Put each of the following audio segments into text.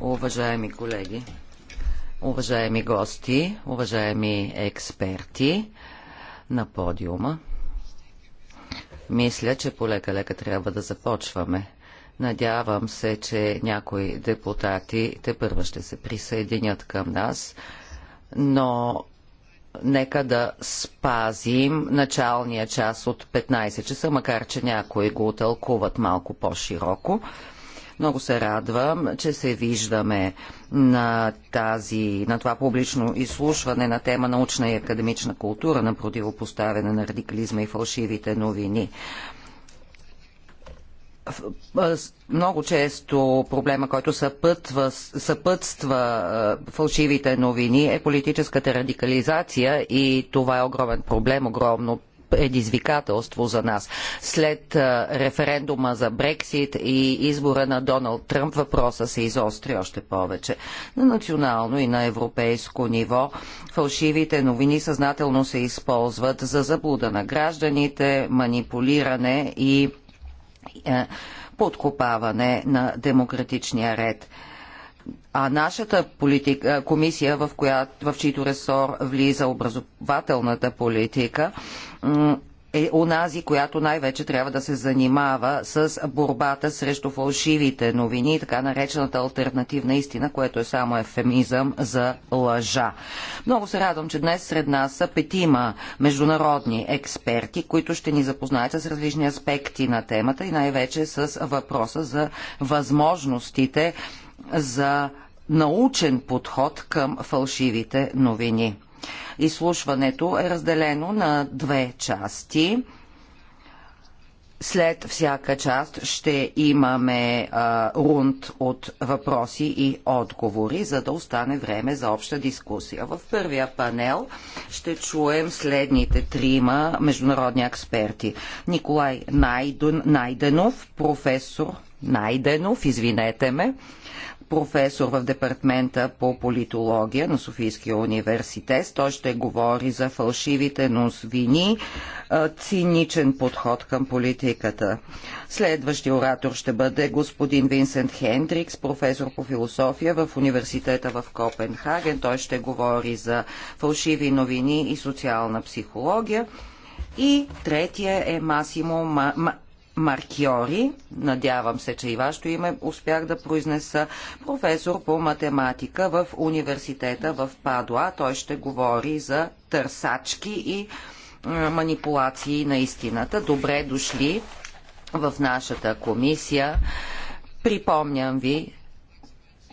Уважаеми колеги, уважаеми гости, уважаеми експерти на подиума, мисля, че полека-лека трябва да започваме. Надявам се, че някои депутати те първо ще се присъединят към нас, но нека да спазим началния час от 15 часа, макар че някои го тълкуват малко по-широко. Много се радвам, че се виждаме на, тази, на това публично изслушване на тема научна и академична култура на противопоставяне на радикализма и фалшивите новини много често проблема, който съпътва, съпътства фалшивите новини е политическата радикализация и това е огромен проблем, огромно предизвикателство за нас. След референдума за Брексит и избора на Доналд Тръмп въпроса се изостри още повече. На национално и на европейско ниво фалшивите новини съзнателно се използват за заблуда на гражданите, манипулиране и е, подкопаване на демократичния ред. А нашата политика, комисия, в, която, в чийто ресор влиза образователната политика, е онази, която най-вече трябва да се занимава с борбата срещу фалшивите новини, така наречената альтернативна истина, което е само ефемизъм за лъжа. Много се радвам, че днес сред нас са петима международни експерти, които ще ни запознаят с различни аспекти на темата и най-вече с въпроса за възможностите за научен подход към фалшивите новини. Изслушването е разделено на две части. След всяка част ще имаме а, рунд от въпроси и отговори, за да остане време за обща дискусия. В първия панел ще чуем следните трима международни експерти. Николай Найден, Найденов, професор Найденов, извинете ме, професор в Департамента по политология на Софийския университет. Той ще говори за фалшивите новини, циничен подход към политиката. Следващия оратор ще бъде господин Винсент Хендрикс, професор по философия в университета в Копенхаген. Той ще говори за фалшиви новини и социална психология. И третия е Масимо Ма, Маркиори, надявам се, че и вашето име успях да произнеса, професор по математика в университета в Падуа. Той ще говори за търсачки и е, манипулации на истината. Добре дошли в нашата комисия. Припомням ви,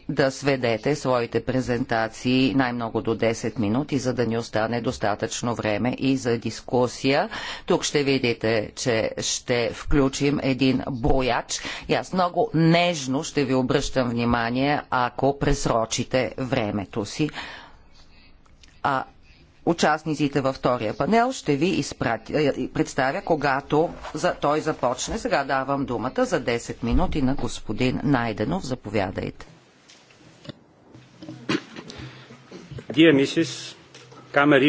да сведете своите презентации най-много до 10 минути, за да ни остане достатъчно време и за дискусия. Тук ще видите, че ще включим един брояч и аз много нежно ще ви обръщам внимание, ако пресрочите времето си. А участниците във втория панел ще ви изпрати, е, е, представя, когато за, той започне. Сега давам думата за 10 минути на господин Найденов. Заповядайте. Dear Mrs. kamer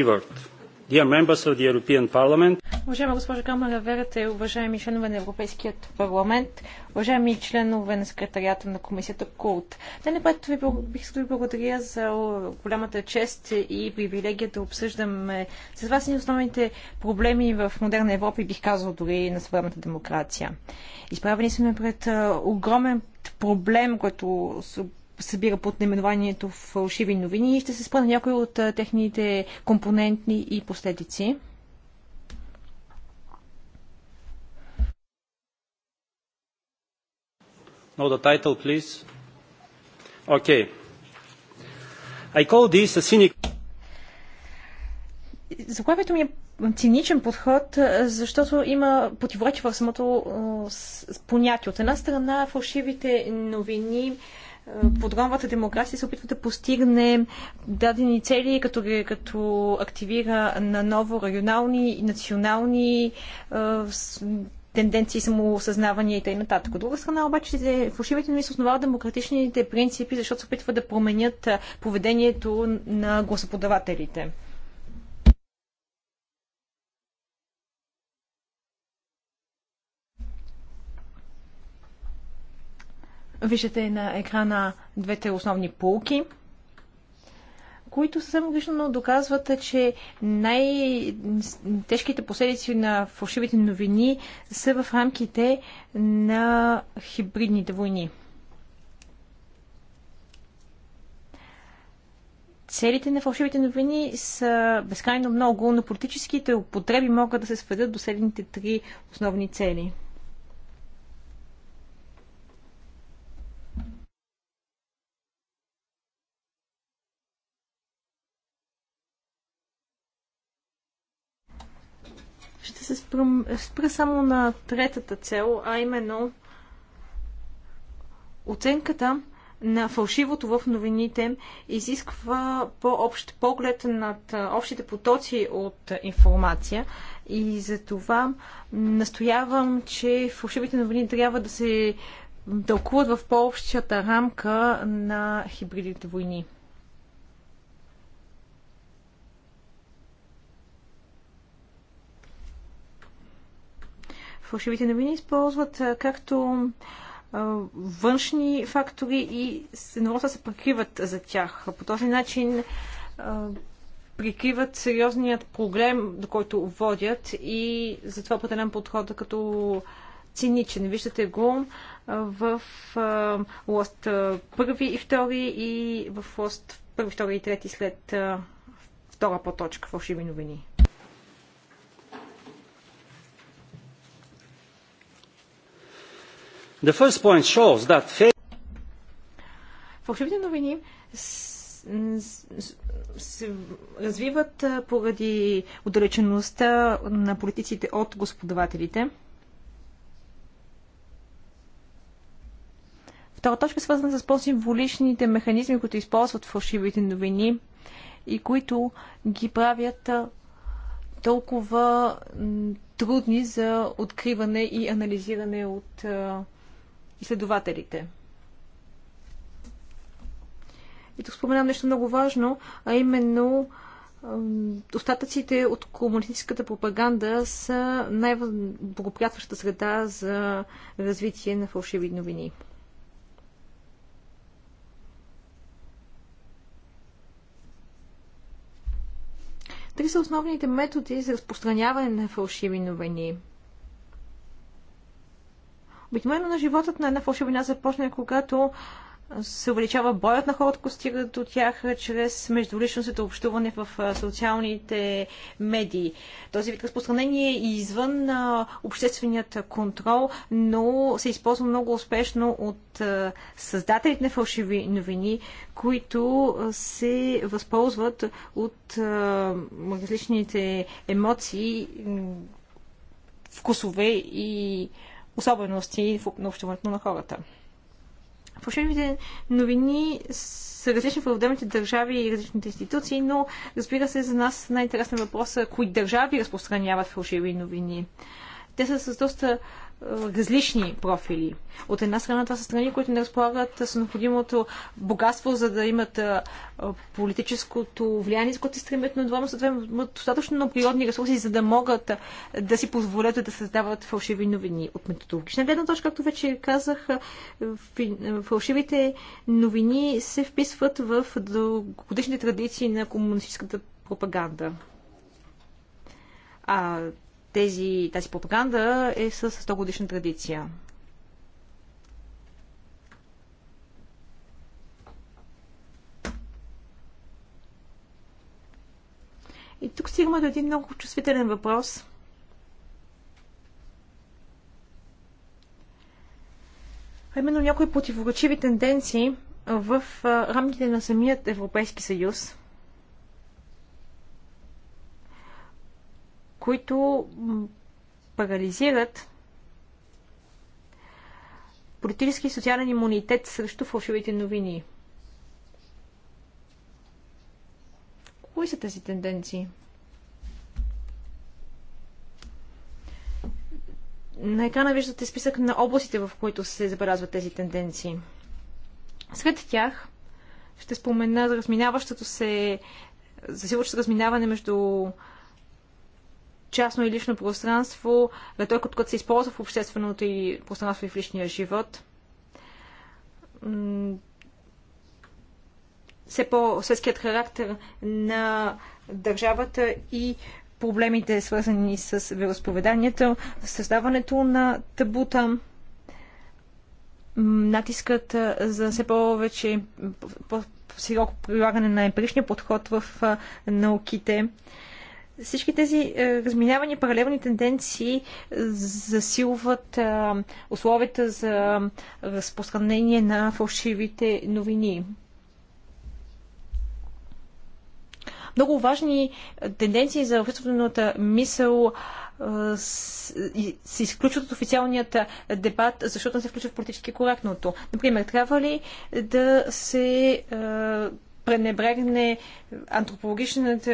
dear members of the European Parliament, Уважаема госпожа Камера Верете, уважаеми членове на Европейският парламент, уважаеми членове на секретарията на комисията КУЛТ. Да напред ви бих искал да ви благодаря за голямата чест и привилегия да обсъждаме с вас и основните проблеми в модерна Европа и бих казал дори на съвременната демокрация. Изправени сме пред огромен проблем, който събира под наименованието фалшиви новини и ще се спра на някои от техните компонентни и последици. No, the title, please. Okay. I call this a cynic... Заглавието ми е циничен подход, защото има противоречие в самото понятие. От една страна, фалшивите новини подгонвате демокрация се опитва да постигне дадени цели, като, като активира на ново регионални и национални тенденции, самоосъзнавания и т.н. От друга страна, обаче, фалшивите новини се основават демократичните принципи, защото се опитват да променят поведението на гласоподавателите. Виждате на екрана двете основни полки които съвсем логично доказват, че най-тежките последици на фалшивите новини са в рамките на хибридните войни. Целите на фалшивите новини са безкрайно много, но политическите употреби могат да се сведат до следните три основни цели – спрем, спра само на третата цел, а именно оценката на фалшивото в новините изисква по-общ поглед над общите потоци от информация и за това настоявам, че фалшивите новини трябва да се тълкуват в по-общата рамка на хибридните войни. фалшивите новини използват както външни фактори и едновременно се прикриват за тях. По този начин прикриват сериозният проблем, до който водят и затова определен подход като циничен. Виждате го в лост първи и втори и в лост първи, втори и трети след втора поточка фалшиви новини. The first point shows that Фалшивите новини се развиват поради отдалечеността на политиците от господавателите. Втора точка е свързана с по-символичните механизми, които използват фалшивите новини и които ги правят толкова трудни за откриване и анализиране от изследователите. И тук споменам нещо много важно, а именно остатъците от комунистическата пропаганда са най-благоприятваща среда за развитие на фалшиви новини. Три са основните методи за разпространяване на фалшиви новини – Обикновено на животът на една фалшивина започне, когато се увеличава броят на хората, които стигат до тях чрез междуличностното общуване в социалните медии. Този вид разпространение е извън общественият контрол, но се използва много успешно от създателите на фалшиви новини, които се възползват от различните емоции, вкусове и особености на общуването на хората. Фалшивите новини са различни в отделните държави и различните институции, но разбира се, за нас най-интересен въпрос е кои държави разпространяват фалшиви новини. Те са с доста различни профили. От една страна това са страни, които не разполагат с необходимото богатство, за да имат политическото влияние, за което се стремят, но двама са имат достатъчно природни ресурси, за да могат да си позволят да създават фалшиви новини. От методологична гледна точка, както вече казах, фалшивите новини се вписват в годишните традиции на комунистическата пропаганда. А тези, тази пропаганда е с 100 годишна традиция. И тук стигаме до един много чувствителен въпрос. А именно някои противоречиви тенденции в рамките на самият Европейски съюз – които парализират политически и социален имунитет срещу фалшивите новини. Кои са тези тенденции? На екрана виждате списък на областите, в които се забелязват тези тенденции. Сред тях ще спомена разминаващото се, засилващото разминаване между частно и лично пространство, той която се използва в общественото и пространство и в личния живот. Все по-светският характер на държавата и проблемите, свързани с вероисповеданията, създаването на табута, натискът за все повече по-сироко прилагане на емпиричния подход в науките, всички тези е, разминавания паралелни тенденции засилват е, условията за разпространение на фалшивите новини. много важни е, тенденции за обществената мисъл се изключват от официалният дебат, защото не се включва в политически коректното. Например, трябва ли да се пренебрегне антропологичната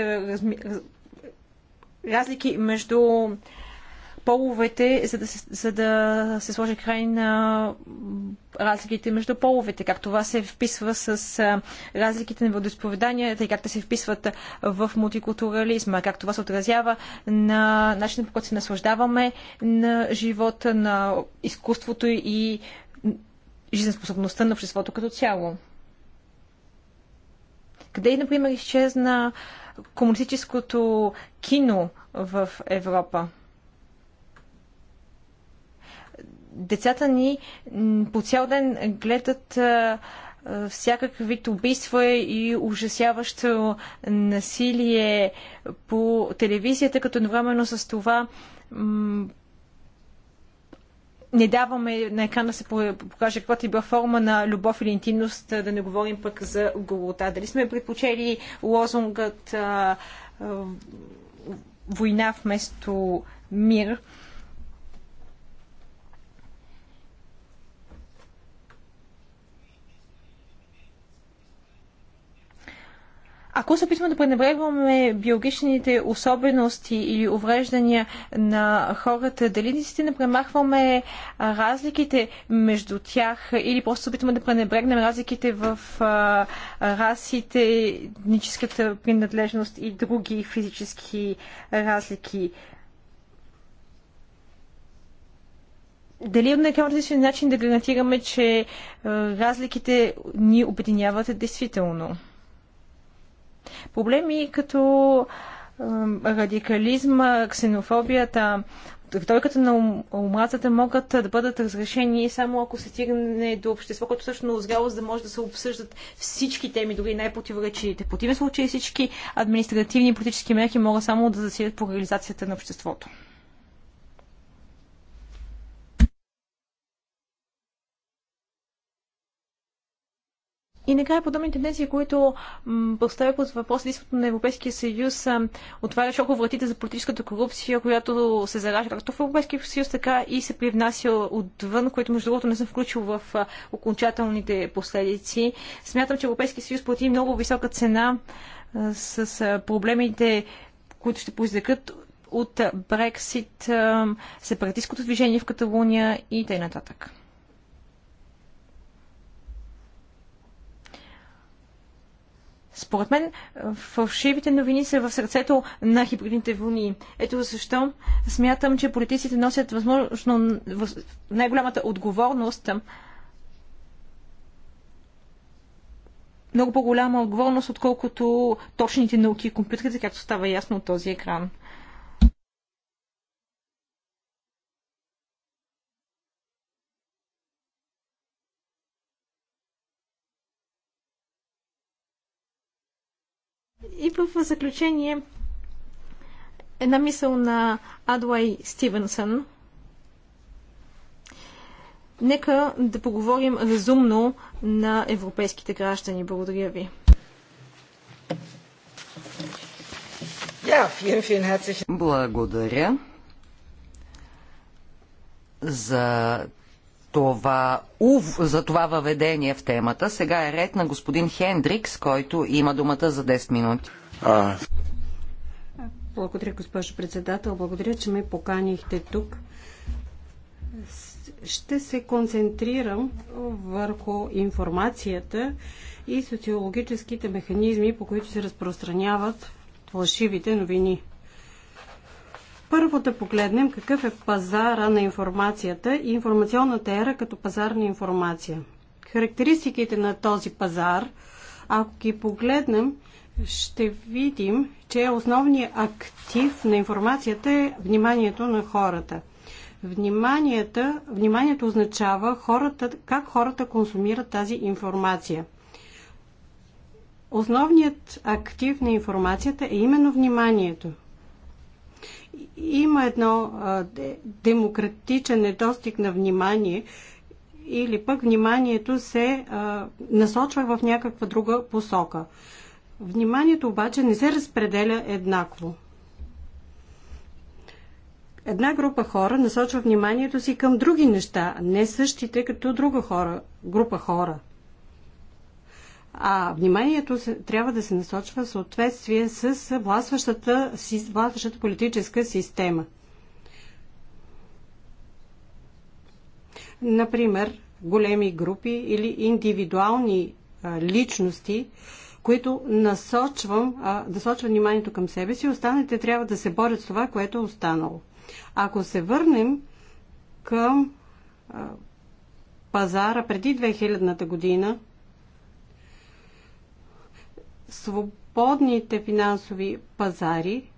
разлики между половете, за да, се, за да се сложи край на разликите между половете, как това се вписва с разликите на водоисповеданията и как те се вписват в мултикултурализма, как това се отразява на начина по който се наслаждаваме на живота, на изкуството и жизнеспособността на обществото като цяло. Къде, например, изчезна комунистическото кино в Европа. Децата ни по цял ден гледат всякакъв вид убийства и ужасяващо насилие по телевизията, като едновременно с това не даваме на екрана да се покаже каквато и била форма на любов или интимност, да не говорим пък за голота. Дали сме предпочели лозунгът а, а, война вместо мир? Ако се опитваме да пренебрегваме биологичните особености или увреждания на хората, дали наистина премахваме разликите между тях или просто се опитваме да пренебрегнем разликите в расите, етническата принадлежност и други физически разлики? дали на един различен начин да гарантираме, че разликите ни обединяват действително? Проблеми като радикализма, ксенофобията, риториката на омразата могат да бъдат разрешени само ако се стигне до общество, което също е зряло, за да може да се обсъждат всички теми, дори най-противоречивите. В противен случай всички административни и политически мерки могат само да засилят реализацията на обществото. И накрая подобни тенденции, които поставя под въпрос единството на Европейския съюз, отваря шоко вратите за политическата корупция, която се заражда както в Европейския съюз, така и се привнася отвън, което между другото не съм включил в окончателните последици. Смятам, че Европейския съюз плати много висока цена с проблемите, които ще произлекат от Брексит, сепаратистското движение в Каталуния и т.н. нататък. Според мен фалшивите новини са в сърцето на хибридните войни. Ето защо смятам, че политиците носят възможно най-голямата отговорност много по-голяма отговорност, отколкото точните науки и компютрите, както става ясно от този екран. в заключение една мисъл на Адуай Стивенсън. Нека да поговорим разумно на европейските граждани. Благодаря ви. Благодаря за това, ув, за това въведение в темата. Сега е ред на господин Хендрикс, който има думата за 10 минути. А... Благодаря, госпожо председател. Благодаря, че ме поканихте тук. Ще се концентрирам върху информацията и социологическите механизми, по които се разпространяват фалшивите новини. Първо да погледнем какъв е пазара на информацията и информационната ера като пазар на информация. Характеристиките на този пазар, ако ги погледнем, ще видим, че основният актив на информацията е вниманието на хората. Вниманието, вниманието означава хората, как хората консумират тази информация. Основният актив на информацията е именно вниманието. Има едно а, демократичен недостиг на внимание, или пък вниманието се а, насочва в някаква друга посока. Вниманието обаче не се разпределя еднакво. Една група хора насочва вниманието си към други неща, не същите като друга хора, група хора. А вниманието се, трябва да се насочва в съответствие с властващата, властващата политическа система. Например, големи групи или индивидуални а, личности, които насочвам, а, да сочвам вниманието към себе си, останалите трябва да се борят с това, което е останало. Ако се върнем към а, пазара преди 2000-та година, свободните финансови пазари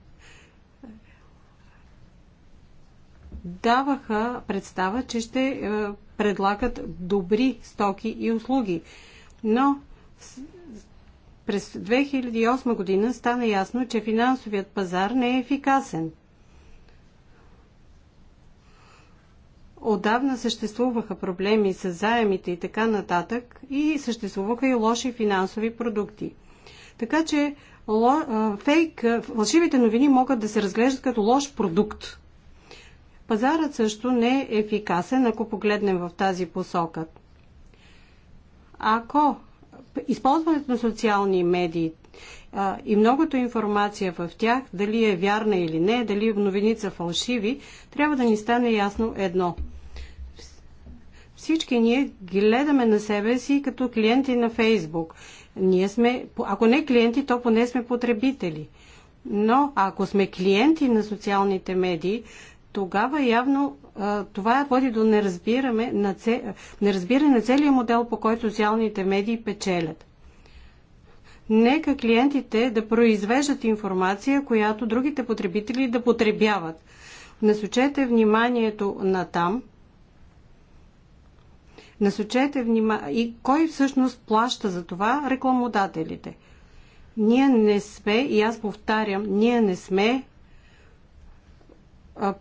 даваха представа, че ще предлагат добри стоки и услуги. Но през 2008 година стана ясно, че финансовият пазар не е ефикасен. Отдавна съществуваха проблеми с заемите и така нататък и съществуваха и лоши финансови продукти. Така че фейк, фалшивите новини могат да се разглеждат като лош продукт. Пазарът също не е ефикасен, ако погледнем в тази посока. Ако използването на социални медии а, и многото информация в тях, дали е вярна или не, дали новини са фалшиви, трябва да ни стане ясно едно. Всички ние гледаме на себе си като клиенти на Фейсбук. Ние сме, ако не клиенти, то поне сме потребители. Но ако сме клиенти на социалните медии, тогава явно това води до неразбиране на, цел... неразбиране на целият модел, по който социалните медии печелят. Нека клиентите да произвеждат информация, която другите потребители да потребяват. Насочете вниманието на там. Насочете внима... И кой всъщност плаща за това? Рекламодателите. Ние не сме, и аз повтарям, ние не сме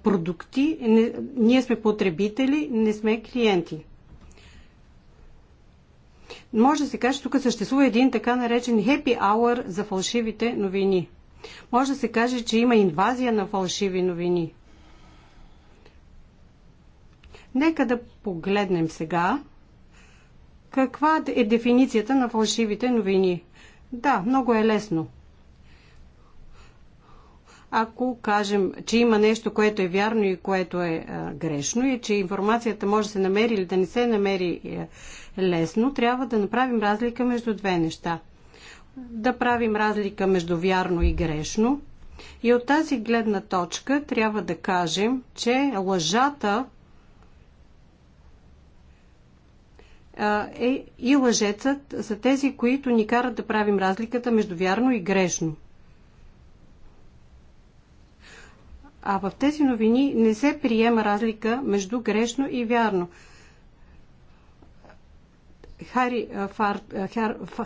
продукти. Не, ние сме потребители, не сме клиенти. Може да се каже, тук съществува един така наречен happy hour за фалшивите новини. Може да се каже, че има инвазия на фалшиви новини. Нека да погледнем сега каква е дефиницията на фалшивите новини. Да, много е лесно ако кажем, че има нещо, което е вярно и което е а, грешно и че информацията може да се намери или да не се намери е, лесно, трябва да направим разлика между две неща. Да правим разлика между вярно и грешно. И от тази гледна точка трябва да кажем, че лъжата е и лъжецът са тези, които ни карат да правим разликата между вярно и грешно. А в тези новини не се приема разлика между грешно и вярно. Хари Фарт,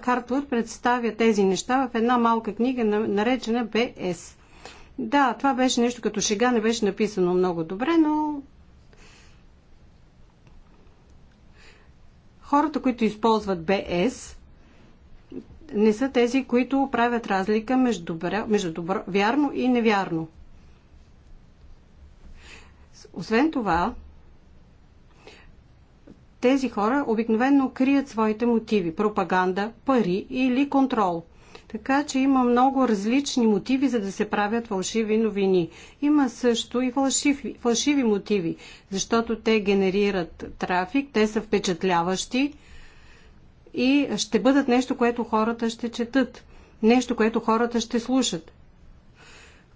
Хартвуд представя тези неща в една малка книга, наречена БС. Да, това беше нещо като шега, не беше написано много добре, но хората, които използват БС, не са тези, които правят разлика между, добро, между добро, вярно и невярно. Освен това, тези хора обикновенно крият своите мотиви пропаганда, пари или контрол. Така че има много различни мотиви, за да се правят фалшиви новини. Има също и фалшиви, фалшиви мотиви, защото те генерират трафик, те са впечатляващи и ще бъдат нещо, което хората ще четат, нещо, което хората ще слушат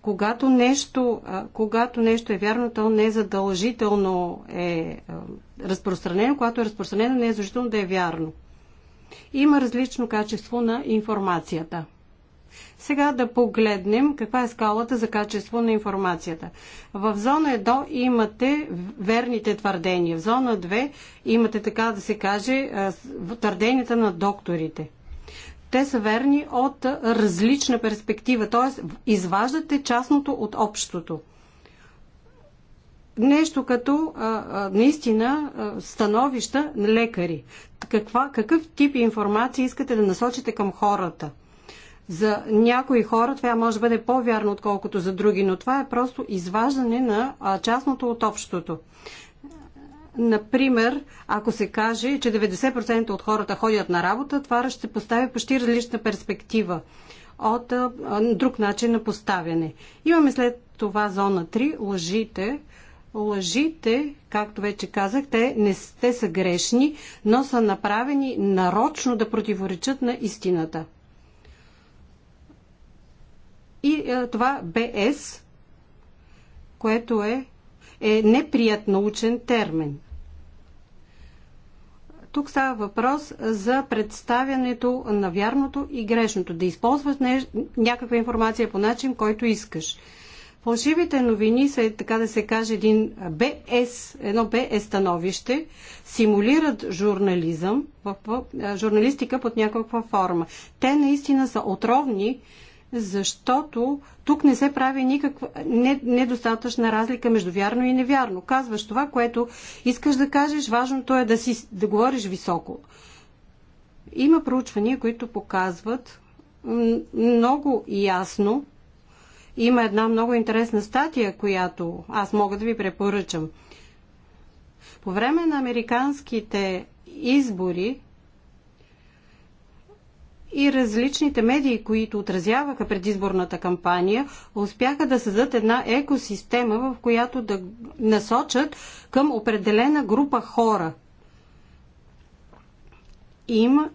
когато нещо, когато нещо е вярно, то не е задължително е разпространено, когато е разпространено, не е задължително да е вярно. Има различно качество на информацията. Сега да погледнем каква е скалата за качество на информацията. В зона 1 имате верните твърдения. В зона 2 имате така да се каже твърденията на докторите – те са верни от различна перспектива, т.е. изваждате частното от общото. Нещо като а, наистина становища на лекари. Каква, какъв тип информация искате да насочите към хората? За някои хора това може да бъде по-вярно, отколкото за други, но това е просто изваждане на частното от общото. Например, ако се каже, че 90% от хората ходят на работа, това ще постави почти различна перспектива от друг начин на поставяне. Имаме след това зона 3, лъжите. Лъжите, както вече казах, те не те са грешни, но са направени нарочно да противоречат на истината. И а, това БС, което е, е неприят научен термин. Тук става въпрос за представянето на вярното и грешното. Да използваш някаква информация по начин, който искаш. Фалшивите новини са, така да се каже, един БС, едно БС становище, симулират журнализъм, журналистика под някаква форма. Те наистина са отровни, защото тук не се прави никаква недостатъчна разлика между вярно и невярно. Казваш това, което искаш да кажеш, важното е да, си, да говориш високо. Има проучвания, които показват много ясно. Има една много интересна статия, която аз мога да ви препоръчам. По време на американските избори и различните медии, които отразяваха предизборната кампания, успяха да създадат една екосистема, в която да насочат към определена група хора. Има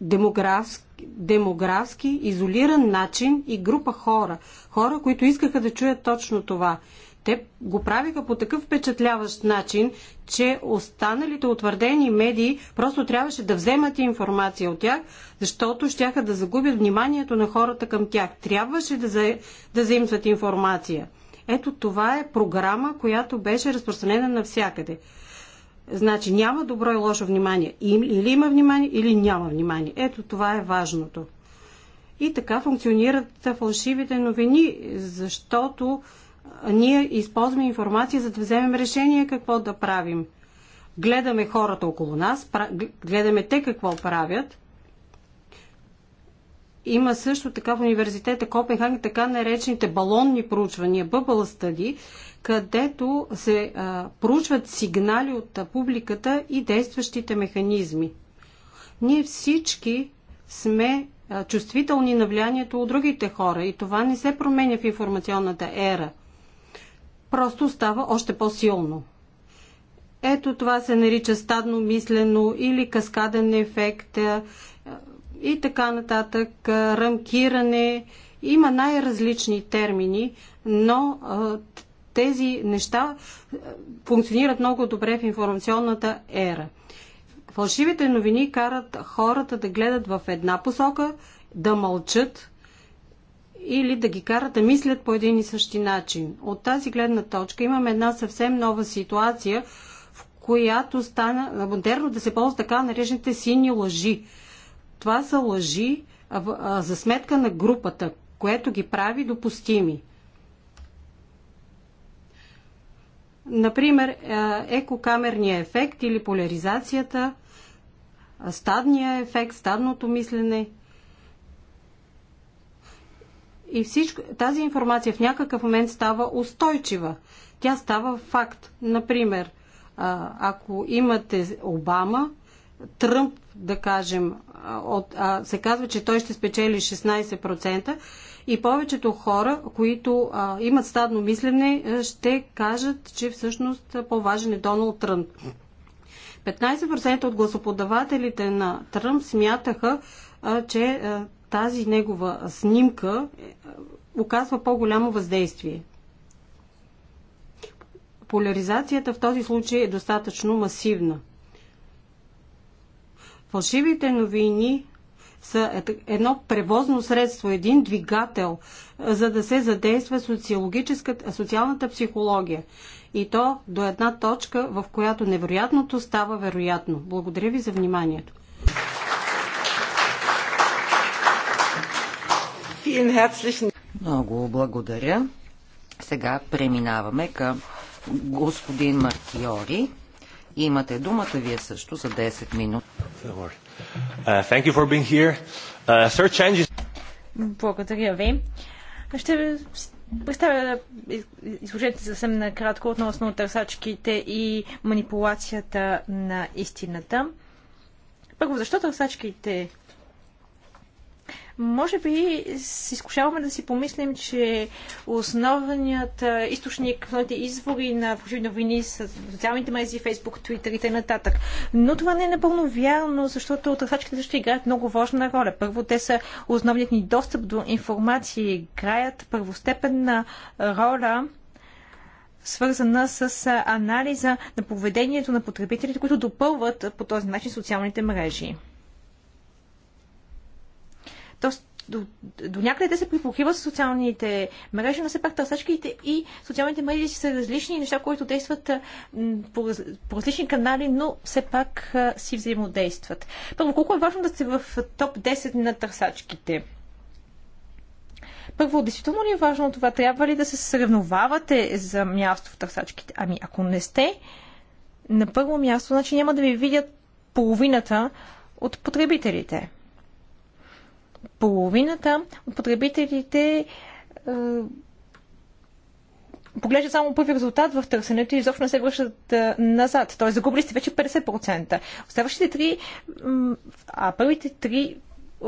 демографски, демографски изолиран начин и група хора. Хора, които искаха да чуят точно това те го правиха по такъв впечатляващ начин, че останалите утвърдени медии просто трябваше да вземат информация от тях, защото щяха да загубят вниманието на хората към тях. Трябваше да, за... да заимстват информация. Ето това е програма, която беше разпространена навсякъде. Значи няма добро и лошо внимание. Или има внимание, или няма внимание. Ето това е важното. И така функционират фалшивите новини, защото ние използваме информация, за да вземем решение какво да правим. Гледаме хората около нас, гледаме те какво правят. Има също така в университета Копенхаген така наречените балонни проучвания, bubble study, където се а, проучват сигнали от публиката и действащите механизми. Ние всички сме а, чувствителни на влиянието от другите хора и това не се променя в информационната ера – просто става още по-силно. Ето това се нарича стадно мислено или каскаден ефект е, и така нататък, е, рамкиране. Има най-различни термини, но е, тези неща функционират много добре в информационната ера. Фалшивите новини карат хората да гледат в една посока, да мълчат или да ги кара да мислят по един и същи начин. От тази гледна точка имаме една съвсем нова ситуация, в която стана модерно да се ползва така наречените сини лъжи. Това са лъжи за сметка на групата, което ги прави допустими. Например, екокамерния ефект или поляризацията, стадния ефект, стадното мислене – и всичко, тази информация в някакъв момент става устойчива. Тя става факт. Например, ако имате Обама, Тръмп, да кажем, от, а, се казва, че той ще спечели 16% и повечето хора, които а, имат стадно мислене, ще кажат, че всъщност по-важен е Доналд Тръмп. 15% от гласоподавателите на Тръмп смятаха, а, че тази негова снимка е, оказва по-голямо въздействие. Поляризацията в този случай е достатъчно масивна. Фалшивите новини са едно превозно средство, един двигател, е, за да се задейства е, социалната психология. И то до една точка, в която невероятното става вероятно. Благодаря ви за вниманието. Много благодаря. Сега преминаваме към господин Маркиори. Имате думата вие също за 10 минути. Uh, uh, благодаря ви. Ще представя изложението съвсем накратко относно търсачките и манипулацията на истината. Първо, защо търсачките може би се изкушаваме да си помислим, че основният източник, основните извори на фалшиви новини са социалните мрежи, Фейсбук, Твитър и т.н. Но това не е напълно вярно, защото търсачките ще играят много важна роля. Първо, те са основният ни достъп до информация, играят първостепенна роля свързана с анализа на поведението на потребителите, които допълват по този начин социалните мрежи. Тоест, до, до някъде те се припокриват с социалните мрежи, но все пак търсачките и социалните мрежи са различни неща, които действат по, по различни канали, но все пак си взаимодействат. Първо, колко е важно да сте в топ 10 на търсачките? Първо, действително ли е важно това? Трябва ли да се съревновавате за място в търсачките? Ами, ако не сте на първо място, значи няма да ви видят половината от потребителите половината от потребителите е, поглеждат само първи резултат в търсенето и изобщо не се връщат е, назад. Тоест загубили сте вече 50%. Оставащите три, а първите три е,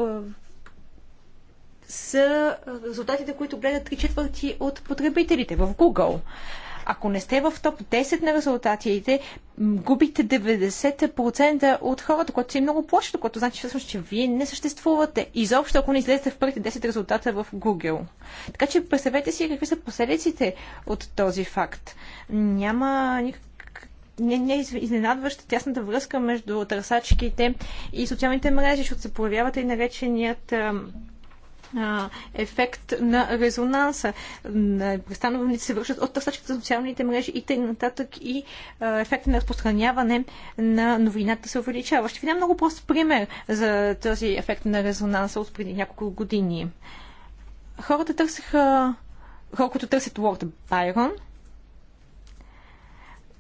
са резултатите, които гледат три четвърти от потребителите в Google. Ако не сте в топ 10 на резултатите, губите 90% от хората, което си е много плашно, което значи всъщност, че вие не съществувате. Изобщо, ако не излезете в първите 10 резултата в Google. Така че представете си какви са последиците от този факт. Няма никакъв не, не изненадваща тясната връзка между търсачките и социалните мрежи, защото се появяват и нареченият ефект на резонанса. Престановници се вършат от търсачките за социалните мрежи и т.н. и ефект на разпространяване на новината се увеличава. Ще ви дам много прост пример за този ефект на резонанса от преди няколко години. Хората търсиха колкото търсят Лорд Байрон,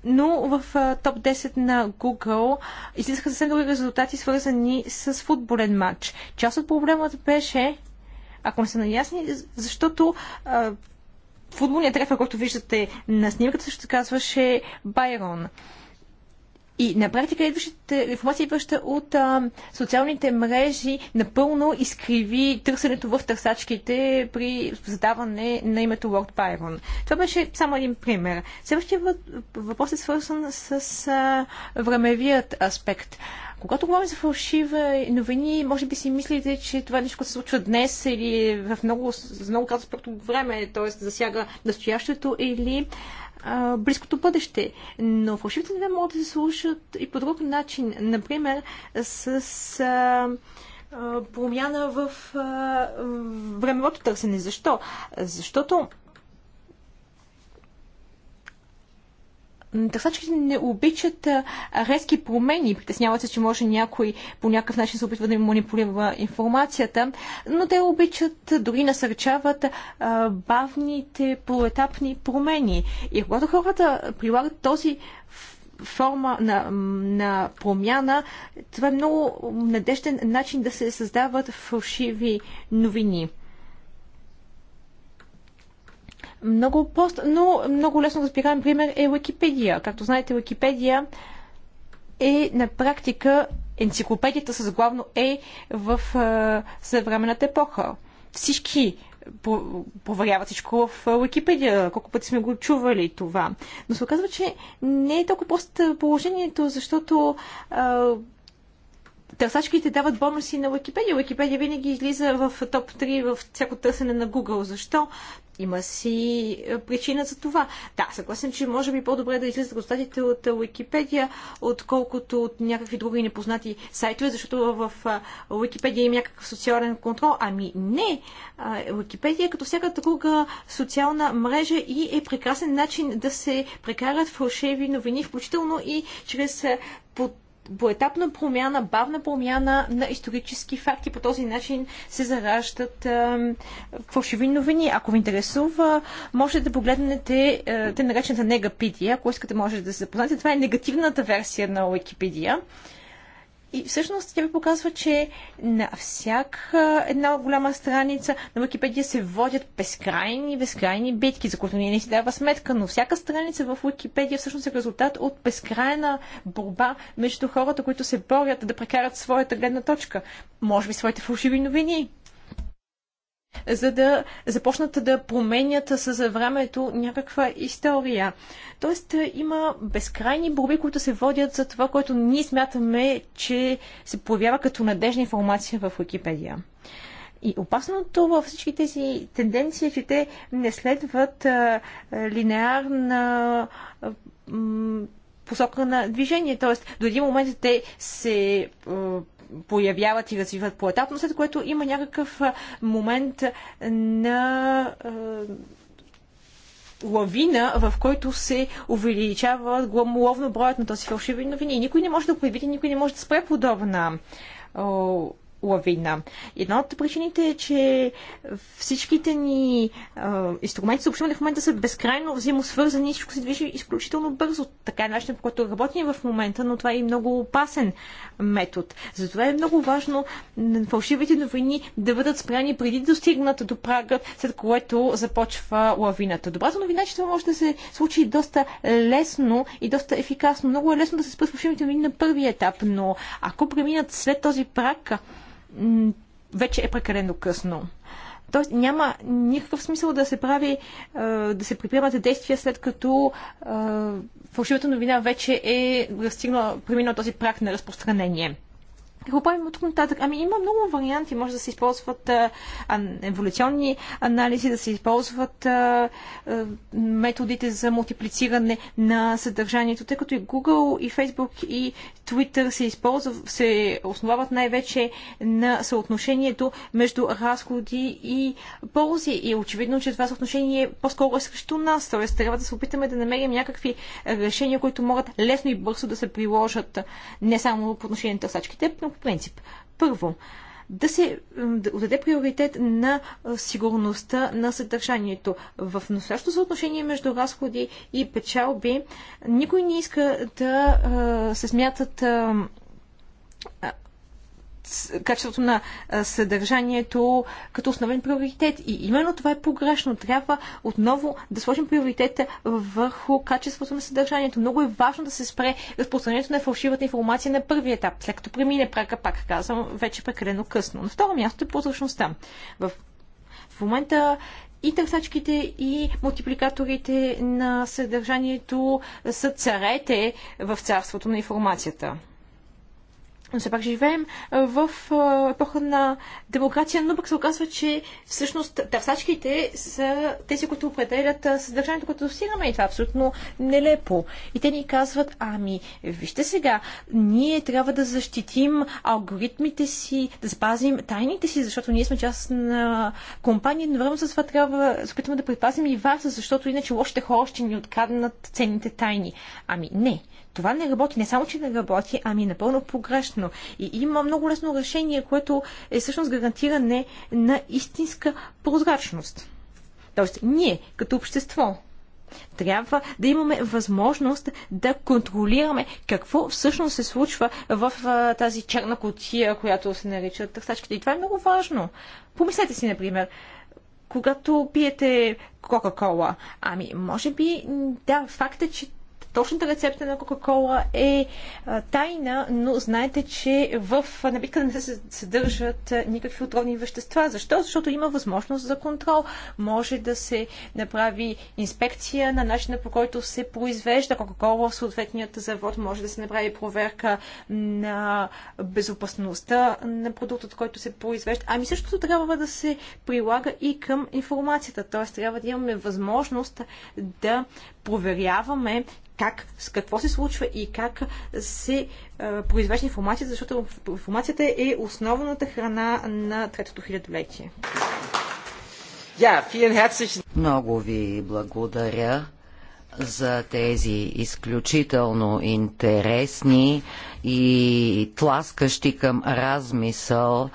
но в топ 10 на Google излизаха съвсем други резултати, свързани с футболен матч. Част от проблемът беше, ако не са наясни, защото а, футболният трефер, който виждате на снимката, също се казваше Байрон. И на практика идващите, информация идваща от а, социалните мрежи напълно изкриви търсенето в търсачките при задаване на името Лорд Байрон. Това беше само един пример. Следващия въпрос е свързан с а, времевият аспект. Когато говорим за фалшива новини, може би си мислите, че това е нещо се случва днес или в много, за много кратко време, т.е. засяга настоящето или а, близкото бъдеще. Но фалшивите новини могат да се слушат и по друг начин. Например, с. А, промяна в, а, времевото търсене. Защо? Защото Търсачките не обичат резки промени. Притесняват се, че може някой по някакъв начин се опитва да им манипулира информацията, но те обичат, дори насърчават бавните, поетапни промени. И когато хората прилагат този форма на, на промяна, това е много надежден начин да се създават фалшиви новини. Много пост, но много лесно разбираем пример е Википедия. Както знаете, Википедия е на практика енциклопедията с главно Е в е, съвременната епоха. Всички проверяват всичко в Уикипедия. Колко пъти сме го чували това. Но се оказва, че не е толкова просто положението, защото търсачките дават бонуси на Wikipedia. Wikipedia винаги излиза в топ 3 в всяко търсене на Google. Защо? Има си е, причина за това. Да, съгласен, че може би по-добре да излизат резултатите от Wikipedia, е, отколкото от някакви други непознати сайтове, защото в Wikipedia е, има някакъв социален контрол. Ами не! Wikipedia е като всяка друга социална мрежа и е прекрасен начин да се прекарат фалшиви новини, включително и чрез под поетапна промяна, бавна промяна на исторически факти. По този начин се зараждат а, фалшиви новини. Ако ви интересува, можете да погледнете е, те наречената Негапидия. Ако искате, можете да се запознаете. Това е негативната версия на Уикипедия. И всъщност тя ви показва, че на всяка една голяма страница на Википедия се водят безкрайни, безкрайни битки, за които ние не си дава сметка, но всяка страница в Википедия всъщност е резултат от безкрайна борба между хората, които се борят да прекарат своята гледна точка. Може би своите фалшиви новини, за да започнат да променят с времето някаква история. Тоест има безкрайни борби, които се водят за това, което ние смятаме, че се появява като надежна информация в Википедия. И опасното във всички тези тенденции е, че те не следват а, линеарна а, посока на движение. Тоест, до един момент те се а, появяват и развиват поетапно, след което има някакъв момент на лавина, в който се увеличава гламоловно броят на този фалшиви новини. И никой не може да го предвиди, никой не може да спре подобна лавина. Една от причините е, че всичките ни а, инструменти за общуване в момента са безкрайно взаимосвързани и всичко се движи изключително бързо. Така е начинът, по който работим в момента, но това е и много опасен метод. Затова е много важно фалшивите новини да бъдат спряни преди да достигнат до прага, след което започва лавината. Добрата новина е, че това може да се случи доста лесно и доста ефикасно. Много е лесно да се спрат фалшивите новини на първи етап, но ако преминат след този прак, вече е прекалено късно. Тоест няма никакъв смисъл да се прави, да се предприемат действия след като фалшивата новина вече е, е преминала този прак на разпространение. Какво правим от тук нататък? Ами има много варианти. Може да се използват а, еволюционни анализи, да се използват а, а, методите за мултиплициране на съдържанието, тъй като и Google, и Facebook, и Twitter се, използва, се основават най-вече на съотношението между разходи и ползи. И очевидно, че това съотношение по-скоро е срещу нас. Тоест, трябва да се опитаме да намерим някакви решения, които могат лесно и бързо да се приложат не само по отношение на търсачките, но принцип. Първо, да се да отдаде приоритет на сигурността на съдържанието. В настоящото съотношение между разходи и печалби никой не иска да се смятат качеството на съдържанието като основен приоритет. И именно това е погрешно. Трябва отново да сложим приоритета върху качеството на съдържанието. Много е важно да се спре разпространението на фалшивата информация на първи етап, след като премине прака, пак казвам, вече прекалено късно. На второ място е прозрачността. В, в момента и търсачките, и мултипликаторите на съдържанието са царете в царството на информацията. Но все пак живеем в епоха на демокрация, но пък се оказва, че всъщност търсачките са тези, които определят съдържанието, което достигаме и това е абсолютно нелепо. И те ни казват, ами, вижте сега, ние трябва да защитим алгоритмите си, да запазим тайните си, защото ние сме част на компания, но време с това трябва да се опитваме да предпазим и вас, защото иначе лошите хора ще ни откраднат ценните тайни. Ами, не. Това не работи. Не само, че не работи, ами напълно погрешно. И има много лесно решение, което е всъщност гарантиране на истинска прозрачност. Тоест, ние, като общество, трябва да имаме възможност да контролираме какво всъщност се случва в тази черна котия, която се нарича търсачките. И това е много важно. Помислете си, например, когато пиете Кока-Кола. Ами, може би, да, факт е, че Точната рецепта на Кока-Кола е тайна, но знаете, че в напитката не се съдържат никакви отровни вещества. Защо? Защото има възможност за контрол. Може да се направи инспекция на начина по който се произвежда Кока-Кола в съответният завод. Може да се направи проверка на безопасността на продуктът, който се произвежда. Ами същото трябва да се прилага и към информацията. Т.е. трябва да имаме възможност да проверяваме как, с какво се случва и как се а, е, произвежда информацията, защото информацията е основната храна на третото хилядолетие. Много ви благодаря за тези изключително интересни и тласкащи към размисъл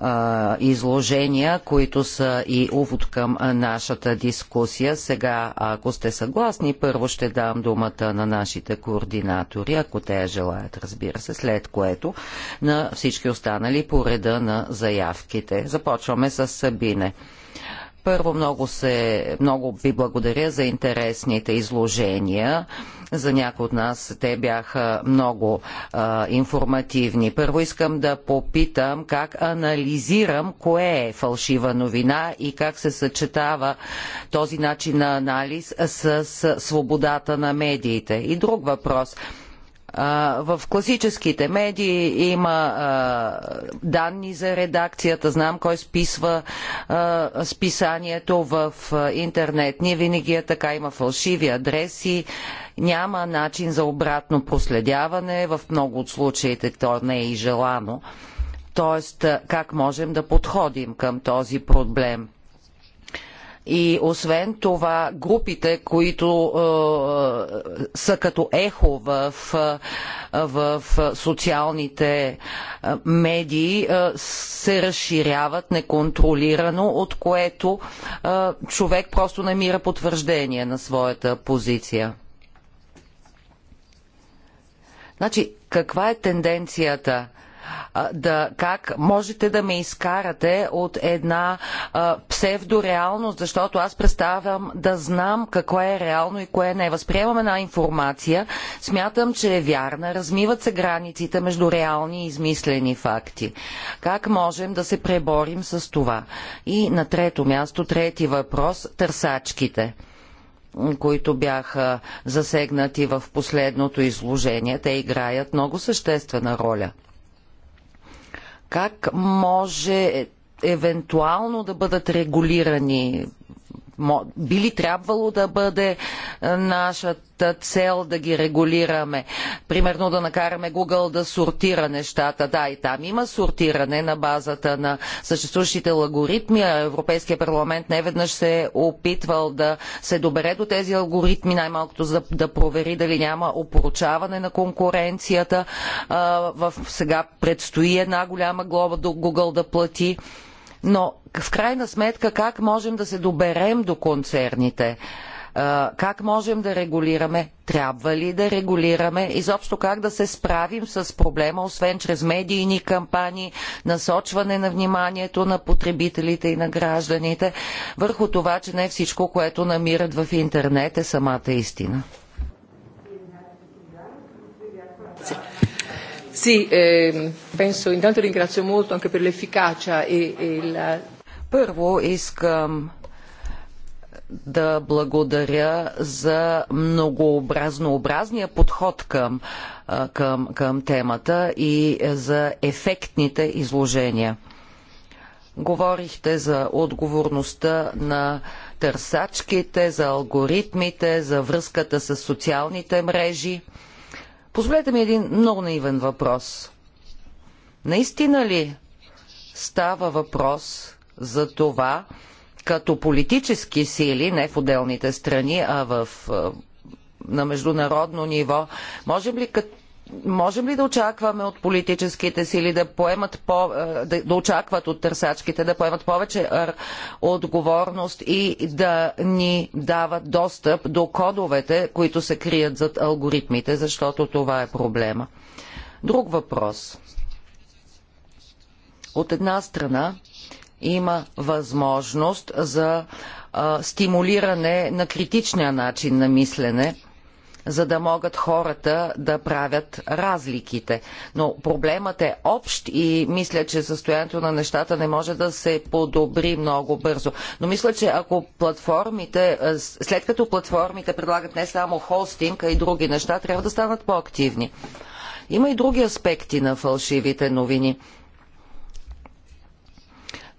а, изложения, които са и увод към нашата дискусия. Сега, ако сте съгласни, първо ще дам думата на нашите координатори, ако те желаят, разбира се, след което на всички останали по реда на заявките. Започваме с Сабине. Първо много, се, много ви благодаря за интересните изложения. За някои от нас те бяха много а, информативни. Първо искам да попитам как анализирам кое е фалшива новина и как се съчетава този начин на анализ с, с свободата на медиите. И друг въпрос в класическите медии има данни за редакцията, знам кой списва списанието в интернет. Ние винаги е така, има фалшиви адреси, няма начин за обратно проследяване, в много от случаите то не е и желано. Тоест, как можем да подходим към този проблем? И освен това, групите, които е, са като ехо в, е, в социалните е, медии, е, се разширяват неконтролирано, от което е, човек просто намира потвърждение на своята позиция. Значи, каква е тенденцията? да, как можете да ме изкарате от една а, псевдореалност, защото аз представям да знам какво е реално и кое не. Възприемам една информация, смятам, че е вярна, размиват се границите между реални и измислени факти. Как можем да се преборим с това? И на трето място, трети въпрос, търсачките които бяха засегнати в последното изложение. Те играят много съществена роля. Как може евентуално да бъдат регулирани би ли трябвало да бъде е, нашата цел да ги регулираме? Примерно да накараме Google да сортира нещата. Да, и там има сортиране на базата на съществуващите алгоритми. Европейския парламент не веднъж се е опитвал да се добере до тези алгоритми, най-малкото за да провери дали няма опоручаване на конкуренцията. в сега предстои една голяма глоба до Google да плати. Но в крайна сметка как можем да се доберем до концерните? как можем да регулираме, трябва ли да регулираме, изобщо как да се справим с проблема, освен чрез медийни кампании, насочване на вниманието на потребителите и на гражданите върху това, че не всичко, което намират в интернет е самата истина. Sì, eh, penso, intanto ringrazio molto anche per l'efficacia e, e il... Първо искам да благодаря за многообразнообразния подход към, към, към темата и за ефектните изложения. Говорихте за отговорността на търсачките, за алгоритмите, за връзката с социалните мрежи – Позволете ми един много наивен въпрос. Наистина ли става въпрос за това, като политически сили, не в отделните страни, а в, на международно ниво, можем ли като можем ли да очакваме от политическите сили да поемат по, е, да, да очакват от търсачките да поемат повече отговорност и да ни дават достъп до кодовете, които се крият зад алгоритмите, защото това е проблема. Друг въпрос. От една страна има възможност за а, стимулиране на критичния начин на мислене – за да могат хората да правят разликите. Но проблемът е общ и мисля, че състоянието на нещата не може да се подобри много бързо. Но мисля, че ако платформите, е, след като платформите предлагат не само хостинг, а и други неща, трябва да станат по-активни. Има и други аспекти на фалшивите новини.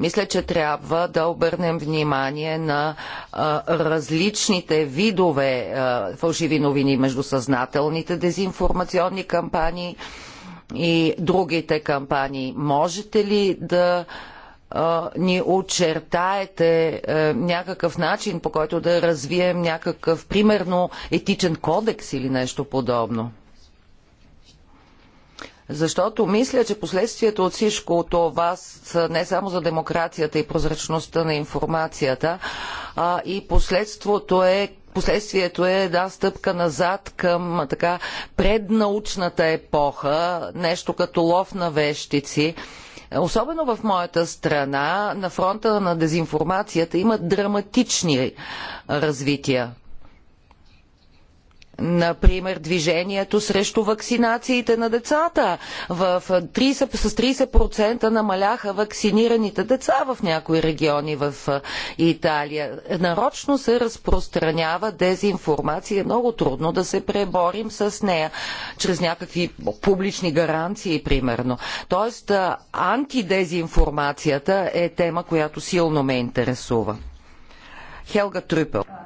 Мисля, че трябва да обърнем внимание на а, различните видове а, фалшиви новини между съзнателните дезинформационни кампании и другите кампании. Можете ли да ни очертаете е, някакъв начин, по който да развием някакъв, примерно, етичен кодекс или нещо подобно? Защото мисля, че последствията от всичко това са не само за демокрацията и прозрачността на информацията, а и последството е Последствието е една стъпка назад към така преднаучната епоха, нещо като лов на вещици. Особено в моята страна, на фронта на дезинформацията има драматични развития. Например, движението срещу вакцинациите на децата. В 30, с 30% намаляха вакцинираните деца в някои региони в Италия. Нарочно се разпространява дезинформация. Много трудно да се преборим с нея чрез някакви публични гаранции, примерно. Тоест, антидезинформацията е тема, която силно ме интересува. Хелга Трюпел.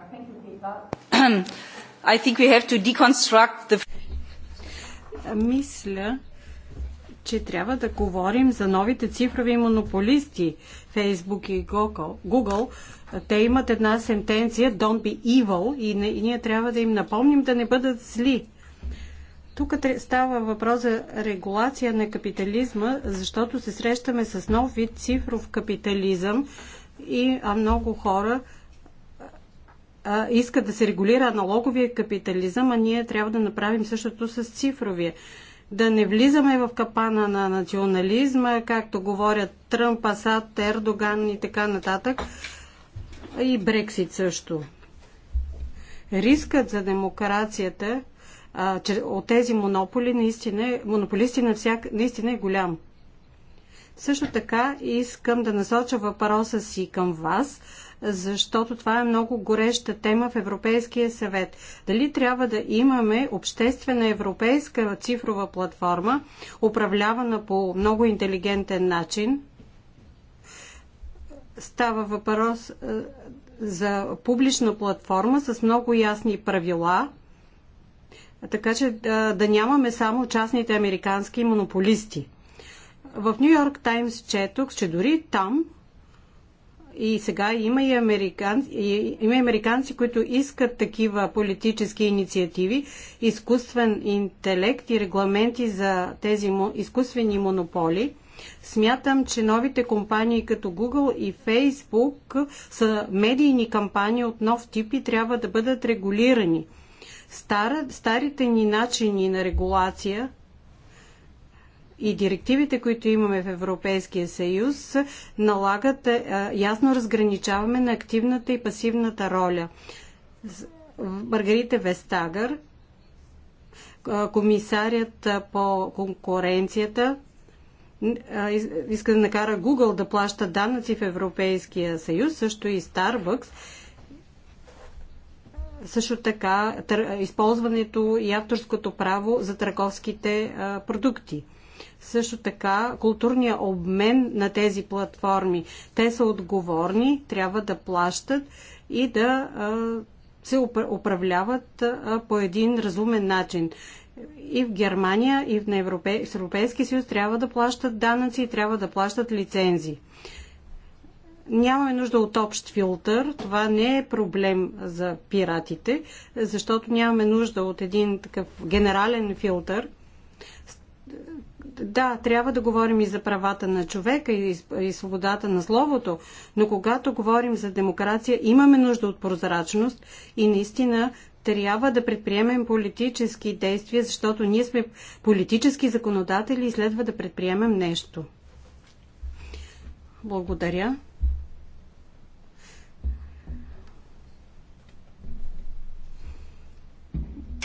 I think we have to deconstruct the... Мисля, че трябва да говорим за новите цифрови монополисти. Facebook и Google, те имат една сентенция Don't be evil и, и ние трябва да им напомним да не бъдат зли. Тук става въпрос за регулация на капитализма, защото се срещаме с нов вид цифров капитализъм и а много хора искат да се регулира аналоговия капитализъм, а ние трябва да направим същото с цифровия. Да не влизаме в капана на национализма, както говорят Тръмп, Асад, Ердоган и така нататък. И Брексит също. Рискът за демокрацията а, от тези монополи наистина, е, монополисти всяк, наистина е голям. Също така искам да насоча въпроса си към вас – защото това е много гореща тема в Европейския съвет. Дали трябва да имаме обществена европейска цифрова платформа, управлявана по много интелигентен начин? Става въпрос е, за публична платформа с много ясни правила, така че да, е, да нямаме само частните американски монополисти. В Нью Йорк Таймс четох, че дори там и сега има и, американ... и, има и американци, които искат такива политически инициативи, изкуствен интелект и регламенти за тези изкуствени монополи. Смятам, че новите компании като Google и Facebook са медийни кампании от нов тип и трябва да бъдат регулирани. Стара, старите ни начини на регулация и директивите, които имаме в Европейския съюз, налагат е, е, ясно разграничаваме на активната и пасивната роля. Маргарите Вестагър, е, комисарят по конкуренцията, иска да накара Google да плаща данъци в Европейския съюз, също и Starbucks. Също така използването и авторското право за търговските продукти – също така културния обмен на тези платформи. Те са отговорни, трябва да плащат и да се управляват по един разумен начин. И в Германия, и в Европе... Европейския съюз трябва да плащат данъци и трябва да плащат лицензи. Нямаме нужда от общ филтър. Това не е проблем за пиратите, защото нямаме нужда от един такъв генерален филтър да, трябва да говорим и за правата на човека и, и свободата на словото, но когато говорим за демокрация, имаме нужда от прозрачност и наистина трябва да предприемем политически действия, защото ние сме политически законодатели и следва да предприемем нещо. Благодаря.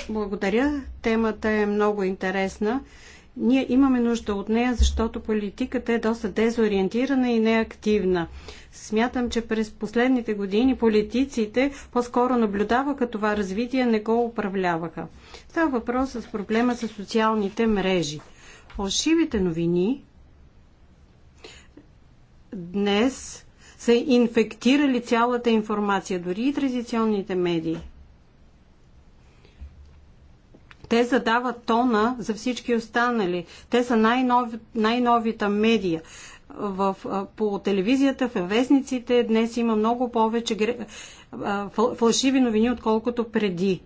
Благодаря. Темата е много интересна. Ние имаме нужда от нея, защото политиката е доста дезориентирана и неактивна. Смятам, че през последните години политиците по-скоро наблюдаваха това развитие, не го управляваха. Това е въпрос с проблема с социалните мрежи. Фалшивите новини днес са инфектирали цялата информация, дори и традиционните медии. Те задават тона за всички останали. Те са най-нови, най-новите медия. В, по телевизията, в вестниците днес има много повече фалшиви новини, отколкото преди.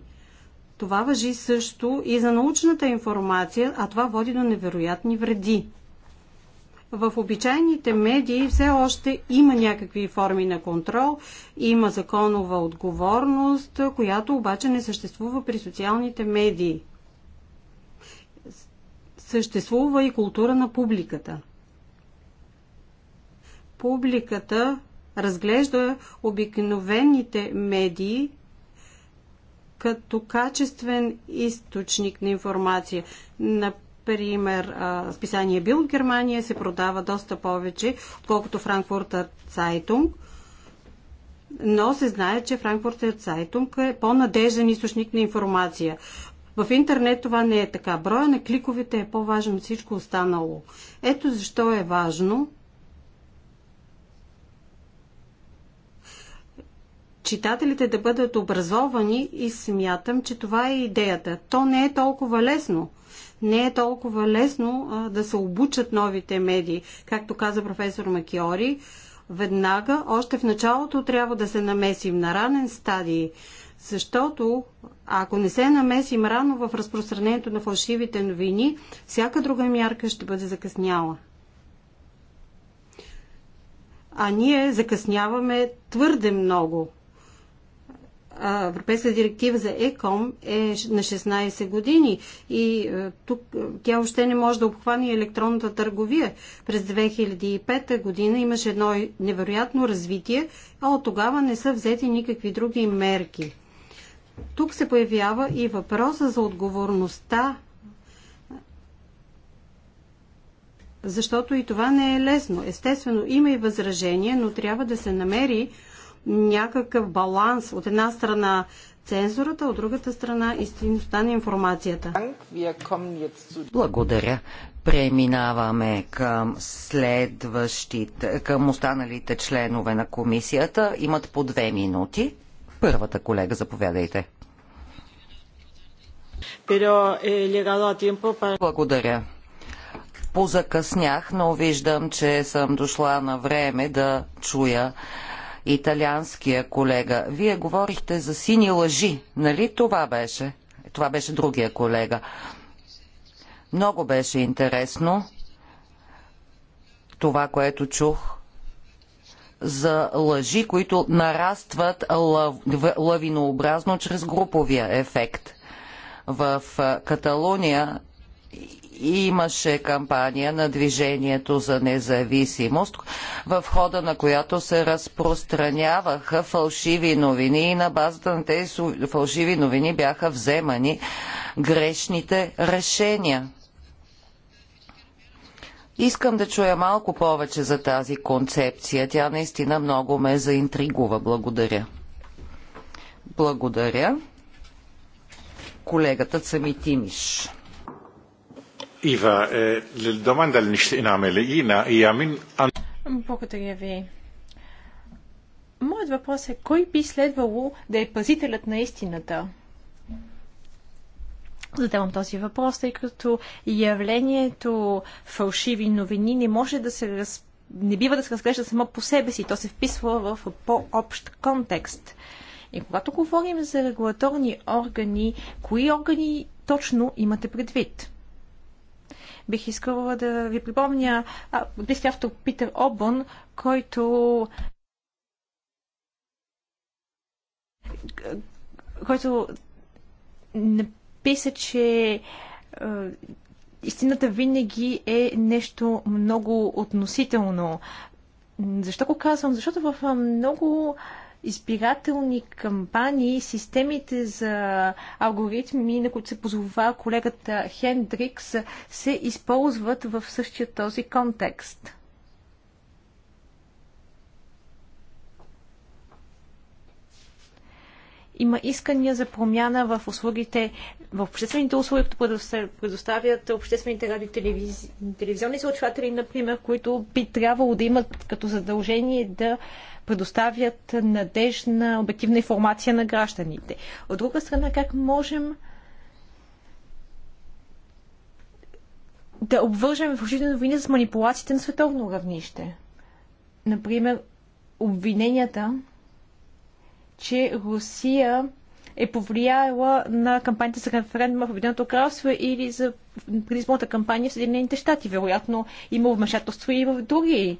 Това въжи също и за научната информация, а това води до невероятни вреди. В обичайните медии все още има някакви форми на контрол, има законова отговорност, която обаче не съществува при социалните медии съществува и култура на публиката. Публиката разглежда обикновените медии като качествен източник на информация. Например, списание Бил в Германия се продава доста повече, отколкото Франкфурта Цайтунг, но се знае, че Франкфуртер Цайтунг е по-надежден източник на информация. В интернет това не е така. Броя на кликовете е по-важен от всичко останало. Ето защо е важно читателите да бъдат образовани и смятам, че това е идеята. То не е толкова лесно. Не е толкова лесно а, да се обучат новите медии. Както каза професор Макиори, веднага, още в началото трябва да се намесим на ранен стадий. Защото ако не се намесим рано в разпространението на фалшивите новини, всяка друга мярка ще бъде закъсняла. А ние закъсняваме твърде много. Европейска директива за ЕКОМ е на 16 години и е, тук е, тя още не може да обхване електронната търговия. През 2005 година имаше едно невероятно развитие, а от тогава не са взети никакви други мерки. Тук се появява и въпроса за отговорността, защото и това не е лесно. Естествено, има и възражение, но трябва да се намери някакъв баланс. От една страна цензурата, от другата страна истинността на информацията. Благодаря. Преминаваме към следващите, към останалите членове на комисията. Имат по две минути. Първата колега, заповядайте. Благодаря. Позакъснях, но виждам, че съм дошла на време да чуя италианския колега. Вие говорихте за сини лъжи, нали това беше? Това беше другия колега. Много беше интересно това, което чух за лъжи, които нарастват лавинообразно чрез груповия ефект. В Каталуния имаше кампания на Движението за независимост, в хода на която се разпространяваха фалшиви новини и на базата на тези фалшиви новини бяха вземани грешните решения. Искам да чуя малко повече за тази концепция. Тя наистина много ме заинтригува. Благодаря. Благодаря. Колегата Сами Тимиш. Ива, е, доманда ли нищи на Ина, и амин... Благодаря ви. Моят въпрос е, кой би следвало да е пазителят на истината? задавам този въпрос, тъй като явлението фалшиви новини не може да се раз... не бива да се разглежда само по себе си, то се вписва в по-общ контекст. И когато говорим за регулаторни органи, кои органи точно имате предвид? Бих искала да ви припомня действия автор Питер Обон, който който писа, че истината винаги е нещо много относително. Защо го казвам? Защото в много избирателни кампании, системите за алгоритми, на които се позова колегата Хендрикс, се използват в същия този контекст. Има искания за промяна в услугите в обществените услуги, които предоставят обществените радио телевизионни излъчватели, например, които би трябвало да имат като задължение да предоставят надежна, обективна информация на гражданите. От друга страна, как можем да обвържем фалшивите новини с манипулациите на световно равнище? Например, обвиненията, че Русия е повлияла на кампанията за референдума в Обединеното кралство или за предизборната кампания в Съединените щати. Вероятно има вмешателство и в други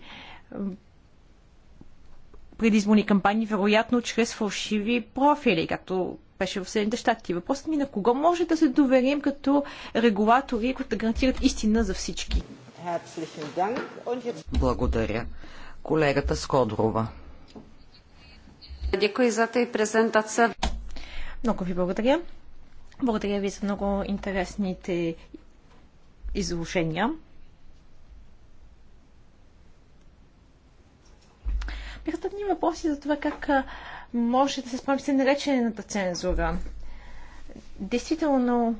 предизборни кампании, вероятно чрез фалшиви профили, както беше в Съединените щати. Въпросът ми е на кого може да се доверим като регулатори, които да гарантират истина за всички? Благодаря. Колегата Скодрова. Děkuji za ty prezentace. Много ви благодаря. Благодаря ви за много интересните изложения. Бяха зададени въпроси за това как може да се справи с наречената цензура. Действително,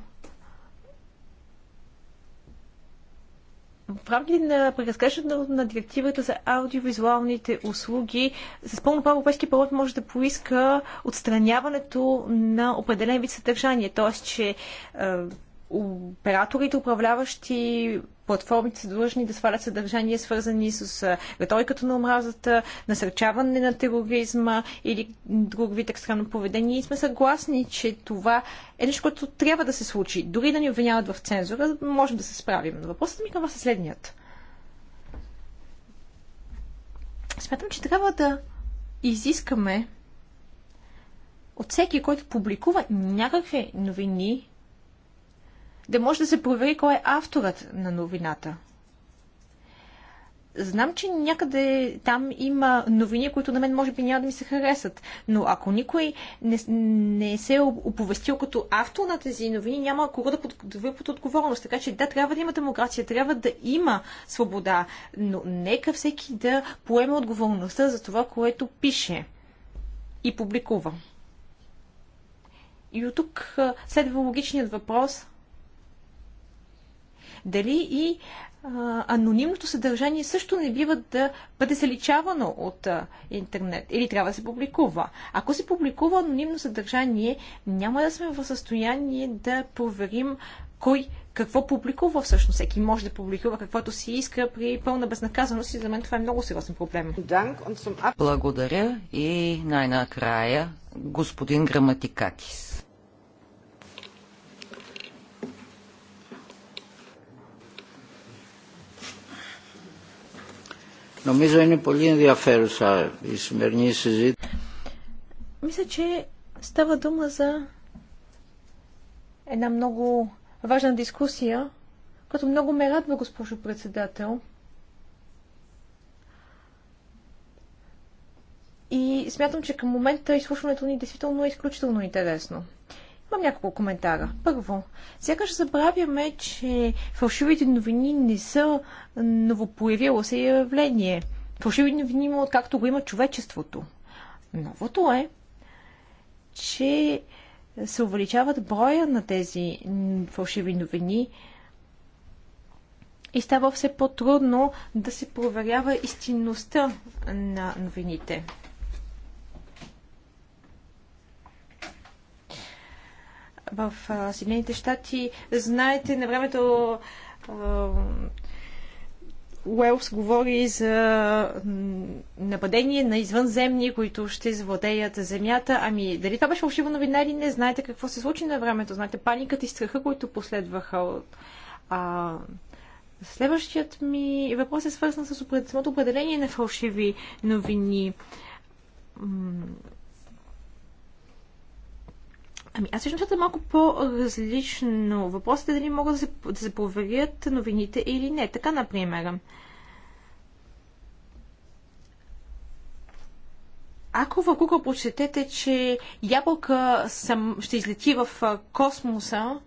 в рамките на преразглеждането на директивата за аудиовизуалните услуги, с пълно право Европейския парламент може да поиска отстраняването на определен вид съдържание, т.е. че е, операторите, управляващи платформите са длъжни да свалят съдържание, свързани с риториката на омразата, насърчаване на тероризма или друг вид екстремно поведение. И сме съгласни, че това е нещо, което трябва да се случи. Дори да ни обвиняват в цензура, можем да се справим. Но въпросът ми към вас е следният. Смятам, че трябва да изискаме от всеки, който публикува някакви новини, да може да се провери кой е авторът на новината. Знам, че някъде там има новини, които на мен може би няма да ми се харесат, но ако никой не, не се е оповестил като автор на тези новини, няма кого да подготови под отговорност. Така че да, трябва да има демокрация, трябва да има свобода, но нека всеки да поеме отговорността за това, което пише и публикува. И от тук следва логичният въпрос – дали и а, анонимното съдържание също не бива да бъде заличавано от а, интернет или трябва да се публикува. Ако се публикува анонимно съдържание, няма да сме в състояние да проверим кой какво публикува всъщност. Всеки може да публикува каквото си иска при пълна безнаказаност и за мен това е много сериозен проблем. Благодаря и най-накрая господин Граматикакис. Νομίζω είναι πολύ ενδιαφέρουσα η σημερινή συζήτηση. Мисля, че става дума за една много важна дискусия, като много ме радва, госпожо председател. И смятам, че към момента изслушването ни е действително е изключително интересно. Имам няколко коментара. Първо, сякаш забравяме, че фалшивите новини не са новопоявило се явление. Фалшиви новини има откакто го има човечеството. Новото е, че се увеличават броя на тези фалшиви новини и става все по-трудно да се проверява истинността на новините. в Съединените щати. Знаете, на времето Уелс говори за нападение на извънземни, които ще завладеят земята. Ами, дали това беше фалшива новина или не? Знаете какво се случи на времето? Знаете паникът и страха, които последваха. А, следващият ми въпрос е свързан с самото определение на фалшиви новини. Ами аз всъщност е малко по-различно. Въпросът е дали могат да се, да се проверят новините или не. Така, например. Ако в Google прочетете, че ябълка съм, ще излети в космоса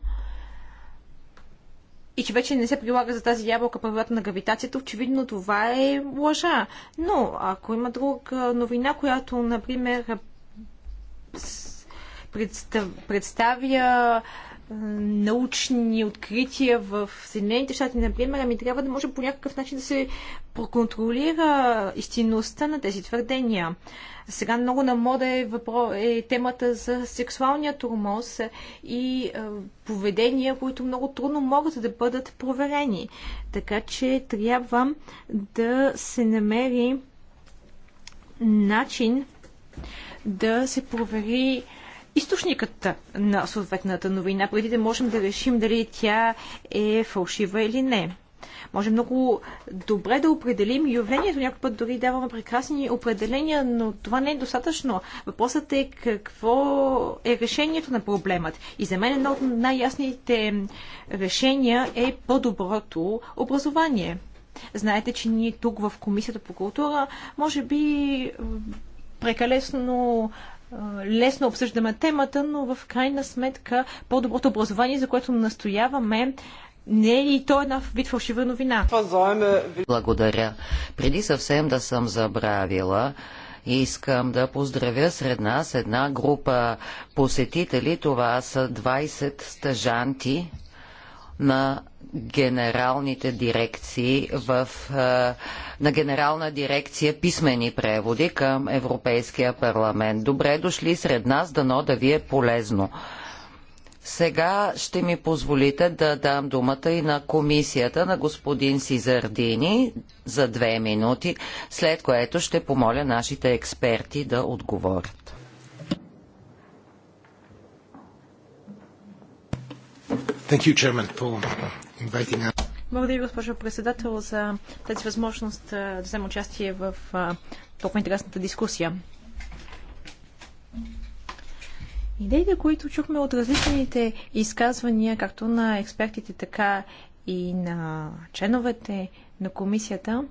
и че вече не се прилага за тази ябълка правилата на гравитацията, очевидно това е лъжа. Но ако има друга новина, която, например, представя научни открития в Съединените щати, например, ами трябва да може по някакъв начин да се проконтролира истинността на тези твърдения. Сега много на мода е, въпро... е темата за сексуалния тормоз и е, поведения, които много трудно могат да бъдат проверени. Така че трябва да се намери начин да се провери източникът на съответната новина, преди да можем да решим дали тя е фалшива или не. Може много добре да определим явлението, някой път дори даваме прекрасни определения, но това не е достатъчно. Въпросът е какво е решението на проблемът. И за мен едно от най-ясните решения е по-доброто образование. Знаете, че ние тук в Комисията по култура, може би прекалесно лесно обсъждаме темата, но в крайна сметка по-доброто образование, за което настояваме, не е и то една вид фалшива новина? Благодаря. Преди съвсем да съм забравила, Искам да поздравя сред нас една група посетители. Това са 20 стъжанти на генералните дирекции в, е, на генерална дирекция писмени преводи към Европейския парламент. Добре дошли сред нас, дано да ви е полезно. Сега ще ми позволите да дам думата и на комисията на господин Сизардини за две минути, след което ще помоля нашите експерти да отговорят. Благодаря госпожо председател, за тази възможност да взема участие в толкова интересната дискусия. Идеите, които чухме от различните изказвания, както на експертите, така и на членовете на комисията,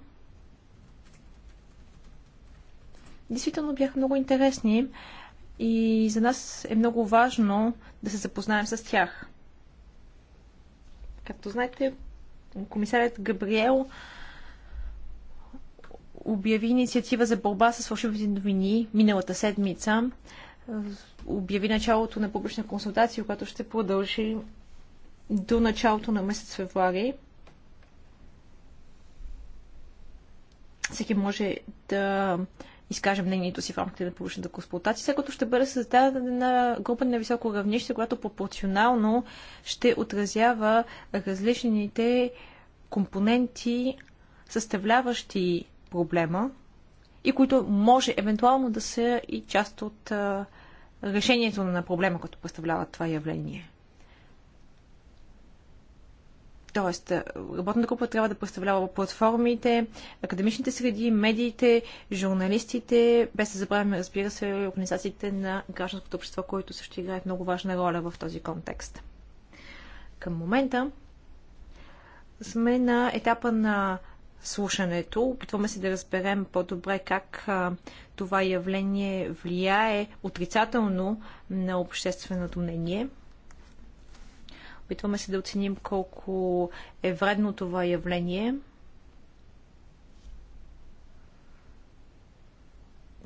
действително бяха много интересни и за нас е много важно да се запознаем с тях. Както знаете, комисарят Габриел обяви инициатива за борба с фалшивите новини миналата седмица. Обяви началото на публична консултация, която ще продължи до началото на месец февруари. Всеки може да изкаже мнението си в рамките на публичната консултация, след като ще бъде създадена група на високо равнище, която пропорционално ще отразява различните компоненти, съставляващи проблема и които може евентуално да са и част от решението на проблема, като представлява това явление. Тоест, е, работната група трябва да представлява платформите, академичните среди, медиите, журналистите, без да забравяме, разбира се, организациите на гражданското общество, които също играят много важна роля в този контекст. Към момента сме на етапа на слушането. Опитваме се да разберем по-добре как а, това явление влияе отрицателно на общественото мнение – Опитваме се да оценим колко е вредно това явление.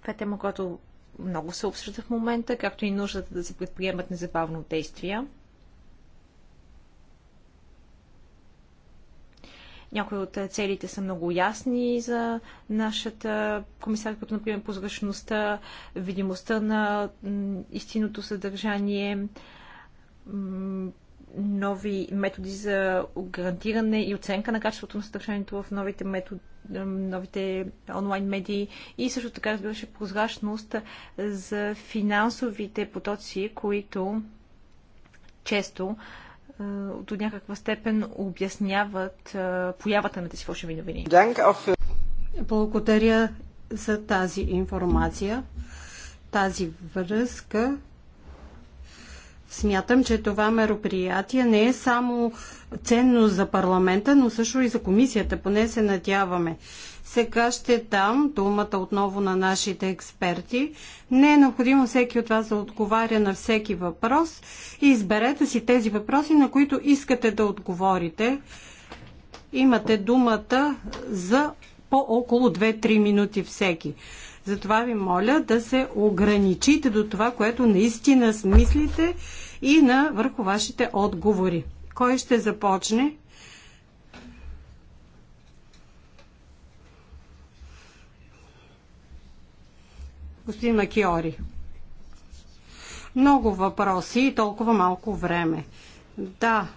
Това е тема, която много се обсъжда в момента, както и нуждата да се предприемат незабавно действия. Някои от целите са много ясни за нашата комисар, като например прозрачността, видимостта на истинното съдържание, нови методи за гарантиране и оценка на качеството на съдържанието в новите, метод, новите онлайн медии и също така разбираше прозрачност за финансовите потоци, които често е, до някаква степен обясняват е, появата на тези фалшиви новини. Благодаря за тази информация. Тази връзка Смятам, че това мероприятие не е само ценно за парламента, но също и за комисията, поне се надяваме. Сега ще там, думата отново на нашите експерти. Не е необходимо всеки от вас да отговаря на всеки въпрос и изберете си тези въпроси, на които искате да отговорите. Имате думата за по около 2-3 минути всеки. Затова ви моля да се ограничите до това, което наистина смислите и на върху вашите отговори. Кой ще започне? Господин Макиори. Много въпроси и толкова малко време. Да,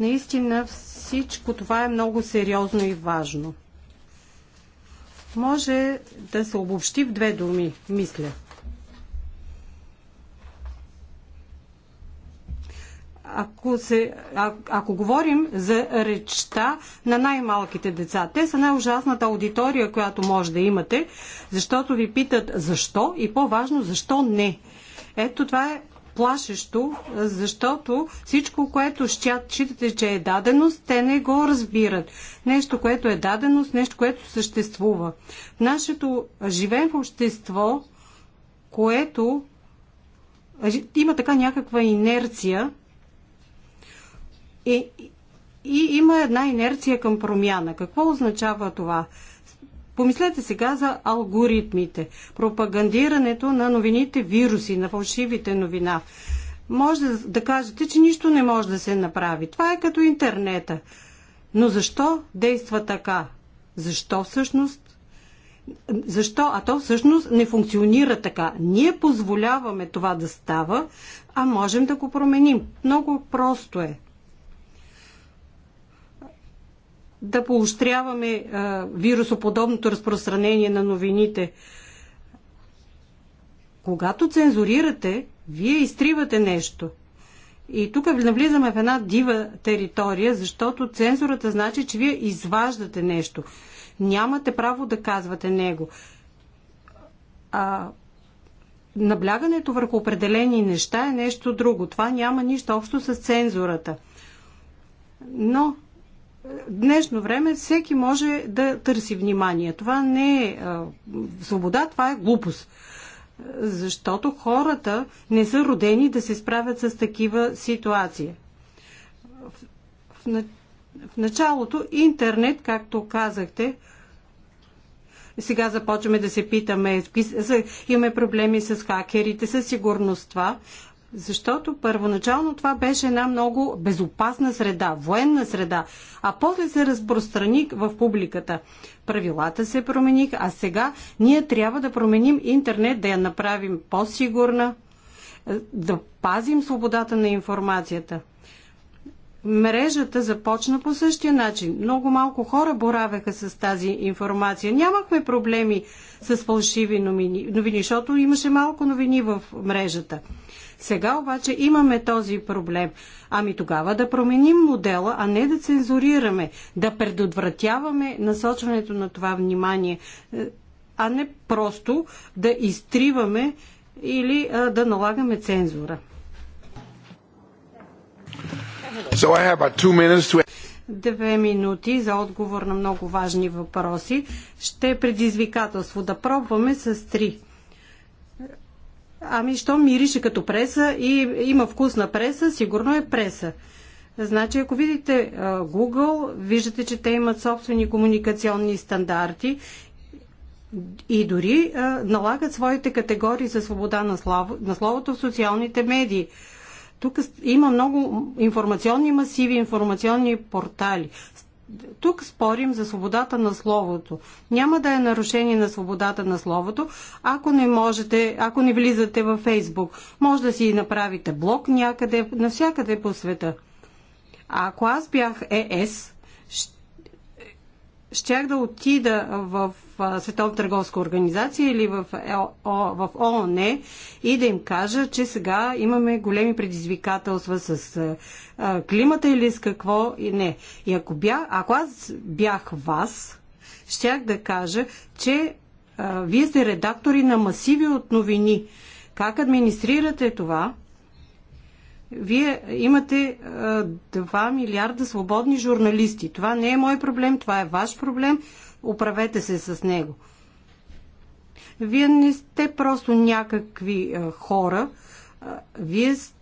наистина всичко това е много сериозно и важно може да се обобщи в две думи, мисля. Ако, се, а, ако говорим за речта на най-малките деца, те са най-ужасната аудитория, която може да имате, защото ви питат защо и по-важно защо не. Ето това е плашещо, защото всичко, което считате, че е даденост, те не го разбират. Нещо, което е даденост, нещо, което съществува. Нашето живеем в общество, което има така някаква инерция и, и има една инерция към промяна. Какво означава това? Помислете сега за алгоритмите, пропагандирането на новините вируси, на фалшивите новина. Може да кажете, че нищо не може да се направи. Това е като интернета. Но защо действа така? Защо всъщност? Защо? А то всъщност не функционира така. Ние позволяваме това да става, а можем да го променим. Много просто е. да поощряваме а, вирусоподобното разпространение на новините. Когато цензурирате, вие изтривате нещо. И тук навлизаме в една дива територия, защото цензурата значи, че вие изваждате нещо. Нямате право да казвате него. А, наблягането върху определени неща е нещо друго. Това няма нищо общо с цензурата. Но днешно време всеки може да търси внимание. Това не е свобода, това е глупост. Защото хората не са родени да се справят с такива ситуации. В, в началото интернет, както казахте, сега започваме да се питаме, имаме проблеми с хакерите, със сигурност това, защото първоначално това беше една много безопасна среда, военна среда, а после се разпространи в публиката. Правилата се промених, а сега ние трябва да променим интернет, да я направим по-сигурна, е, да пазим свободата на информацията. Мрежата започна по същия начин. Много малко хора боравеха с тази информация. Нямахме проблеми с фалшиви новини, новини защото имаше малко новини в мрежата. Сега обаче имаме този проблем. Ами тогава да променим модела, а не да цензурираме, да предотвратяваме насочването на това внимание, а не просто да изтриваме или а, да налагаме цензура. So I have two minutes to две минути за отговор на много важни въпроси. Ще е предизвикателство да пробваме с три. Ами, що мирише като преса и има вкус на преса, сигурно е преса. Значи, ако видите Google, виждате, че те имат собствени комуникационни стандарти и дори налагат своите категории за свобода на, слав... на словото в социалните медии. Тук има много информационни масиви, информационни портали тук спорим за свободата на словото. Няма да е нарушение на свободата на словото, ако не можете, ако не влизате във Фейсбук. Може да си направите блог някъде, навсякъде по света. А ако аз бях ЕС, щях да отида в Световна търговска организация или в, в ООН и да им кажа, че сега имаме големи предизвикателства с климата или с какво и не. И ако, бя, ако аз бях вас, щях да кажа, че вие сте редактори на масиви от новини. Как администрирате това? Вие имате а, 2 милиарда свободни журналисти. Това не е мой проблем, това е ваш проблем. Управете се с него. Вие не сте просто някакви а, хора. А, вие сте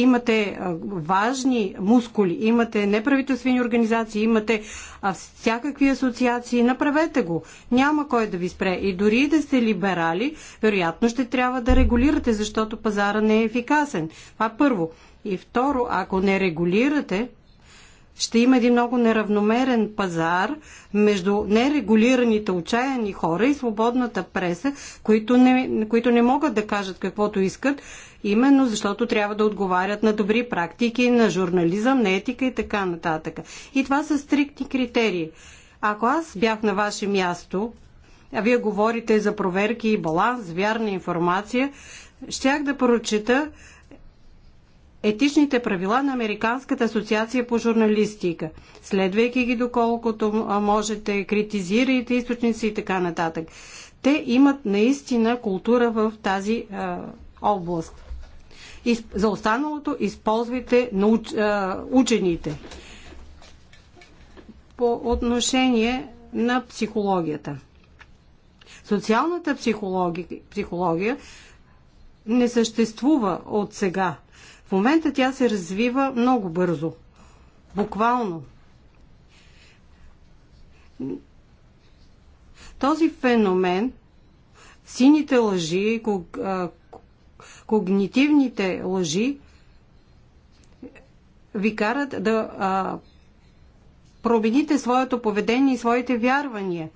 имате важни мускули, имате неправителствени организации, имате всякакви асоциации, направете го. Няма кой да ви спре. И дори да сте либерали, вероятно ще трябва да регулирате, защото пазара не е ефикасен. Това първо. И второ, ако не регулирате, ще има един много неравномерен пазар между нерегулираните отчаяни хора и свободната преса, които не, които не могат да кажат каквото искат, именно защото трябва да отговарят на добри практики, на журнализъм, на етика и така нататък. И това са стриктни критерии. Ако аз бях на ваше място, а вие говорите за проверки и баланс, вярна информация, щях да прочита етичните правила на Американската асоциация по журналистика. Следвайки ги доколкото можете, критизирайте източници и така нататък. Те имат наистина култура в тази е, област. И, за останалото използвайте науч, е, учените. По отношение на психологията. Социалната психология, психология не съществува от сега в момента тя се развива много бързо. Буквално. Този феномен, сините лъжи, когнитивните лъжи, ви карат да а, промените своето поведение и своите вярвания.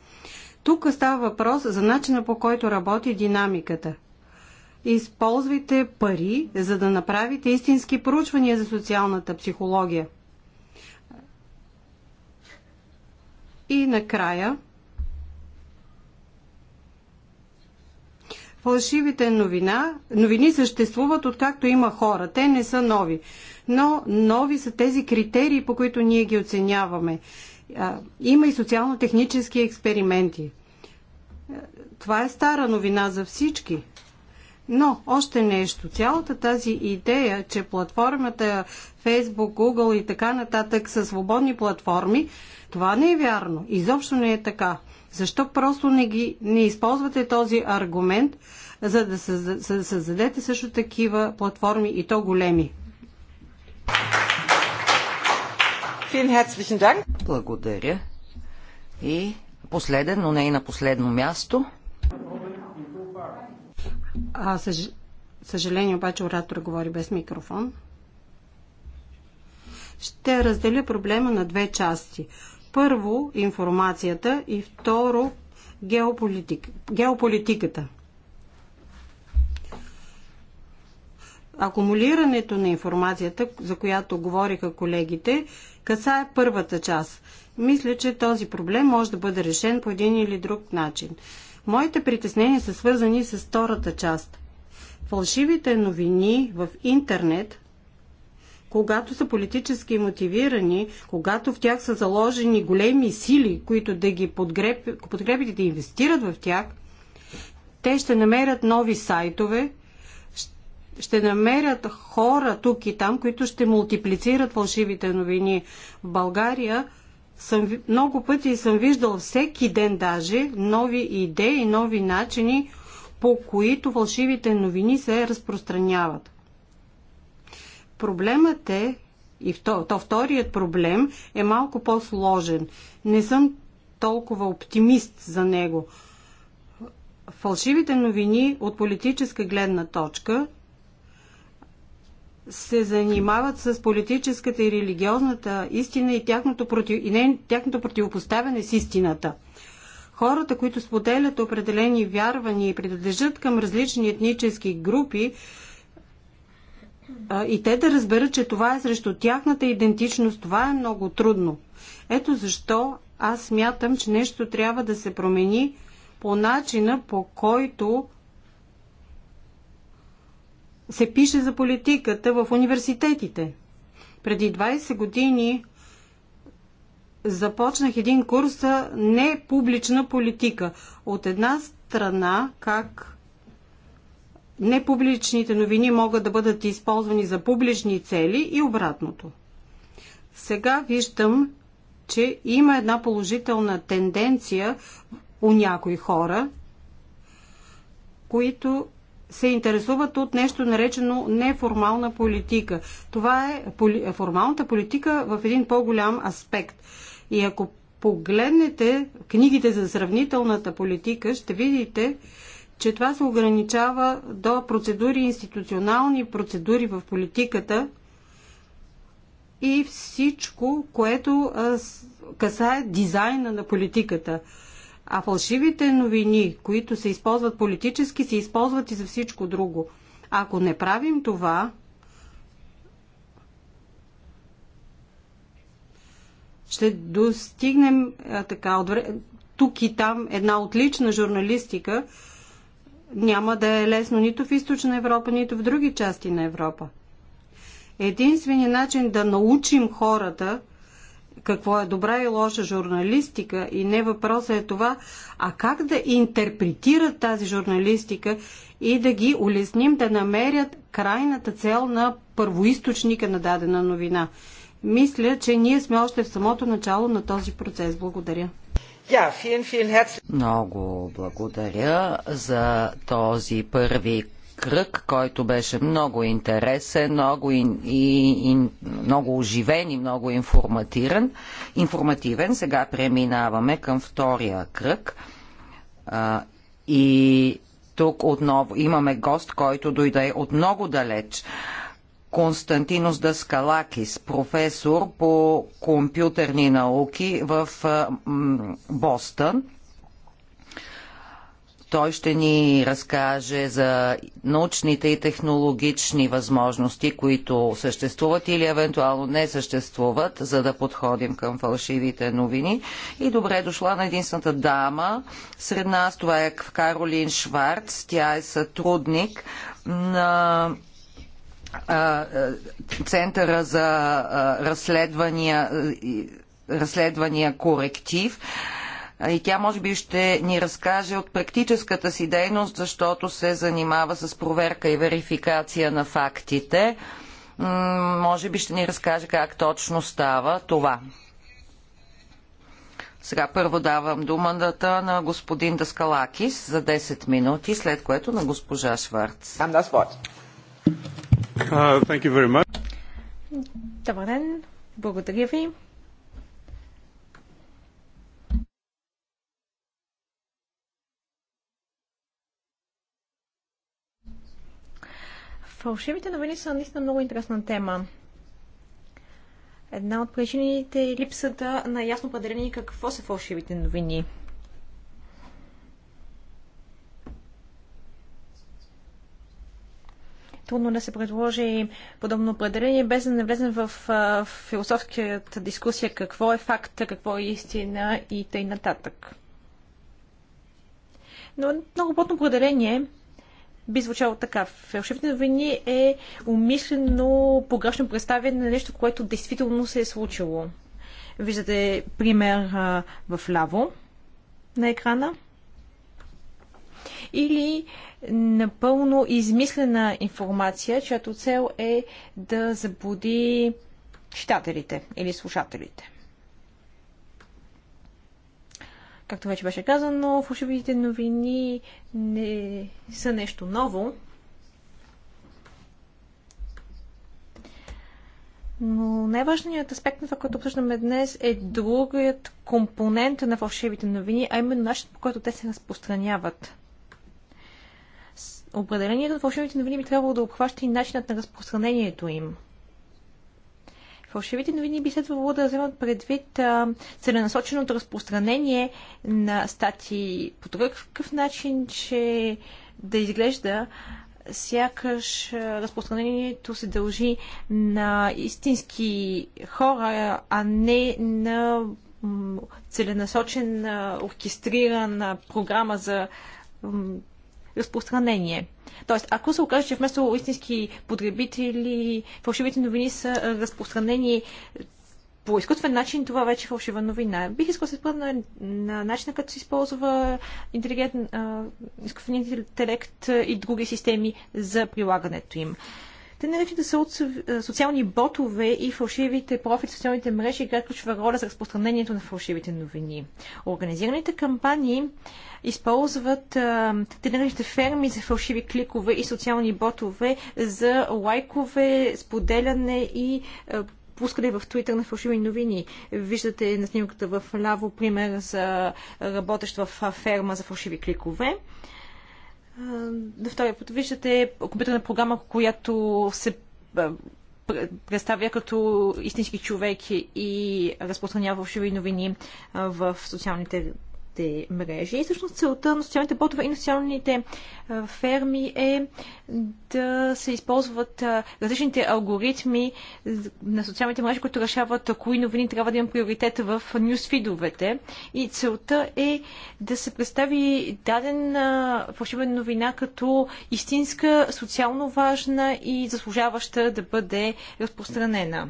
Тук става въпрос за начина по който работи динамиката – използвайте пари, за да направите истински проучвания за социалната психология. И накрая, фалшивите новина, новини съществуват откакто има хора. Те не са нови. Но нови са тези критерии, по които ние ги оценяваме. Има и социално-технически експерименти. Е, това е стара новина за всички. Но още нещо. Цялата тази идея, че платформата Facebook, Google и така нататък са свободни платформи, това не е вярно. Изобщо не е така. Защо просто не, ги, не използвате този аргумент, за да, за да създадете също такива платформи и то големи? Благодаря. И последен, но не и на последно място. А, съж... Съжаление, обаче оратор говори без микрофон. Ще разделя проблема на две части. Първо, информацията и второ, геополитик... геополитиката. Акумулирането на информацията, за която говориха колегите, касае първата част. Мисля, че този проблем може да бъде решен по един или друг начин. Моите притеснения са свързани с втората част. Фалшивите новини в интернет, когато са политически мотивирани, когато в тях са заложени големи сили, които да ги подгреб... подгребят и да инвестират в тях, те ще намерят нови сайтове, ще намерят хора тук и там, които ще мултиплицират фалшивите новини. В България съм, много пъти съм виждал всеки ден даже нови идеи, нови начини, по които фалшивите новини се разпространяват. Проблемът е, и то, то вторият проблем е малко по-сложен. Не съм толкова оптимист за него. Фалшивите новини от политическа гледна точка се занимават с политическата и религиозната истина и тяхното, против... и не, тяхното противопоставяне с истината. Хората, които споделят определени вярвания и принадлежат към различни етнически групи, и те да разберат, че това е срещу тяхната идентичност, това е много трудно. Ето защо аз смятам, че нещо трябва да се промени по начина, по който се пише за политиката в университетите. Преди 20 години започнах един курс за непублична политика. От една страна, как непубличните новини могат да бъдат използвани за публични цели и обратното. Сега виждам, че има една положителна тенденция у някои хора, които се интересуват от нещо наречено неформална политика. Това е поли, формалната политика в един по-голям аспект. И ако погледнете книгите за сравнителната политика, ще видите, че това се ограничава до процедури, институционални процедури в политиката и всичко, което касае дизайна на политиката. А фалшивите новини, които се използват политически, се използват и за всичко друго. Ако не правим това, ще достигнем а, така, отвре... тук и там една отлична журналистика. Няма да е лесно нито в източна Европа, нито в други части на Европа. Единственият начин да научим хората какво е добра и лоша журналистика и не въпросът е това, а как да интерпретират тази журналистика и да ги улесним да намерят крайната цел на първоисточника на дадена новина. Мисля, че ние сме още в самото начало на този процес. Благодаря. Много благодаря за този първи кръг, който беше много интересен, много, и, и, много оживен и много информативен. информативен. Сега преминаваме към втория кръг. А, и тук отново имаме гост, който дойде от много далеч. Константинос Даскалакис, професор по компютърни науки в Бостън той ще ни разкаже за научните и технологични възможности, които съществуват или евентуално не съществуват, за да подходим към фалшивите новини. И добре е дошла на единствената дама сред нас. Това е Каролин Шварц. Тя е сътрудник на Центъра за разследвания, разследвания коректив и тя може би ще ни разкаже от практическата си дейност, защото се занимава с проверка и верификация на фактите. Може би ще ни разкаже как точно става това. Сега първо давам думата на господин Даскалакис за 10 минути, след което на госпожа Шварц. Uh, Добър ден, благодаря ви. Фалшивите новини са наистина много интересна тема. Една от причините е липсата на ясно определение какво са фалшивите новини. трудно да се предложи подобно определение, без да не влезем в, в философската дискусия какво е факт, какво е истина и т.н. нататък. Но много плотно определение би звучало така. Фалшивите новини е умишлено погрешно представяне на нещо, което действително се е случило. Виждате пример а, в ляво на екрана. Или напълно измислена информация, чиято цел е да заблуди читателите или слушателите. Както вече беше казано, фалшивите новини не са нещо ново. Но най-важният аспект на това, което обсъждаме днес, е другият компонент на фалшивите новини, а именно начинът по който те се разпространяват. Определението на фалшивите новини би трябвало да обхваща и начинът на разпространението им. Фалшивите новини би следвало да вземат предвид целенасоченото разпространение на статии по такъв начин, че да изглежда сякаш разпространението се дължи на истински хора, а не на целенасочен, оркестриран програма за разпространение. Тоест, ако се окаже, че вместо истински потребители фалшивите новини са разпространени по изкуствен начин, това вече е фалшива новина. Бих искал да се спра на, на начина, като се използва интелигентен изкуствен интелект и други системи за прилагането им. Те наречените да е, социални ботове и фалшивите профили в социалните мрежи играят ключова роля за разпространението на фалшивите новини. Организираните кампании използват е, те наречените ферми за фалшиви кликове и социални ботове за лайкове, споделяне и е, пускане в Твитър на фалшиви новини. Виждате на снимката в ляво пример за работещ в ферма за фалшиви кликове. На втория път виждате компютърна програма, която се представя като истински човек и разпространява фалшиви новини в социалните социалните мрежи. И всъщност целта на социалните ботове и на социалните ферми е да се използват различните алгоритми на социалните мрежи, които решават кои новини трябва да имам приоритет в нюсфидовете. И целта е да се представи даден фалшива новина като истинска, социално важна и заслужаваща да бъде разпространена.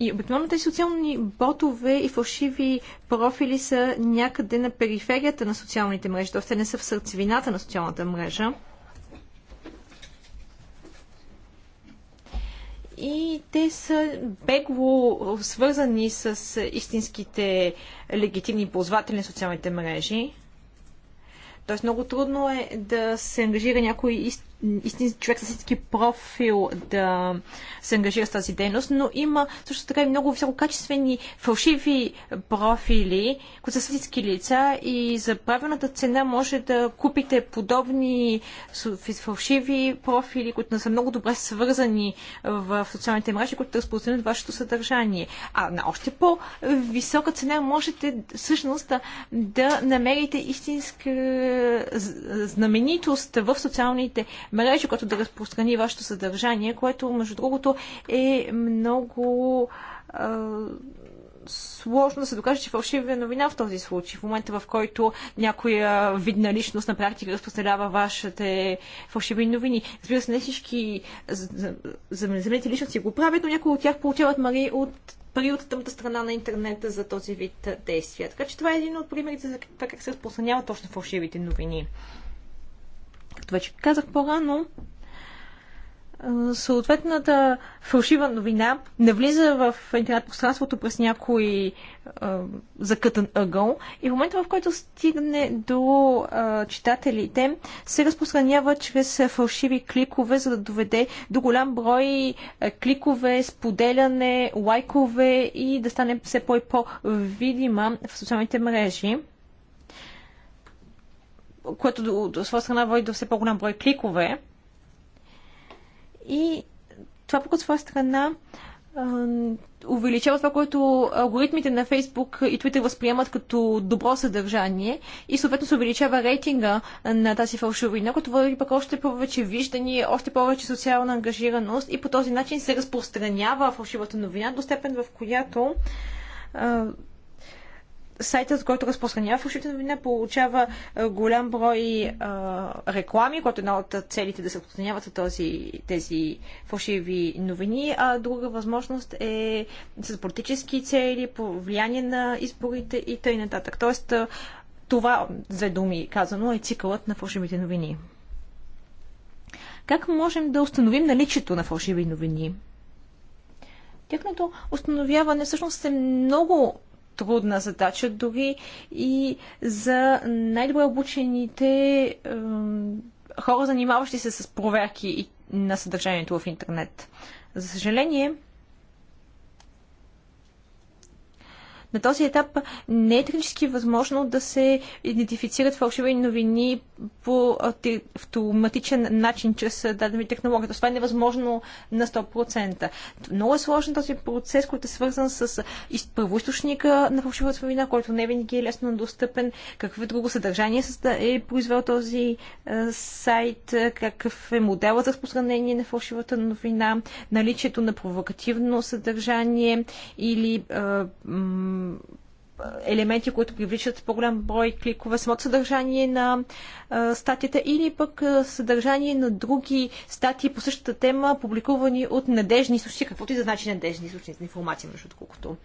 И обикновено тези социални ботове и фалшиви профили са някъде на периферията на социалните мрежи, т.е. не са в сърцевината на социалната мрежа. и те са бегло свързани с истинските легитимни ползватели на социалните мрежи. Тоест много трудно е да се ангажира някой истин, човек с истински профил да се ангажира с тази дейност, но има също така и много висококачествени фалшиви профили, които са физически лица и за правилната цена може да купите подобни фалшиви профили, които не са много добре свързани в социалните мрежи, които да разпространят вашето съдържание. А на още по-висока цена можете всъщност да, да намерите истинска знаменитост в социалните мрежа, която да разпространи вашето съдържание, което, между другото, е много сложно да се докаже, че фалшива е новина в този случай. В момента, в който някоя видна личност на практика разпространява вашите фалшиви новини. Разбира се, не всички земеделите личности го правят, но някои от тях получават мари от пари от тъмната страна на интернета за този вид действия. Така че това е един от примерите за как се разпространяват точно фалшивите новини. Както вече казах по-рано, съответната фалшива новина не влиза в интернет пространството през някой а, закътан ъгъл и в момента, в който стигне до а, читателите, се разпространява чрез фалшиви кликове, за да доведе до голям брой кликове, споделяне, лайкове и да стане все по- по-видима в социалните мрежи което от своя страна води до все по-голям брой кликове. И това пък от своя страна увеличава това, което алгоритмите на Facebook и Twitter възприемат като добро съдържание и съответно се увеличава рейтинга на тази фалшовина, като води пък още повече виждани, още повече социална ангажираност и по този начин се разпространява фалшивата новина до степен, в която сайтът, който разпространява фалшивите новина, получава голям брой реклами, което е една от целите да се разпространяват този, тези фалшиви новини, а друга възможност е с политически цели, влияние на изборите и т.н. Тоест, това, за думи казано, е цикълът на фалшивите новини. Как можем да установим наличието на фалшиви новини? Тяхното установяване всъщност е много трудна задача дори и за най-добре обучените хора, занимаващи се с проверки на съдържанието в интернет. За съжаление, На този етап не е технически възможно да се идентифицират фалшиви новини по автоматичен начин чрез дадени технологията. Това е невъзможно на 100%. Много е сложен този процес, който е свързан с правоисточника на фалшивата новина, който не винаги е лесно достъпен, какво е друго съдържание е произвел този сайт, какъв е моделът за разпространение на фалшивата новина, наличието на провокативно съдържание или а, елементи, които привличат по-голям брой кликове, самото съдържание на а, статията или пък а, съдържание на други статии по същата тема, публикувани от надежни източници, каквото и да значи надежни източници на информация, между отколкото.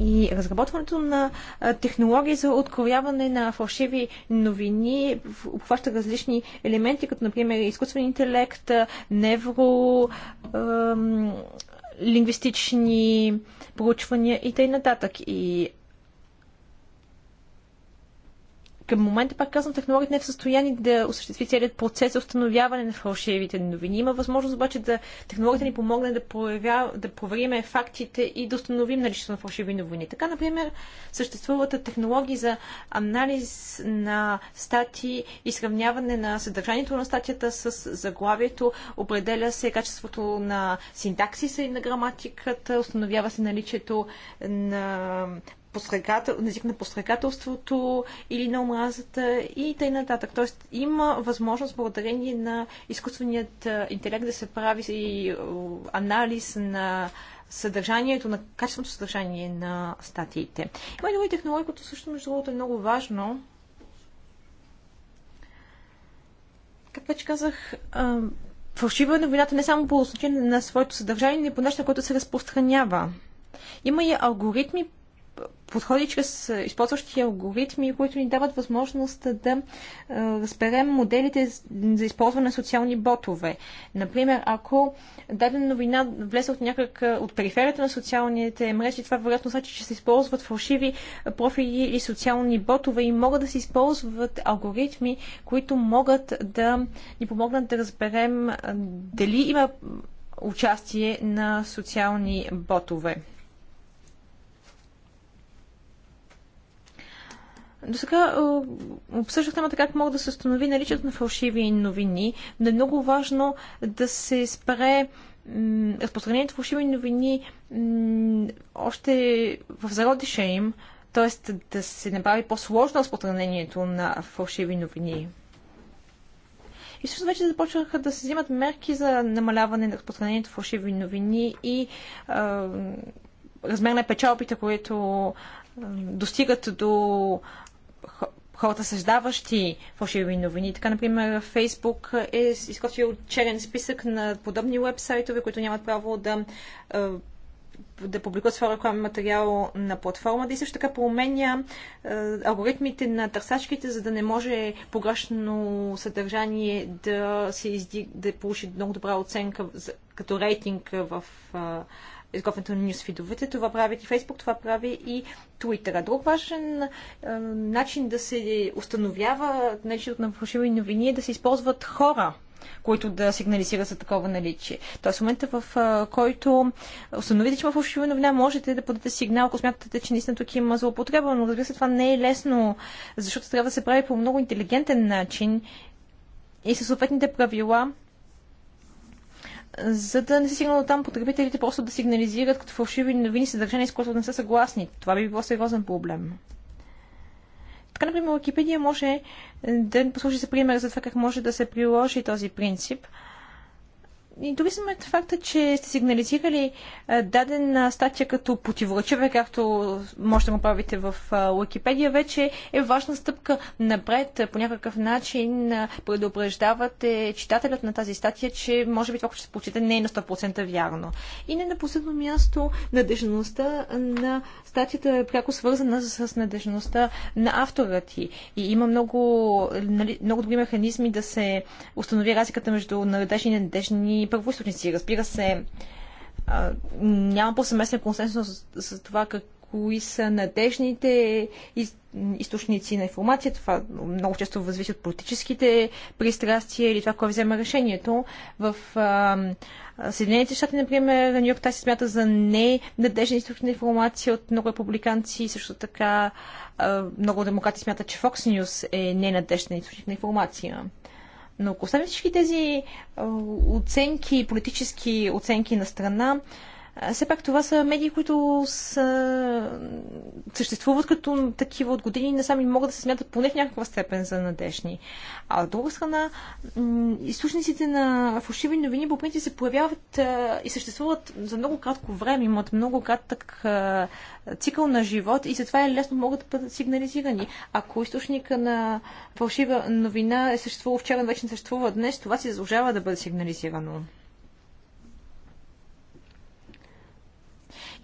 И разработването на а, технологии за откровяване на фалшиви новини обхваща различни елементи, като например изкуствен интелект, невро лингвистични проучвания и т.н. И Към момента, пак казвам, технологията не е в състояние да осъществи целият процес за установяване на фалшивите новини. Има възможност обаче да технологията ни помогне да, проявя, да провериме фактите и да установим наличието на фалшиви новини. Така, например, съществуват технологии за анализ на статии и сравняване на съдържанието на статията с заглавието, определя се качеството на синтаксиса и на граматиката, установява се наличието на на език на или на омразата и т.н. Тоест има възможност благодарение на изкуственият интелект да се прави и анализ на съдържанието, на качественото съдържание на статиите. Има и други технологии, които също, между другото, е много важно. Как вече казах, фалшива е новината не само по отношение на своето съдържание, но и по нещо, което се разпространява. Има и алгоритми, подходи чрез е, използващи алгоритми, които ни дават възможност да е, разберем моделите за използване на социални ботове. Например, ако дадена новина влезе от някак е, от периферията на социалните мрежи, това вероятно значи, че се използват фалшиви профили и социални ботове и могат да се използват алгоритми, които могат да ни помогнат да разберем дали има участие на социални ботове. До сега е, обсъждах темата как мога да се установи наличието на фалшиви новини, но е много важно да се спре разпространението на фалшиви новини още в зародиша им, т.е. да се направи по-сложно разпространението на фалшиви новини. И също вече започнаха да се взимат мерки за намаляване на разпространението на фалшиви новини и размер на печалбите, които достигат до хората съждаващи фалшиви новини. Така, например, Фейсбук е изготвил черен списък на подобни вебсайтове, които нямат право да да публикуват своя рекламен материал на платформата и също така променя е, алгоритмите на търсачките, за да не може погрешно съдържание да се издиг, да получи много добра оценка за, като рейтинг в е, изготвянето на нюсфидовете. Това правят и Фейсбук, това прави и Twitter. Друг важен е, начин да се установява наличието на фалшиви новини е да се използват хора които да сигнализират за такова наличие. Тоест, в момента, в а, който установите, че има фалшива новина, можете да подадете сигнал, ако смятате, че наистина тук има злоупотреба, но разбира се, това не е лесно, защото трябва да се прави по много интелигентен начин и със съответните правила за да не се стигна там потребителите просто да сигнализират като фалшиви новини съдържания, с които не са съгласни. Това би било сериозен проблем. Така, например, Wikipedia може да послужи за пример за това как може да се приложи този принцип – и дори факта, че сте сигнализирали дадена статия като противоречива, както може да го правите в Уикипедия, вече е важна стъпка напред. По някакъв начин предупреждавате читателят на тази статия, че може би това, което ще получите, не е на 100% вярно. И не на последно място, надежността на статията е пряко свързана с надежността на автора ти. И има много, нали, много добри механизми да се установи разликата между надежни и надежни първоисточници. Разбира се, няма по-съместен консенсус с това как кои са надежните из... източници на информация. Това много често възвиси от политическите пристрастия или това, кой взема решението. В а, Съединените щати, например, Нью Йорк Тайс се смята за ненадежни източник на информация от много републиканци. Също така а, много демократи смятат, че Fox News е ненадежден източник на информация. Но ако оставим всички тези оценки, политически оценки на страна, все пак това са медии, които са, съществуват като такива от години и не сами могат да се смятат поне в някаква степен за надежни. А от друга страна, източниците на фалшиви новини по принцип се появяват и съществуват за много кратко време, имат много кратък цикъл на живот и затова е лесно могат да бъдат сигнализирани. Ако източника на фалшива новина е съществувал вчера, вече не съществува днес, това си заслужава да бъде сигнализирано.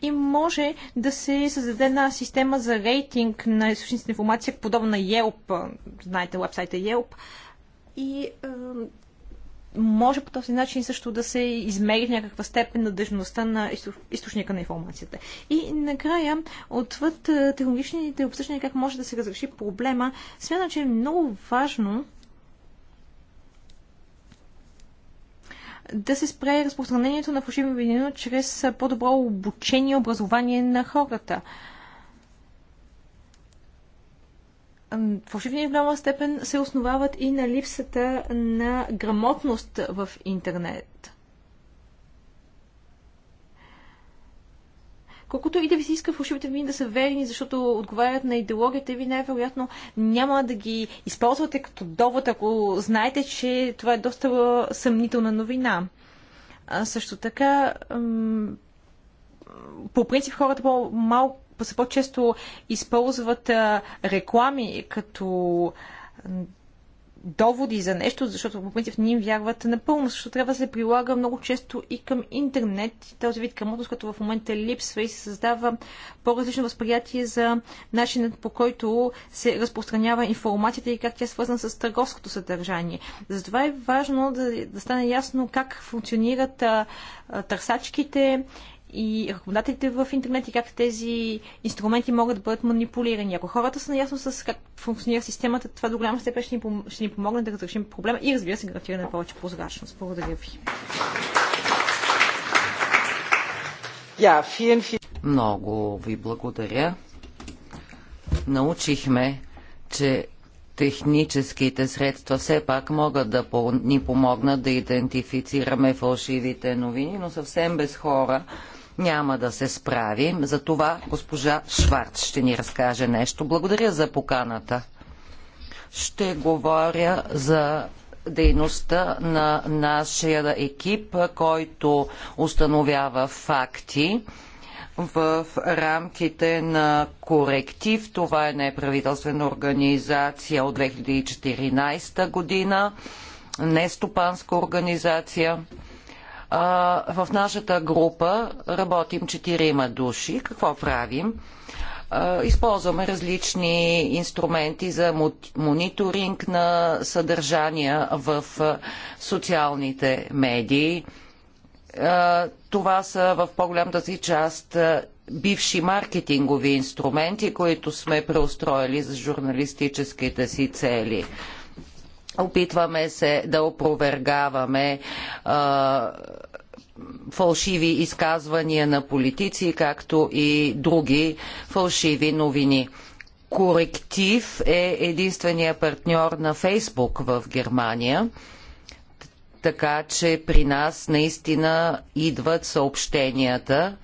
и може да се създаде една система за рейтинг на източниците информация, подобна на Yelp, знаете вебсайта е Yelp, и може по този начин също да се измери в някаква степен надежността на източника на информацията. И накрая, отвъд технологичните обсъждания как може да се разреши проблема, смятам, че е много важно да се спре разпространението на фалшиви винино чрез по-добро обучение и образование на хората. Фалшивите в голяма степен се основават и на липсата на грамотност в интернет. Колкото и да ви се иска фалшивите новини да са верни, защото отговарят на идеологията ви, най-вероятно няма да ги използвате като довод, ако знаете, че това е доста съмнителна новина. А също така, по принцип хората по-малко се по-често използват реклами като доводи за нещо, защото по принцип не им вярват напълно, защото трябва да се прилага много често и към интернет, този вид грамотност, като в момента липсва и се създава по-различно възприятие за начинът по който се разпространява информацията и как тя е свързана с търговското съдържание. Затова е важно да, да стане ясно как функционират а, а, търсачките и рекомендателите в интернет и как тези инструменти могат да бъдат манипулирани. Ако хората са наясно с как функционира системата, това до голяма степен ще ни, пом- ще ни помогне да разрешим проблема и разбира се гарантиране на повече прозрачност. Благодаря ви. Много ви благодаря. Научихме, че техническите средства все пак могат да ни помогнат да идентифицираме фалшивите новини, но съвсем без хора няма да се справим. За това госпожа Шварц ще ни разкаже нещо. Благодаря за поканата. Ще говоря за дейността на нашия екип, който установява факти в рамките на коректив. Това е неправителствена организация от 2014 година, нестопанска организация в нашата група работим четирима души. Какво правим? използваме различни инструменти за мониторинг на съдържания в социалните медии. това са в по-голямата си част бивши маркетингови инструменти, които сме преустроили за журналистическите си цели. Опитваме се да опровергаваме фалшиви изказвания на политици, както и други фалшиви новини. Коректив е единствения партньор на Фейсбук в Германия, така че при нас наистина идват съобщенията,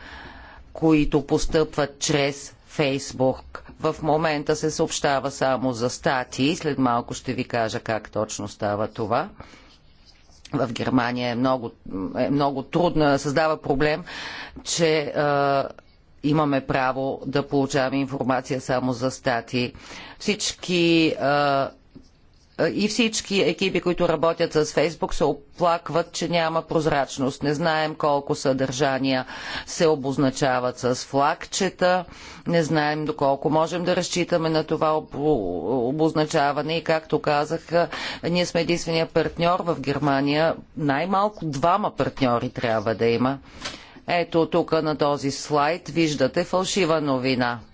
които постъпват чрез Фейсбук. В момента се съобщава само за статии. След малко ще ви кажа как точно става това. В Германия е много, е много трудно, създава проблем, че е, имаме право да получаваме информация само за статии. Всички е, е, и всички екипи, които работят с Фейсбук, се оплакват, че няма прозрачност. Не знаем колко съдържания се обозначават с флагчета, не знаем доколко можем да разчитаме на това обозначаване и както казах, ние сме единствения партньор в Германия. Най-малко двама партньори трябва да има. Ето тук на този слайд виждате фалшива новина –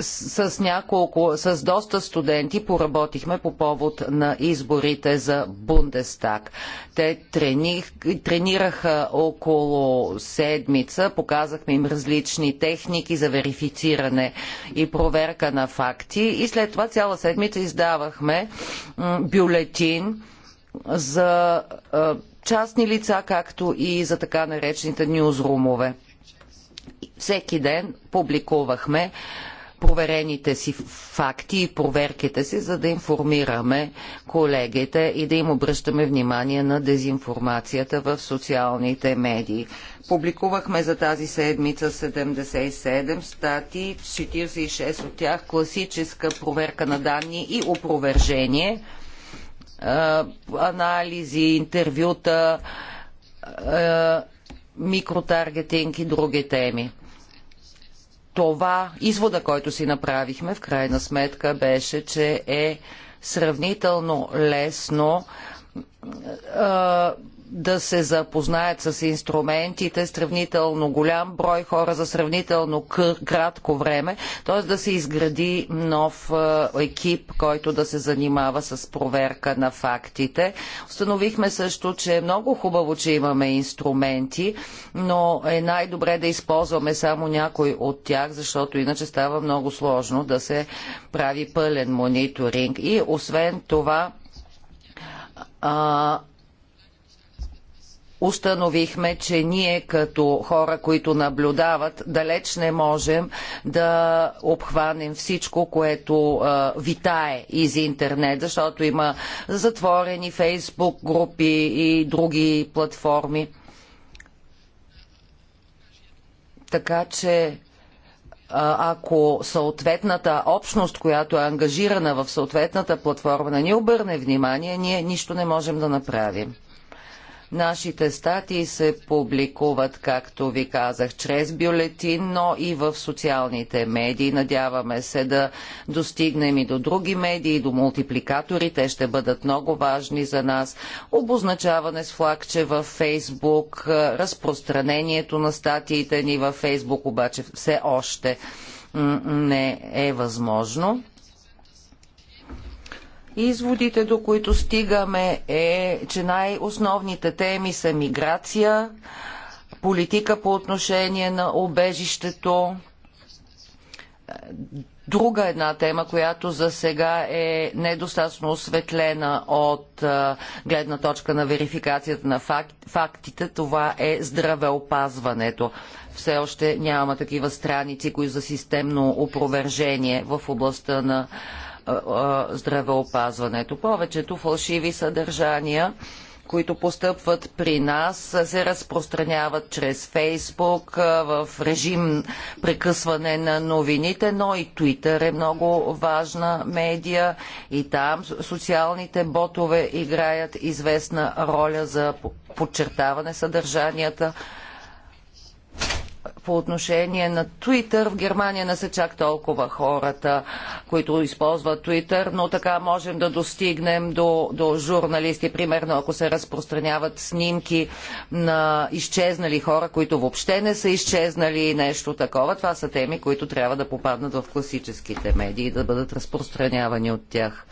с, няколко, с доста студенти поработихме по повод на изборите за Бундестаг. Те трени, тренираха около седмица, показахме им различни техники за верифициране и проверка на факти и след това цяла седмица издавахме бюлетин за частни лица, както и за така наречените нюзрумове. Всеки ден публикувахме проверените си факти и проверките си, за да информираме колегите и да им обръщаме внимание на дезинформацията в социалните медии. Публикувахме за тази седмица 77 статии, 46 от тях класическа проверка на данни и опровержение, е, анализи, интервюта, е, микротаргетинг и други теми това извода, който си направихме, в крайна сметка беше, че е сравнително лесно да се запознаят с инструментите, сравнително голям брой хора за сравнително кратко време, т.е. да се изгради нов екип, който да се занимава с проверка на фактите. Установихме също, че е много хубаво, че имаме инструменти, но е най-добре да използваме само някой от тях, защото иначе става много сложно да се прави пълен мониторинг. И освен това, а, установихме, че ние като хора, които наблюдават, далеч не можем да обхванем всичко, което а, витае из интернет, защото има затворени фейсбук групи и други платформи. Така че ако съответната общност, която е ангажирана в съответната платформа, не ни обърне внимание, ние нищо не можем да направим. Нашите статии се публикуват, както ви казах, чрез бюлетин, но и в социалните медии. Надяваме се да достигнем и до други медии, до мултипликатори. Те ще бъдат много важни за нас. Обозначаване с флагче във Фейсбук, разпространението на статиите ни във Фейсбук обаче все още не е възможно. Изводите, до които стигаме е, че най-основните теми са миграция, политика по отношение на обежището, друга една тема, която за сега е недостатъчно осветлена от гледна точка на верификацията на фактите, това е здравеопазването. Все още няма такива страници, които за системно опровержение в областта на здравеопазването. Повечето фалшиви съдържания които постъпват при нас, се разпространяват чрез Фейсбук, в режим прекъсване на новините, но и Твитър е много важна медия и там социалните ботове играят известна роля за подчертаване съдържанията по отношение на Twitter. В Германия не са чак толкова хората, които използват Twitter, но така можем да достигнем до, до журналисти. Примерно, ако се разпространяват снимки на изчезнали хора, които въобще не са изчезнали и нещо такова, това са теми, които трябва да попаднат в класическите медии и да бъдат разпространявани от тях.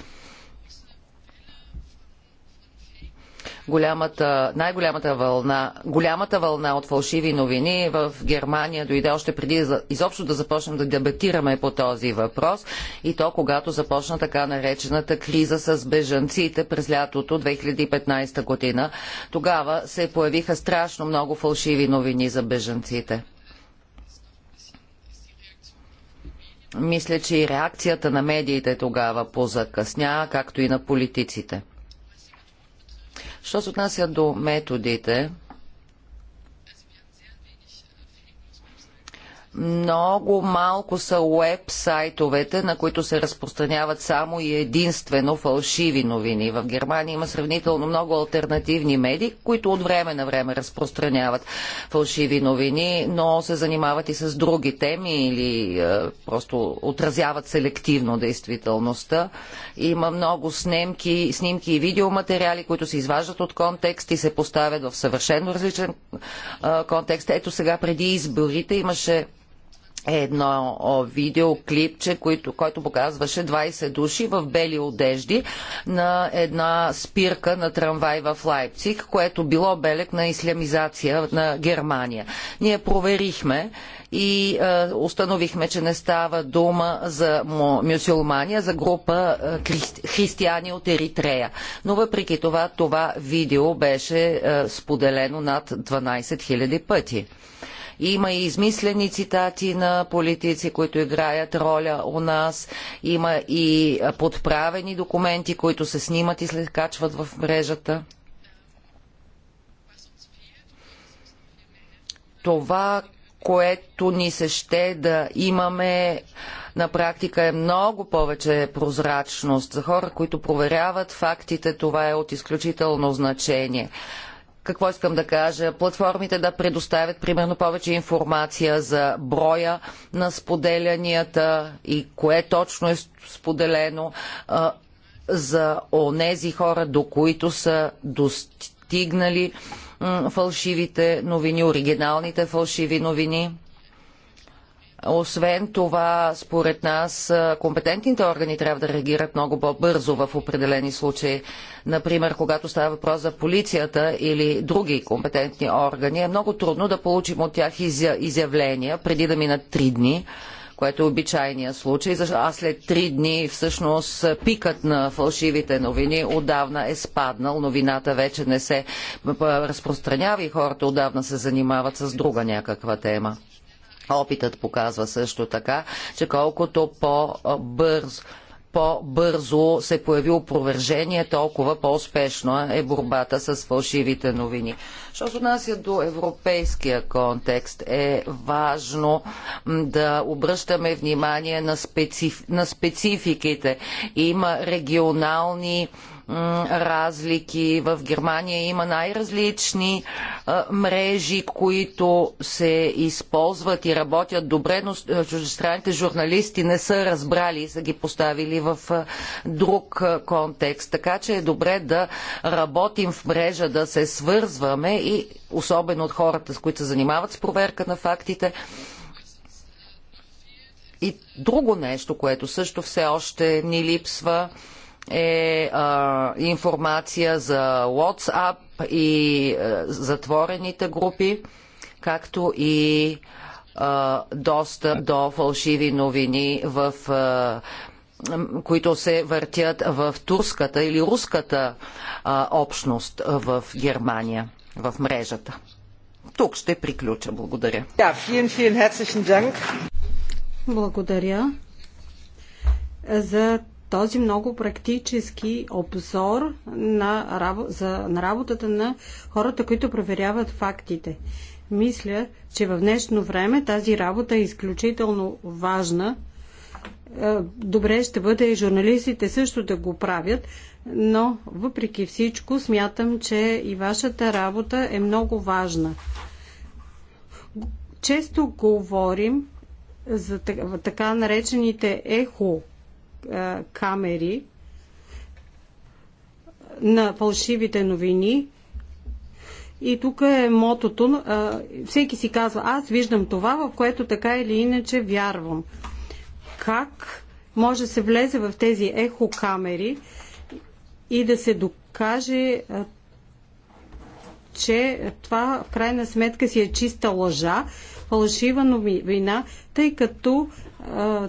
голямата, най-голямата вълна, голямата вълна от фалшиви новини в Германия дойде още преди изобщо да започнем да дебатираме по този въпрос и то когато започна така наречената криза с бежанците през лятото 2015 година. Тогава се появиха страшно много фалшиви новини за бежанците. Мисля, че и реакцията на медиите тогава позакъсня, както и на политиците. Що се отнася до методите, Много малко са уеб-сайтовете, на които се разпространяват само и единствено фалшиви новини. В Германия има сравнително много альтернативни медии, които от време на време разпространяват фалшиви новини, но се занимават и с други теми или е, просто отразяват селективно действителността. Има много снимки, снимки и видеоматериали, които се изваждат от контекст и се поставят в съвършено различен е, контекст. Ето сега преди изборите имаше едно видеоклипче, който, който показваше 20 души в бели одежди на една спирка на трамвай в Лайпциг, което било белег на ислямизация на Германия. Ние проверихме и е, установихме, че не става дума за мюсюлмания, за група е, христи, християни от Еритрея. Но въпреки това, това видео беше е, споделено над 12 000 пъти. Има и измислени цитати на политици, които играят роля у нас. Има и подправени документи, които се снимат и след качват в мрежата. Това, което ни се ще да имаме на практика е много повече прозрачност. За хора, които проверяват фактите, това е от изключително значение. Какво искам да кажа? Платформите да предоставят примерно повече информация за броя на споделянията и кое точно е споделено а, за онези хора, до които са достигнали фалшивите новини, оригиналните фалшиви новини освен това, според нас, компетентните органи трябва да реагират много по-бързо в определени случаи. Например, когато става въпрос за полицията или други компетентни органи, е много трудно да получим от тях изявления преди да минат три дни което е обичайния случай. А след три дни всъщност пикът на фалшивите новини отдавна е спаднал. Новината вече не се разпространява и хората отдавна се занимават с друга някаква тема. Опитът показва също така, че колкото по-бързо по-бързо се появи опровержение, толкова по успешно е борбата с фалшивите новини. Що се отнася до европейския контекст, е важно да обръщаме внимание на, специф... на спецификите. Има регионални разлики. В Германия има най-различни мрежи, които се използват и работят добре, но чуждестранните журналисти не са разбрали и са ги поставили в друг контекст. Така че е добре да работим в мрежа, да се свързваме и особено от хората, с които се занимават с проверка на фактите, и друго нещо, което също все още ни липсва, е а, информация за WhatsApp и а, е, затворените групи, както и а, доста до фалшиви новини в. А, които се въртят в турската или руската а, общност в Германия, в мрежата. Тук ще приключа. Благодаря. Да, vielen, vielen herzlichen Dank. Благодаря за този много практически обзор на, за, на работата на хората, които проверяват фактите. Мисля, че в днешно време тази работа е изключително важна. Е, добре ще бъде и журналистите също да го правят, но въпреки всичко смятам, че и вашата работа е много важна. Често говорим за така наречените ехо е, камери на фалшивите новини. И тук е мотото. Е, всеки си казва, аз виждам това, в което така или иначе вярвам. Как може да се влезе в тези ехокамери и да се докаже, е, че това в крайна сметка си е чиста лъжа фалшива новина, тъй като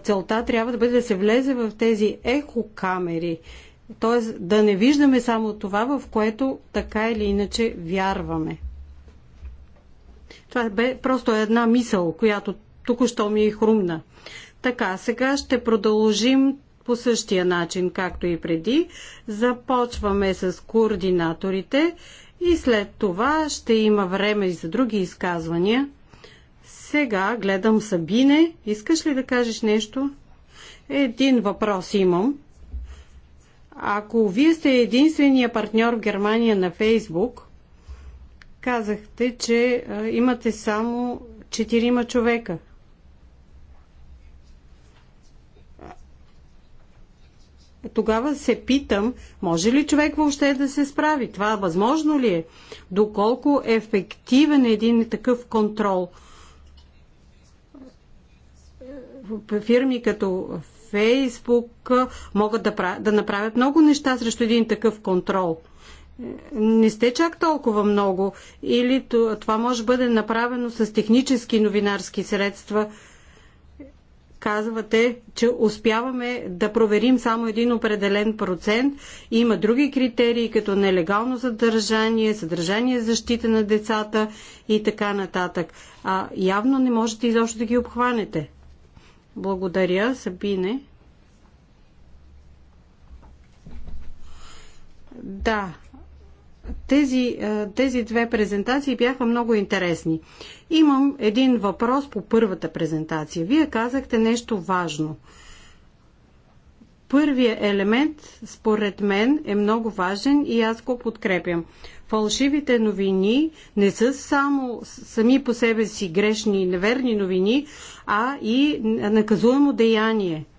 целта трябва да бъде да се влезе в тези ехокамери. Т.е. да не виждаме само това, в което така или иначе вярваме. Това бе просто една мисъл, която току-що ми е хрумна. Така, сега ще продължим по същия начин, както и преди. Започваме с координаторите и след това ще има време и за други изказвания. Сега гледам Сабине. Искаш ли да кажеш нещо? Един въпрос имам. Ако вие сте единствения партньор в Германия на Фейсбук, казахте, че имате само четирима човека. Тогава се питам, може ли човек въобще да се справи? Това възможно ли е? Доколко ефективен е един такъв контрол – фирми като Фейсбук могат да, да направят много неща срещу един такъв контрол. Не сте чак толкова много. Или това може да бъде направено с технически новинарски средства, казвате, че успяваме да проверим само един определен процент. Има други критерии, като нелегално съдържание, съдържание защита на децата и така нататък. А явно не можете изобщо да ги обхванете. Благодаря, Сабине. Да, тези, тези две презентации бяха много интересни. Имам един въпрос по първата презентация. Вие казахте нещо важно. Първият елемент, според мен, е много важен и аз го подкрепям. Фалшивите новини не са само сами по себе си грешни и неверни новини, а и наказуемо деяние –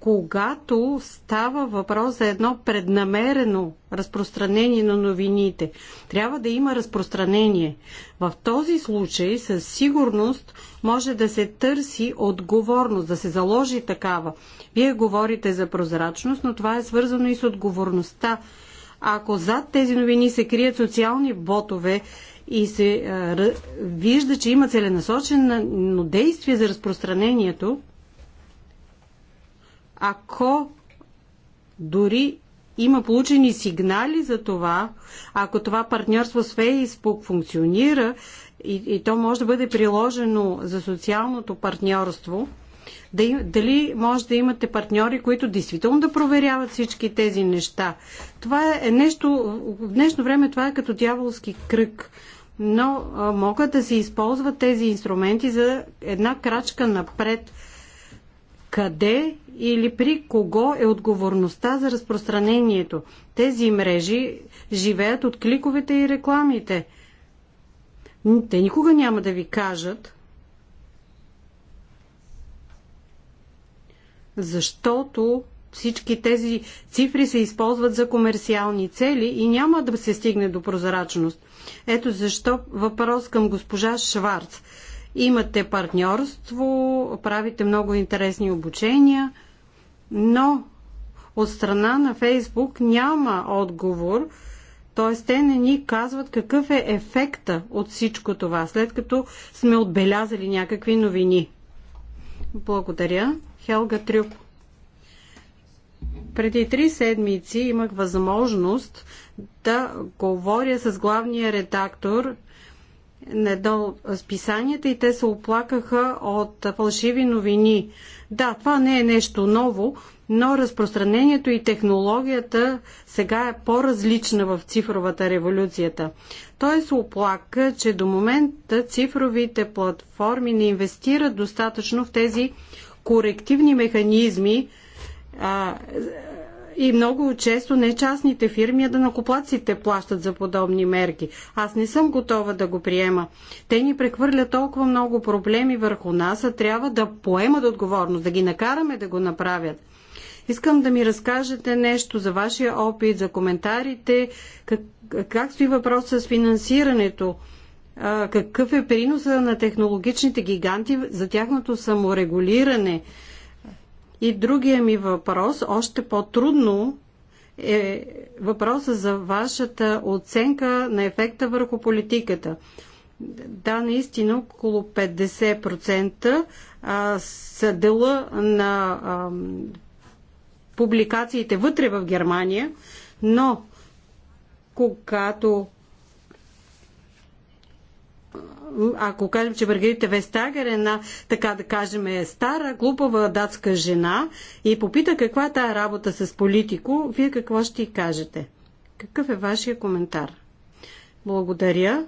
когато става въпрос за едно преднамерено разпространение на новините. Трябва да има разпространение. В този случай със сигурност може да се търси отговорност, да се заложи такава. Вие говорите за прозрачност, но това е свързано и с отговорността. Ако зад тези новини се крият социални ботове и се а, вижда, че има целенасочено действие за разпространението, ако дори има получени сигнали за това, ако това партньорство с Фейсбук функционира и, и то може да бъде приложено за социалното партньорство, дали може да имате партньори, които действително да проверяват всички тези неща. Това е, е нещо, в днешно време това е като дяволски кръг, но а, могат да се използват тези инструменти за една крачка напред. Къде или при кого е отговорността за разпространението. Тези мрежи живеят от кликовете и рекламите. Те никога няма да ви кажат, защото всички тези цифри се използват за комерциални цели и няма да се стигне до прозрачност. Ето защо въпрос към госпожа Шварц. Имате партньорство, правите много интересни обучения но от страна на Фейсбук няма отговор, т.е. те не ни казват какъв е ефекта от всичко това, след като сме отбелязали някакви новини. Благодаря. Хелга Трюк. Преди три седмици имах възможност да говоря с главния редактор до списанията и те се оплакаха от фалшиви новини. Да, това не е нещо ново, но разпространението и технологията сега е по-различна в цифровата революцията. Той се оплака, че до момента цифровите платформи не инвестират достатъчно в тези корективни механизми, и много често не частните фирми, а да накоплаците плащат за подобни мерки. Аз не съм готова да го приема. Те ни прехвърлят толкова много проблеми върху нас, а трябва да поемат отговорност, да ги накараме да го направят. Искам да ми разкажете нещо за вашия опит, за коментарите, как, как стои въпросът с финансирането, какъв е приноса на технологичните гиганти за тяхното саморегулиране, и другия ми въпрос, още по-трудно е въпроса за вашата оценка на ефекта върху политиката. Да, наистина около 50% са дела на публикациите вътре в Германия, но когато ако кажем, че Маргарита Вестагер е една, така да кажем, е стара, глупава датска жена и попита каква е тая работа с политико, вие какво ще й кажете? Какъв е вашия коментар? Благодаря.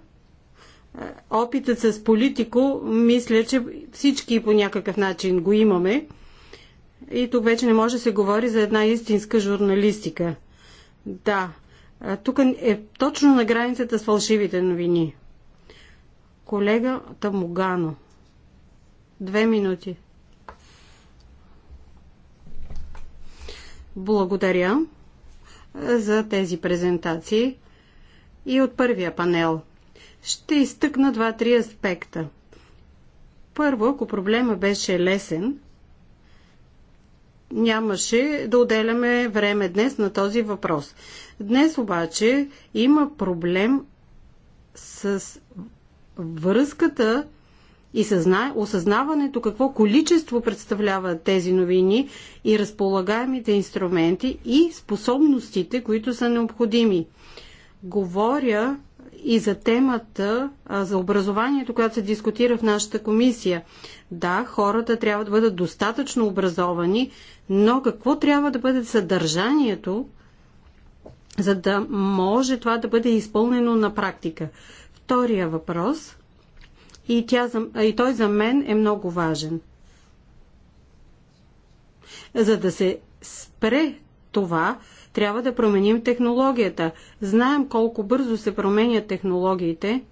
Е, опитът с политико, мисля, че всички по някакъв начин го имаме. И тук вече не може да се говори за една истинска журналистика. Да, е, тук е точно на границата с фалшивите новини. Колегата Тамогано. Две минути. Благодаря е, за тези презентации и от първия панел. Ще изтъкна два-три аспекта. Първо, ако проблема беше лесен, нямаше да отделяме време днес на този въпрос. Днес обаче има проблем с връзката и съзна... осъзнаването какво количество представляват тези новини и разполагаемите инструменти и способностите, които са необходими. Говоря и за темата а, за образованието, която се дискутира в нашата комисия. Да, хората трябва да бъдат достатъчно образовани, но какво трябва да бъде съдържанието, за да може това да бъде изпълнено на практика? втория въпрос и, тя, и той за мен е много важен. За да се спре това, трябва да променим технологията. Знаем колко бързо се променят технологиите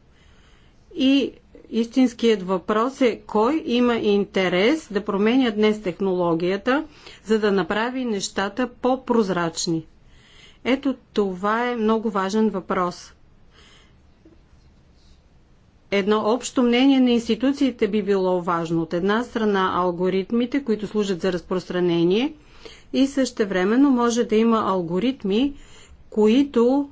и истинският въпрос е кой има интерес да променя днес технологията, за да направи нещата по-прозрачни. Ето това е много важен въпрос едно общо мнение на институциите би било важно. От една страна алгоритмите, които служат за разпространение и също времено може да има алгоритми, които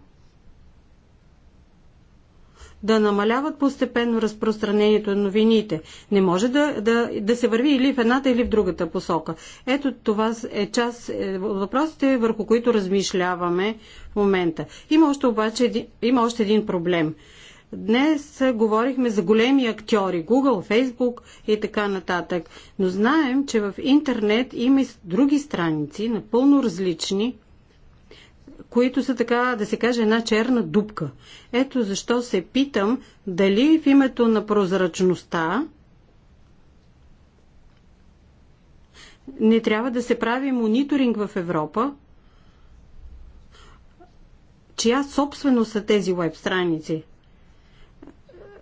да намаляват постепенно разпространението на новините. Не може да, да, да се върви или в едната, или в другата посока. Ето това е част е, от въпросите, върху които размишляваме в момента. Има още обаче има още един проблем – Днес говорихме за големи актьори Google, Facebook и така нататък. Но знаем, че в интернет има и други страници, напълно различни, които са така, да се каже, една черна дупка. Ето защо се питам дали в името на прозрачността не трябва да се прави мониторинг в Европа, чия собственост са тези веб страници.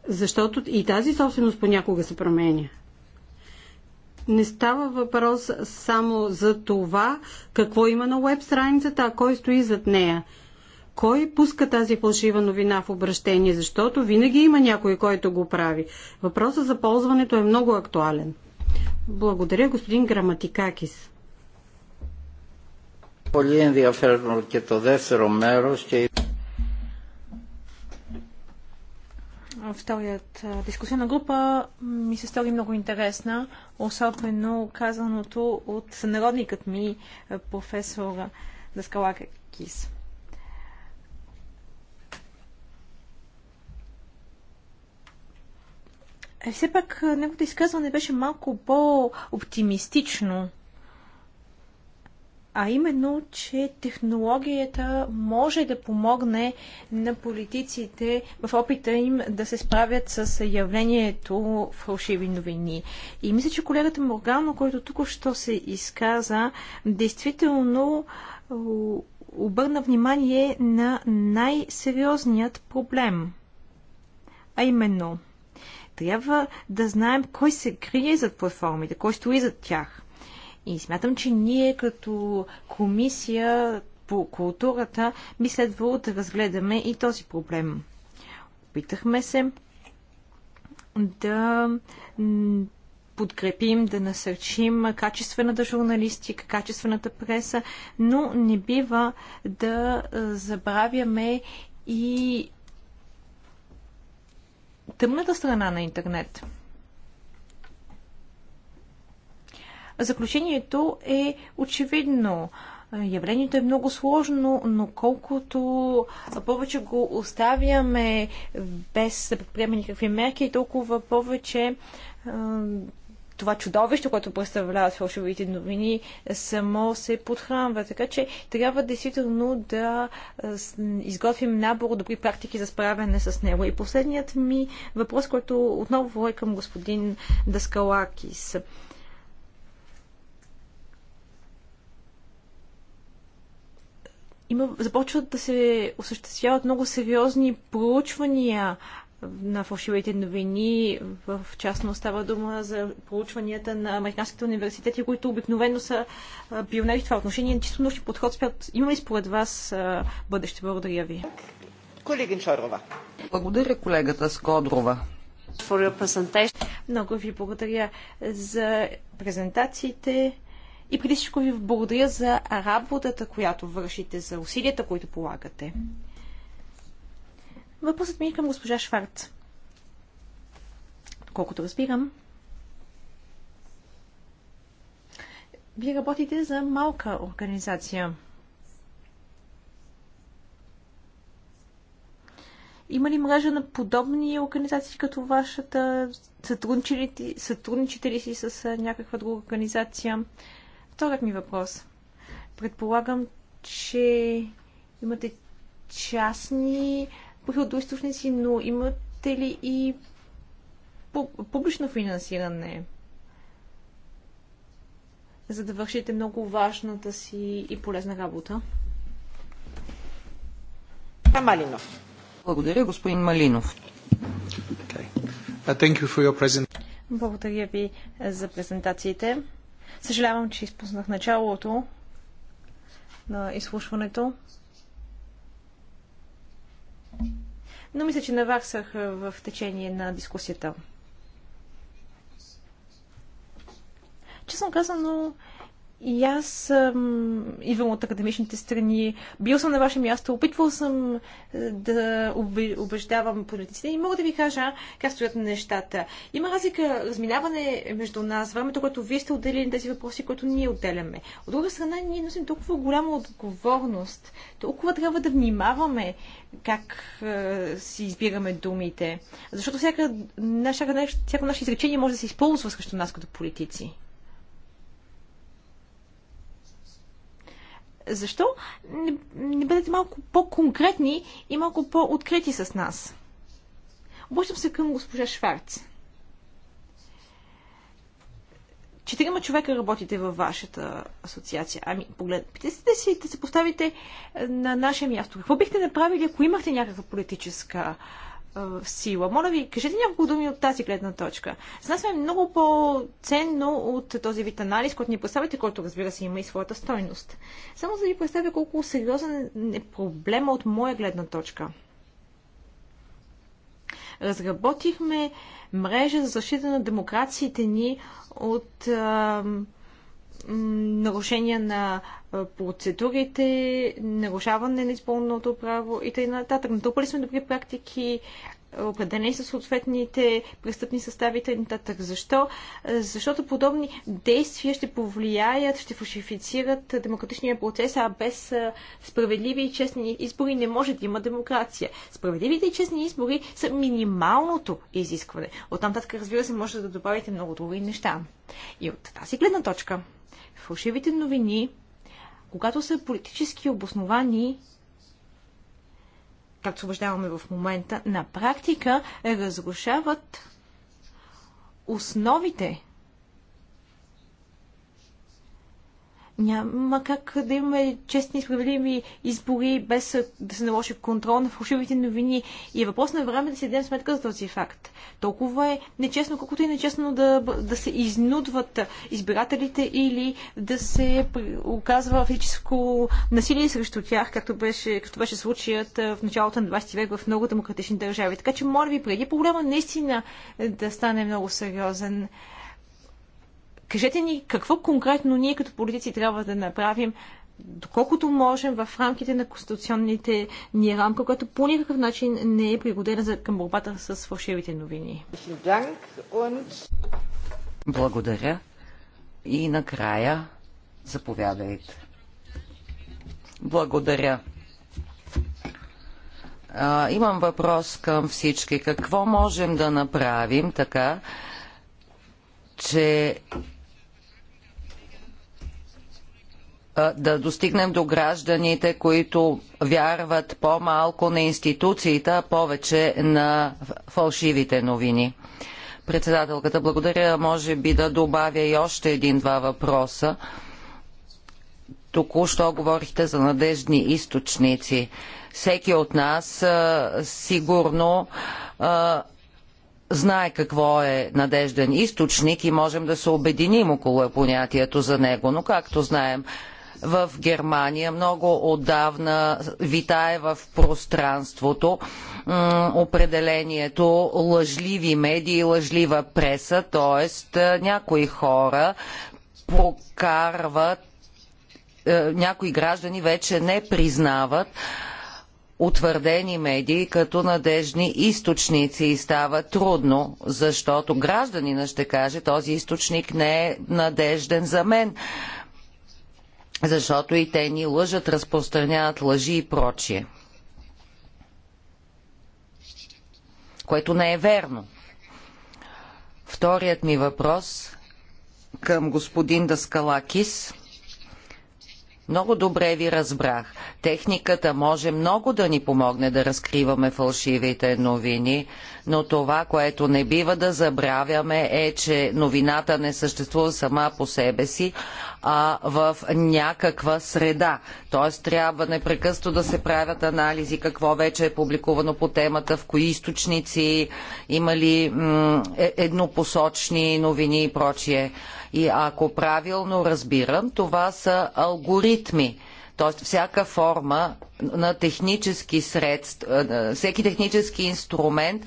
Защото и тази собственост понякога се променя. Не става въпрос само за това какво има на веб страницата, а кой стои зад нея. Кой пуска тази фалшива новина в обращение, защото винаги има някой, който го прави. Въпросът за ползването е много актуален. Благодаря, господин Граматикакис. Πολύ ενδιαφέρον και το δεύτερο μέρος και вторият дискусионна група ми се стори много интересна, особено казаното от сънародникът ми, професор Даскалака Кис. Е, все пак неговото изказване беше малко по-оптимистично а именно, че технологията може да помогне на политиците в опита им да се справят с явлението фалшиви новини. И мисля, че колегата Моргано, който тук що се изказа, действително обърна внимание на най-сериозният проблем. А именно, трябва да знаем кой се крие зад платформите, кой стои зад тях – и смятам, че ние като комисия по културата би следвало да разгледаме и този проблем. Опитахме се да подкрепим, да насърчим качествената журналистика, качествената преса, но не бива да забравяме и тъмната страна на интернет. Заключението е очевидно. Явлението е много сложно, но колкото повече го оставяме без да предприеме никакви мерки, толкова повече това чудовище, което представляват фалшивите новини, само се подхранва. Така че трябва действително да изготвим набор добри практики за справяне с него. И последният ми въпрос, който отново е към господин Даскалакис. има, започват да се осъществяват много сериозни проучвания на фалшивите новини. В частност става дума за проучванията на американските университети, които обикновено са пионери в това отношение. Чисто научни подход спят. Има ли според вас бъдеще? Благодаря ви. Колегин Шорова. Благодаря колегата Скодрова. Много ви благодаря за презентациите и преди всичко ви благодаря за работата, която вършите, за усилията, които полагате. Въпросът ми е към госпожа Шварц. Колкото разбирам, вие работите за малка организация. Има ли мрежа на подобни организации като вашата? Сътрудничите ли си с някаква друга организация? Вторият ми въпрос. Предполагам, че имате частни приходоисточници, но имате ли и публично финансиране, за да вършите много важната си и полезна работа? Малинов. Благодаря, господин Малинов. Okay. Uh, Благодаря ви за презентациите. Съжалявам, че изпуснах началото на изслушването. Но мисля, че наваксах е, в течение на дискусията. Честно казано, и аз ам, идвам от академичните страни, бил съм на ваше място, опитвал съм е, да убеждавам политиците и мога да ви кажа как стоят нещата. Има разлика, разминаване между нас, времето, което вие сте отделили на тези въпроси, които ние отделяме. От друга страна, ние носим толкова голяма отговорност, толкова трябва да внимаваме как а, е, си избираме думите, защото всяка, всяка, всяко наше изречение може да се използва срещу нас като политици. Защо не, не бъдете малко по-конкретни и малко по-открити с нас? Обръщам се към госпожа Шварц. Четирима човека работите във вашата асоциация. Ами, погледайте си да се поставите на наше място. Какво бихте направили, ако имахте някаква политическа в сила. Моля ви, кажете няколко думи от тази гледна точка. За нас е много по-ценно от този вид анализ, който ни представите, който разбира се има и своята стойност. Само за да ви представя колко сериозен е проблема от моя гледна точка. Разработихме мрежа за защита на демокрациите ни от нарушения на процедурите, нарушаване на изпълненото право и т.н. Натрупали сме добри практики, определени са съответните престъпни състави и нататък. Защо? Защото подобни действия ще повлияят, ще фалшифицират демократичния процес, а без справедливи и честни избори не може да има демокрация. Справедливите и честни избори са минималното изискване. Оттам татък, разбира се, може да добавите много други неща. И от тази гледна точка, Фалшивите новини, когато са политически обосновани, както освобождаваме в момента, на практика разрушават основите Няма как да имаме честни и справедливи избори без да се наложи контрол на фалшивите новини. И е въпрос на време да си дадем сметка за този факт. Толкова е нечестно, колкото и нечестно да, да се изнудват избирателите или да се оказва физическо насилие срещу тях, както беше, както беше случаят в началото на 20 век в много демократични държави. Така че, моля ви, преди проблема наистина е да стане много сериозен Кажете ни какво конкретно ние като политици трябва да направим, доколкото можем в рамките на конституционните ни рамка, която по никакъв начин не е пригодена за, към борбата с фалшивите новини. Благодаря. И накрая заповядайте. Благодаря. А, имам въпрос към всички. Какво можем да направим така, че да достигнем до гражданите, които вярват по-малко на институциите, а повече на фалшивите новини. Председателката, благодаря. Може би да добавя и още един-два въпроса. Току-що говорихте за надеждни източници. Всеки от нас сигурно знае какво е надежден източник и можем да се обединим около понятието за него. Но както знаем, в Германия много отдавна витае в пространството определението лъжливи медии, лъжлива преса, т.е. някои хора прокарват, е, някои граждани вече не признават утвърдени медии като надежни източници и става трудно, защото гражданина ще каже този източник не е надежден за мен защото и те ни лъжат, разпространяват лъжи и прочие. Което не е верно. Вторият ми въпрос към господин Даскалакис – много добре ви разбрах. Техниката може много да ни помогне да разкриваме фалшивите новини, но това, което не бива да забравяме е, че новината не съществува сама по себе си, а в някаква среда. Тоест трябва непрекъсто да се правят анализи какво вече е публикувано по темата, в кои източници, има ли е, еднопосочни новини и прочие. И ако правилно разбирам, това са алгоритми. Тоест всяка форма на технически средства, е, е, всеки технически инструмент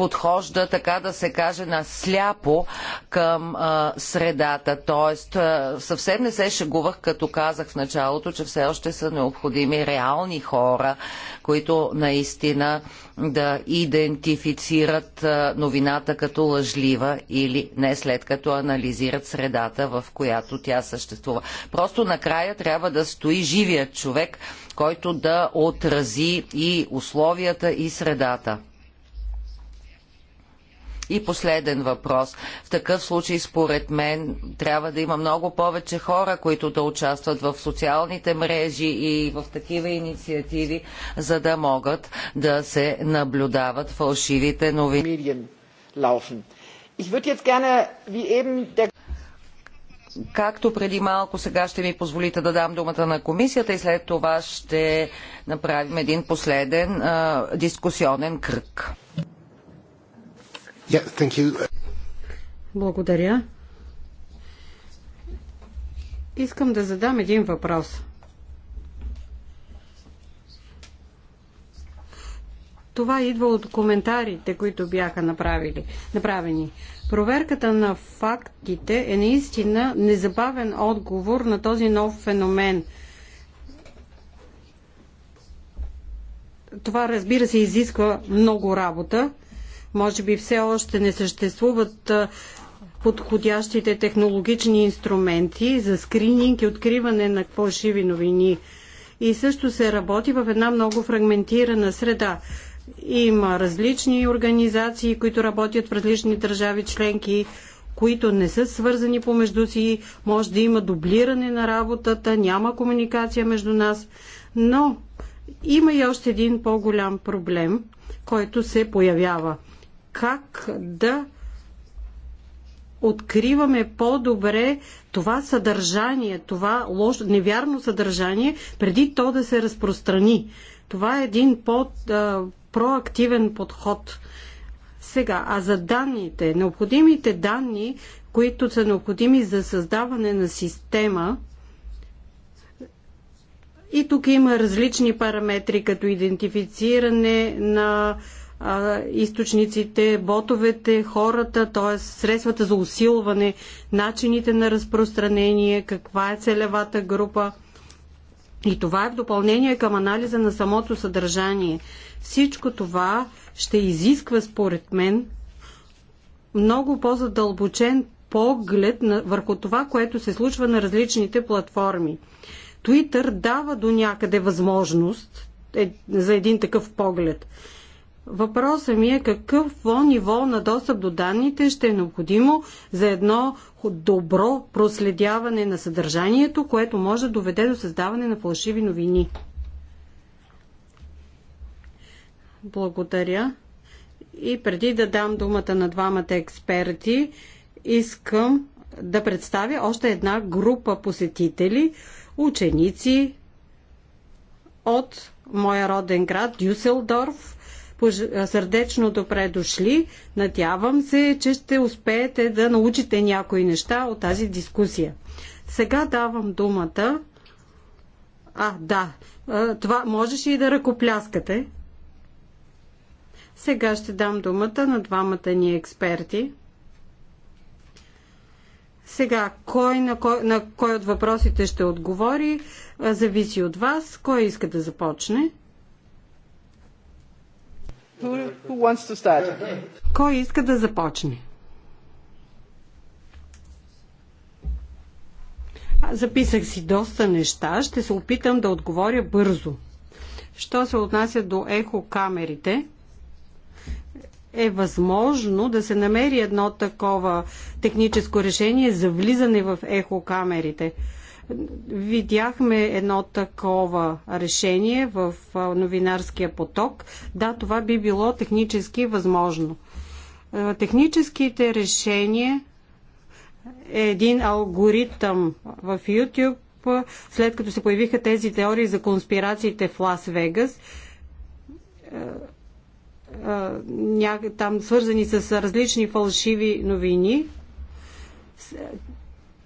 подхожда, така да се каже, насляпо към а, средата. Тоест, а, съвсем не се шегувах, като казах в началото, че все още са необходими реални хора, които наистина да идентифицират а, новината като лъжлива или не след като анализират средата, в която тя съществува. Просто накрая трябва да стои живият човек, който да отрази и условията и средата. И последен въпрос. В такъв случай, според мен, трябва да има много повече хора, които да участват в социалните мрежи и в такива инициативи, за да могат да се наблюдават фалшивите новини. както преди малко, сега ще ми позволите да дам думата на комисията и след това ще направим един последен а, дискусионен кръг. Yeah, thank you. Благодаря. Искам да задам един въпрос. Това идва от коментарите, които бяха направили, направени. Проверката на фактите е наистина незабавен отговор на този нов феномен. Това, разбира се, изисква много работа. Може би все още не съществуват подходящите технологични инструменти за скрининг и откриване на фалшиви новини. И също се работи в една много фрагментирана среда. Има различни организации, които работят в различни държави членки, които не са свързани помежду си, може да има дублиране на работата, няма комуникация между нас, но има и още един по-голям проблем, който се появява – как да откриваме по-добре това съдържание, това лошо, невярно съдържание, преди то да се разпространи. Това е един а, проактивен подход. Сега, а за данните, необходимите данни, които са необходими за създаване на система, и тук има различни параметри, като идентифициране на източниците, ботовете, хората, т.е. средствата за усилване, начините на разпространение, каква е целевата група. И това е в допълнение към анализа на самото съдържание. Всичко това ще изисква, според мен, много по-задълбочен поглед на, върху това, което се случва на различните платформи. Twitter дава до някъде възможност е, за един такъв поглед. Въпросът ми е какво ниво на достъп до данните ще е необходимо за едно добро проследяване на съдържанието, което може да доведе до създаване на фалшиви новини. Благодаря. И преди да дам думата на двамата експерти, искам да представя още една група посетители, ученици от моя роден град Дюселдорф, Сърдечно добре дошли. Надявам се, че ще успеете да научите някои неща от тази дискусия. Сега давам думата. А, да. Това можеш и да ръкопляскате. Сега ще дам думата на двамата ни експерти. Сега, кой на кой, на кой от въпросите ще отговори, зависи от вас. Кой иска да започне? Who, who wants to start? Кой иска да започне? Записах си доста неща. Ще се опитам да отговоря бързо. Що се отнася до ехокамерите, е възможно да се намери едно такова техническо решение за влизане в ехокамерите. камерите Видяхме едно такова решение в новинарския поток. Да, това би било технически възможно. Техническите решения е един алгоритъм в YouTube, след като се появиха тези теории за конспирациите в Лас Вегас, там свързани с различни фалшиви новини,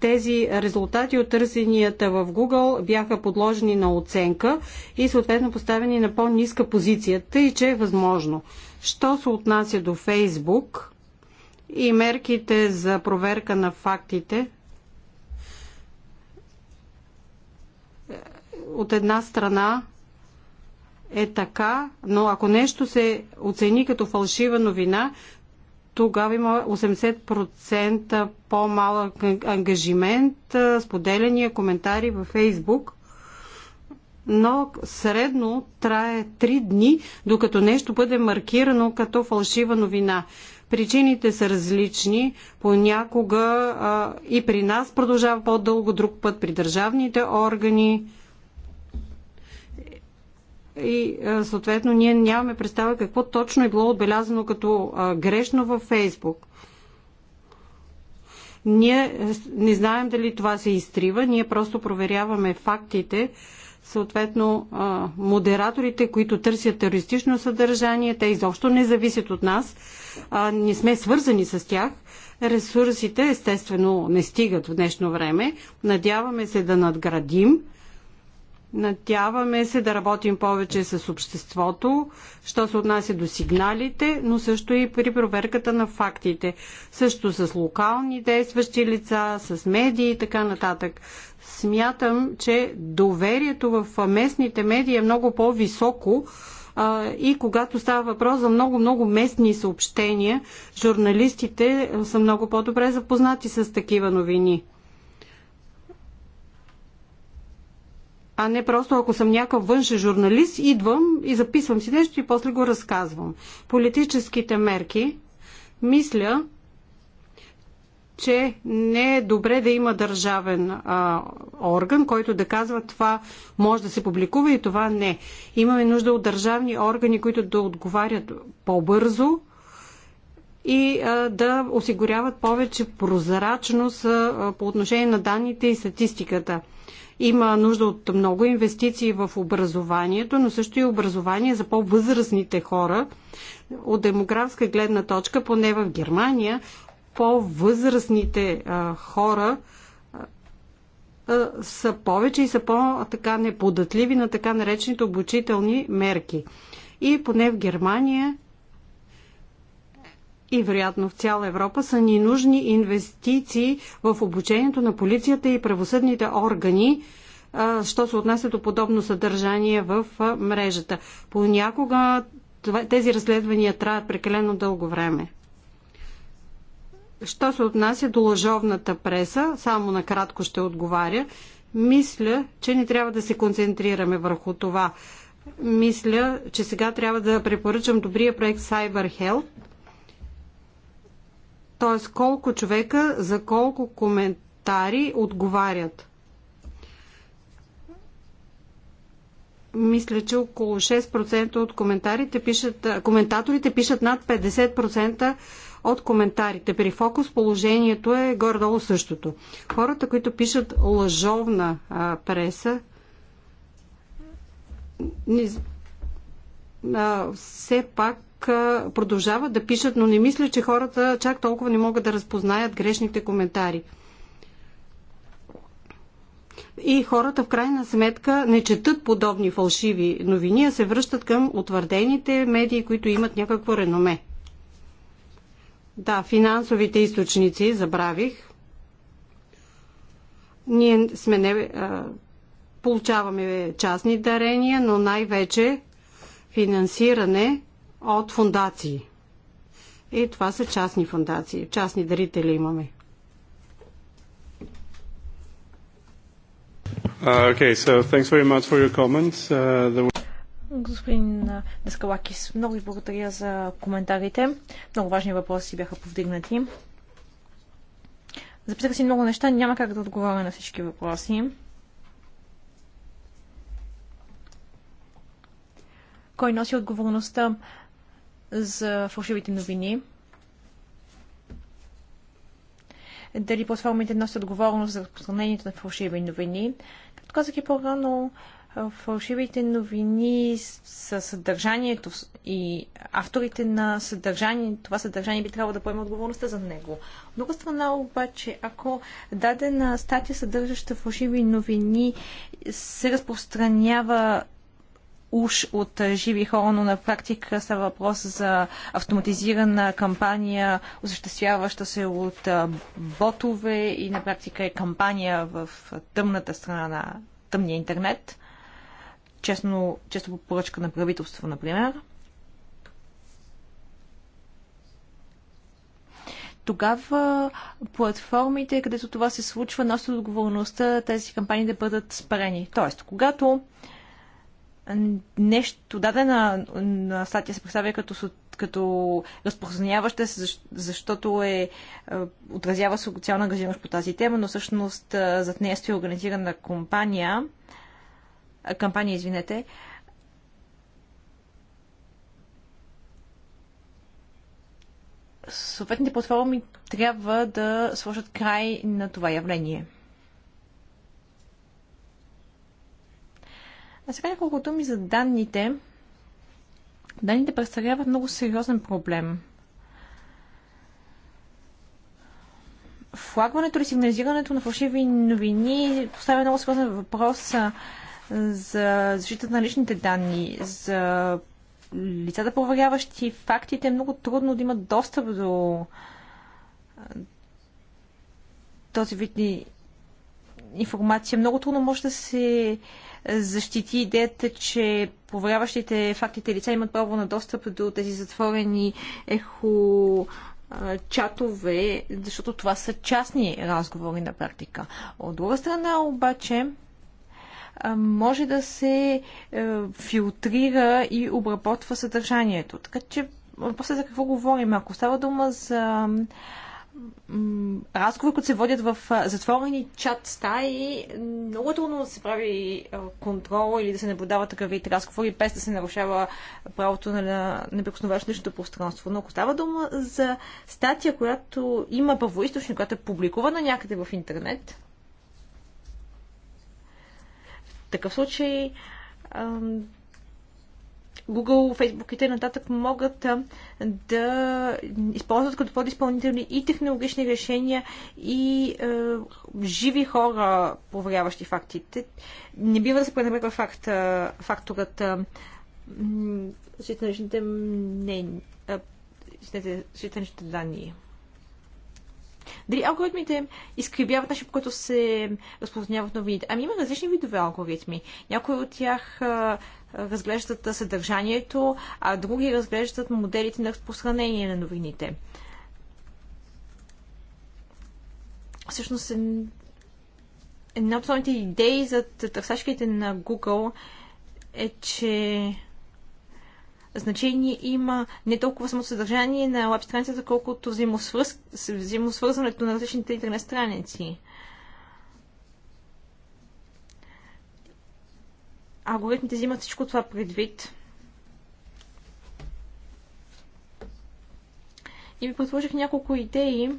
тези резултати от търсенията в Google бяха подложени на оценка и съответно поставени на по низка позиция, тъй че е възможно. Що се отнася до Facebook и мерките за проверка на фактите, от една страна е така, но ако нещо се оцени като фалшива новина, тогава има 80% по-малък ангажимент, споделяния, коментари във Фейсбук. Но средно трае 3 дни, докато нещо бъде маркирано като фалшива новина. Причините са различни. Понякога а, и при нас продължава по-дълго, друг път при държавните органи и съответно ние нямаме представа какво точно е било отбелязано като грешно във Фейсбук. Ние е, не знаем дали това се изтрива, ние просто проверяваме фактите. Съответно, модераторите, които търсят терористично съдържание, те изобщо не зависят от нас, не сме свързани с тях. Ресурсите, естествено, не стигат в днешно време. Надяваме се да надградим Надяваме се да работим повече с обществото, що се отнася до сигналите, но също и при проверката на фактите. Също с локални действащи лица, с медии и така нататък. Смятам, че доверието в местните медии е много по-високо и когато става въпрос за много-много местни съобщения, журналистите са много по-добре запознати с такива новини. а не просто ако съм някакъв външен журналист, идвам и записвам си нещо и после го разказвам. Политическите мерки, мисля, че не е добре да има държавен а, орган, който да казва това може да се публикува и това не. Имаме нужда от държавни органи, които да отговарят по-бързо и а, да осигуряват повече прозрачност а, по отношение на данните и статистиката. Има нужда от много инвестиции в образованието, но също и образование за по-възрастните хора. От демографска гледна точка, поне в Германия, по-възрастните хора а, са повече и са по-така неподатливи на така наречените обучителни мерки. И поне в Германия и вероятно в цяла Европа са ни нужни инвестиции в обучението на полицията и правосъдните органи, що се отнася до подобно съдържание в мрежата. Понякога тези разследвания траят прекалено дълго време. Що се отнася до лъжовната преса, само накратко ще отговаря. Мисля, че не трябва да се концентрираме върху това. Мисля, че сега трябва да препоръчам добрия проект Cyber Health, т.е. колко човека за колко коментари отговарят. Мисля, че около 6% от коментарите пишат, коментаторите пишат над 50% от коментарите. При фокус положението е горе-долу същото. Хората, които пишат лъжовна а, преса, а, все пак продължават да пишат, но не мисля, че хората чак толкова не могат да разпознаят грешните коментари. И хората в крайна сметка не четат подобни фалшиви новини, а се връщат към утвърдените медии, които имат някакво реноме. Да, финансовите източници забравих. Ние сме не, а, получаваме частни дарения, но най-вече финансиране от фундации. И това са частни фундации. Частни дарители имаме. Uh, okay, so thanks very much for your comments. Uh, the... Господин Дескалакис, много ви благодаря за коментарите. Много важни въпроси бяха повдигнати. Записах си много неща, няма как да отговоря на всички въпроси. Кой носи отговорността за фалшивите новини. Дали платформите носят отговорност за разпространението на фалшиви новини. Както казах и по-рано, фалшивите новини са съдържанието и авторите на съдържание, това съдържание би трябвало да поема отговорността за него. От друга страна обаче, ако дадена статия съдържаща фалшиви новини се разпространява уж от живи хора, но на практика става въпрос за автоматизирана кампания, осъществяваща се от ботове и на практика е кампания в тъмната страна на тъмния интернет. Честно, често по поръчка на правителство, например. тогава платформите, където това се случва, носят отговорността тези кампании да бъдат спарени. Тоест, когато нещо, дадена на статия се представя като, като разпространяваща се, защото е, е, отразява социална ангажираност по тази тема, но всъщност е, зад нея стои организирана компания, е, кампания, извинете, съответните платформи трябва да сложат край на това явление. А сега няколко думи за данните. Данните представляват много сериозен проблем. Флагването или сигнализирането на фалшиви новини поставя много сериозен въпрос за защита на личните данни, за лицата проверяващи фактите. Е много трудно да имат достъп до този вид информация. Много трудно може да се защити идеята, че проверяващите фактите лица имат право на достъп до тези затворени ехо чатове, защото това са частни разговори на практика. От друга страна обаче може да се е, филтрира и обработва съдържанието. Така че, после за какво говорим? Ако става дума за разговори, които се водят в затворени чат стаи, много трудно да се прави контрол или да се наблюдава такъв вид разговори, без да се нарушава правото на неприкосновеност личното пространство. Но ако става дума за статия, която има първоисточник, която е публикувана някъде в интернет, в такъв случай Google, Facebook и т.н. могат да използват като подиспълнителни и технологични решения и е, живи хора, проверяващи фактите. Не бива да се пренебрегва факт, факторът защита мнения, данни. Дали алгоритмите изкривяват начин, по който се разпознават новините? Ами има различни видове алгоритми. Някои от тях а, разглеждат съдържанието, а други разглеждат моделите на разпространение на новините. Всъщност, една от основните идеи за търсачките на Google е, че значение има не толкова само съдържание на веб страницата, колкото взаимосвърз... взаимосвързването на различните интернет страници. алгоритмите взимат всичко това предвид. И ви предложих няколко идеи,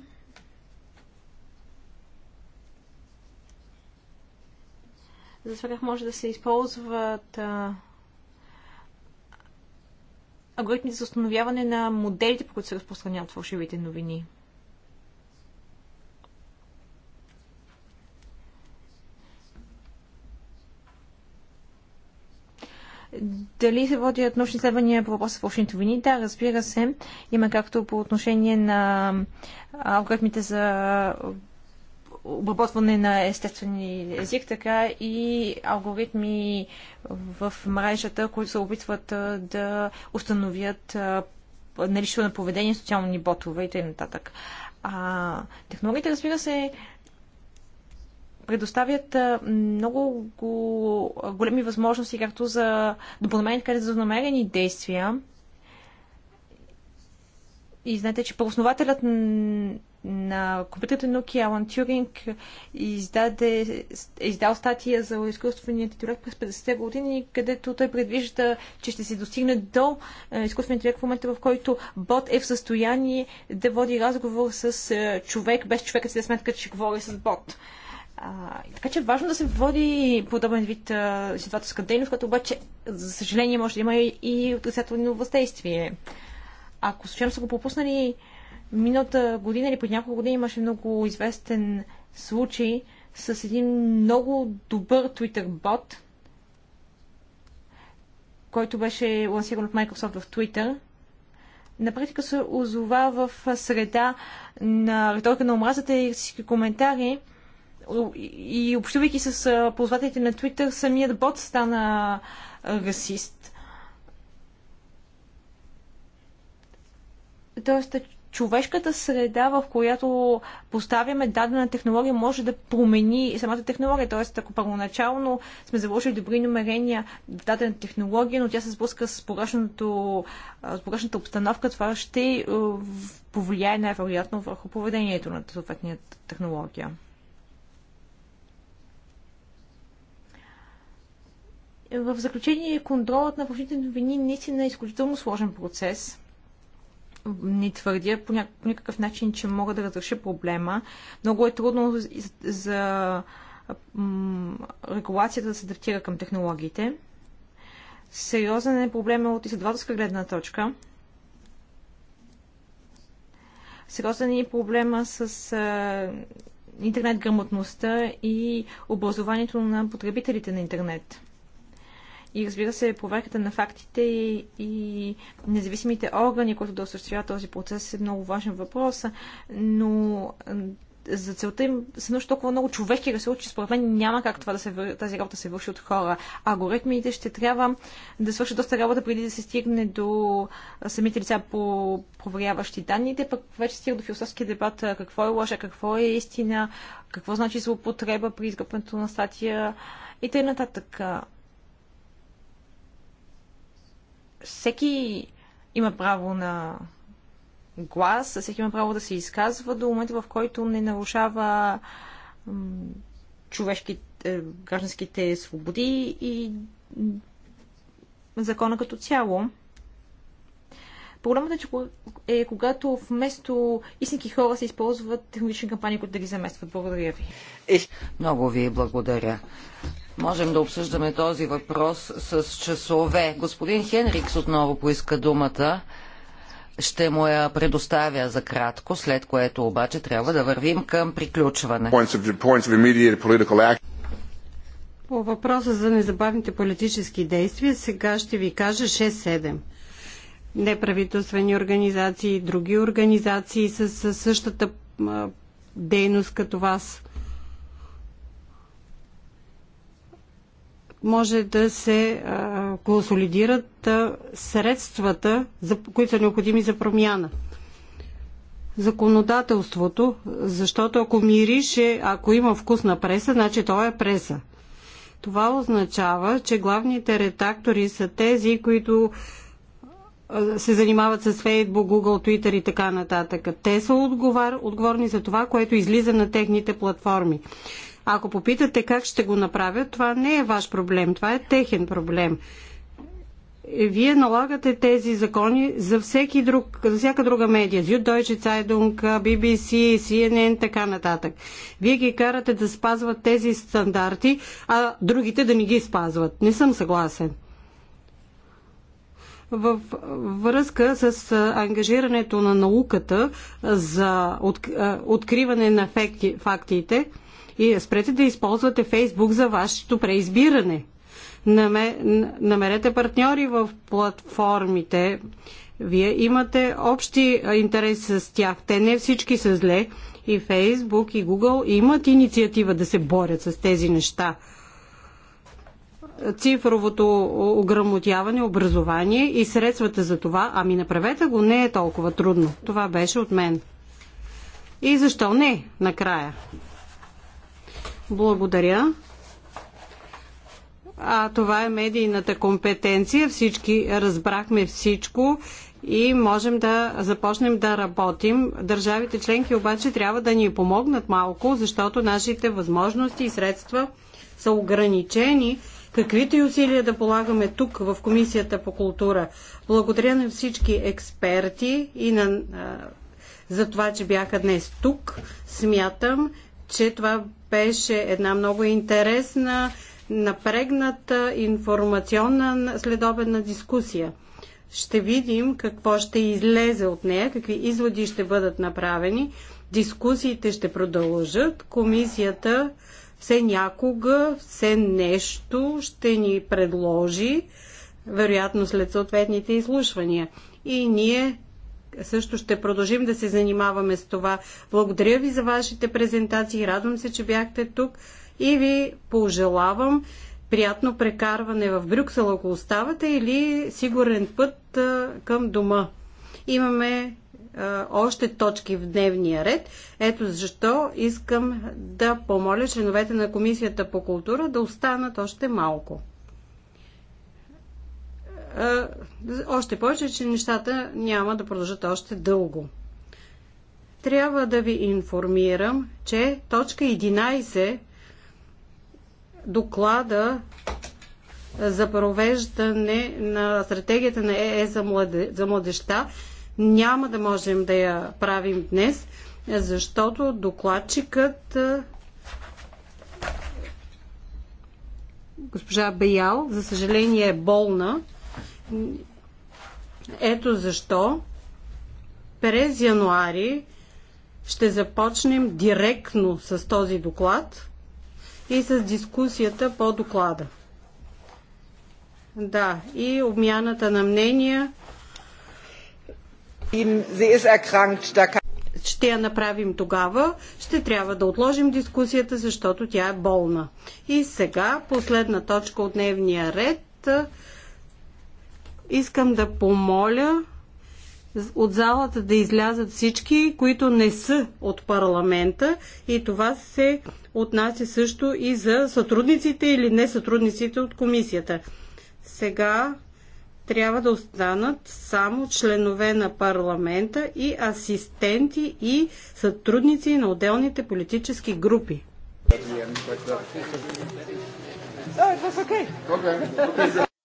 за това как може да се използват а, алгоритмите за установяване на моделите, по които се разпространяват фалшивите новини. Дали се водят научни изследвания по въпроса в общините вини? Да, разбира се. Има както по отношение на алгоритмите за обработване на естествени език, така и алгоритми в мрежата, които се опитват да установят наличието на поведение, социални ботове и т.н. А, технологията, разбира се, предоставят много големи възможности, както за допълнение така и за намерени действия. И знаете, че правоснователят на компютърните науки Алан Тюринг издаде, е издал статия за изкуствения интелект през 50-те години, където той предвижда, че ще се достигне до изкуствения интелект в момента, в който бот е в състояние да води разговор с човек, без човека си да сметка, че говори с бот. А, така че е важно да се води подобен вид изследователска дейност, като обаче, за съжаление, може да има и отрицателно въздействие. Ако случайно са го пропуснали миналата година или преди няколко години, имаше много известен случай с един много добър Twitter бот, който беше лансиран от Microsoft в Twitter – на практика се озова в среда на риторика на омразата и всички коментари, и общувайки с ползвателите на Twitter, самият бот стана расист. Тоест, човешката среда, в която поставяме дадена технология, може да промени самата технология. Тоест, ако първоначално сме заложили добри намерения в дадена технология, но тя се сблъска с поръчната обстановка, това ще повлияе най-вероятно върху поведението на съответния технология. В заключение, контролът на вълшните новини наистина е изключително сложен процес. Не твърдя по, ня- по никакъв начин, че мога да разреша проблема. Много е трудно за регулацията да се адаптира към технологиите. Сериозен е проблема от изследователска гледна точка. Сериозен е проблема с а, интернет грамотността и образованието на потребителите на интернет и разбира се проверката на фактите и, и независимите органи, които да осъществяват този процес е много важен въпрос, но за целта им са нужда толкова много човешки ресурси, че според мен няма как това да се, тази работа се върши от хора. Алгоритмите ще трябва да свършат доста работа преди да се стигне до самите лица по проверяващи данните, пък вече стига до философския дебат какво е лъжа, какво е истина, какво значи злоупотреба при изгъпването на статия и т.н. нататък всеки има право на глас, всеки има право да се изказва до момента, в който не нарушава човешки, е, гражданските свободи и закона като цяло. Проблемът е, че е когато вместо истински хора се използват технологични кампании, които да ги заместват. Благодаря ви. Много ви благодаря. Можем да обсъждаме този въпрос с часове. Господин Хенрикс отново поиска думата. Ще му я предоставя за кратко, след което обаче трябва да вървим към приключване. По въпроса за незабавните политически действия сега ще ви кажа 6-7 неправителствени организации и други организации с, с същата дейност като вас. Може да се а, консолидират а, средствата, за, които са необходими за промяна. Законодателството, защото ако мирише, ако има вкус на преса, значи то е преса. Това означава, че главните редактори са тези, които се занимават с Facebook, Google, Twitter и така нататък. Те са отговор, отговорни за това, което излиза на техните платформи. Ако попитате как ще го направят, това не е ваш проблем, това е техен проблем. Е, вие налагате тези закони за, всеки друг, за всяка друга медия. Deutsche Zeitung, BBC, CNN, така нататък. Вие ги карате да спазват тези стандарти, а другите да не ги спазват. Не съм съгласен във връзка с ангажирането на науката за откриване на факти, фактите и спрете да използвате Фейсбук за вашето преизбиране. Намерете партньори в платформите. Вие имате общи интереси с тях. Те не всички са зле. И Фейсбук, и Google имат инициатива да се борят с тези неща цифровото ограмотяване, образование и средствата за това, ами направете го, не е толкова трудно. Това беше от мен. И защо не? Накрая. Благодаря. А това е медийната компетенция. Всички разбрахме всичко и можем да започнем да работим. Държавите членки обаче трябва да ни помогнат малко, защото нашите възможности и средства са ограничени каквито и усилия да полагаме тук в Комисията по култура. Благодаря на всички експерти и на, а, за това, че бяха днес тук. Смятам, че това беше една много интересна, напрегната, информационна следобедна дискусия. Ще видим какво ще излезе от нея, какви изводи ще бъдат направени. Дискусиите ще продължат. Комисията все някога, все нещо ще ни предложи, вероятно след съответните изслушвания. И ние също ще продължим да се занимаваме с това. Благодаря ви за вашите презентации, радвам се, че бяхте тук и ви пожелавам приятно прекарване в Брюксел, ако оставате, или сигурен път към дома. Имаме е, още точки в дневния ред. Ето защо искам да помоля членовете на Комисията по култура да останат още малко. Е, още повече, че нещата няма да продължат още дълго. Трябва да ви информирам, че точка 11 доклада е, за провеждане на стратегията на ЕЕ за младеща няма да можем да я правим днес, защото докладчикът е, госпожа Беял, за съжаление е болна. Ето защо през януари ще започнем директно с този доклад и с дискусията по доклада. Да, и обмяната на мнения ще я направим тогава. Ще трябва да отложим дискусията, защото тя е болна. И сега, последна точка от дневния ред. Искам да помоля от залата да излязат всички, които не са от парламента и това се отнася също и за сътрудниците или не сътрудниците от комисията. Сега трябва да останат само членове на парламента и асистенти и сътрудници на отделните политически групи. Oh, okay. okay.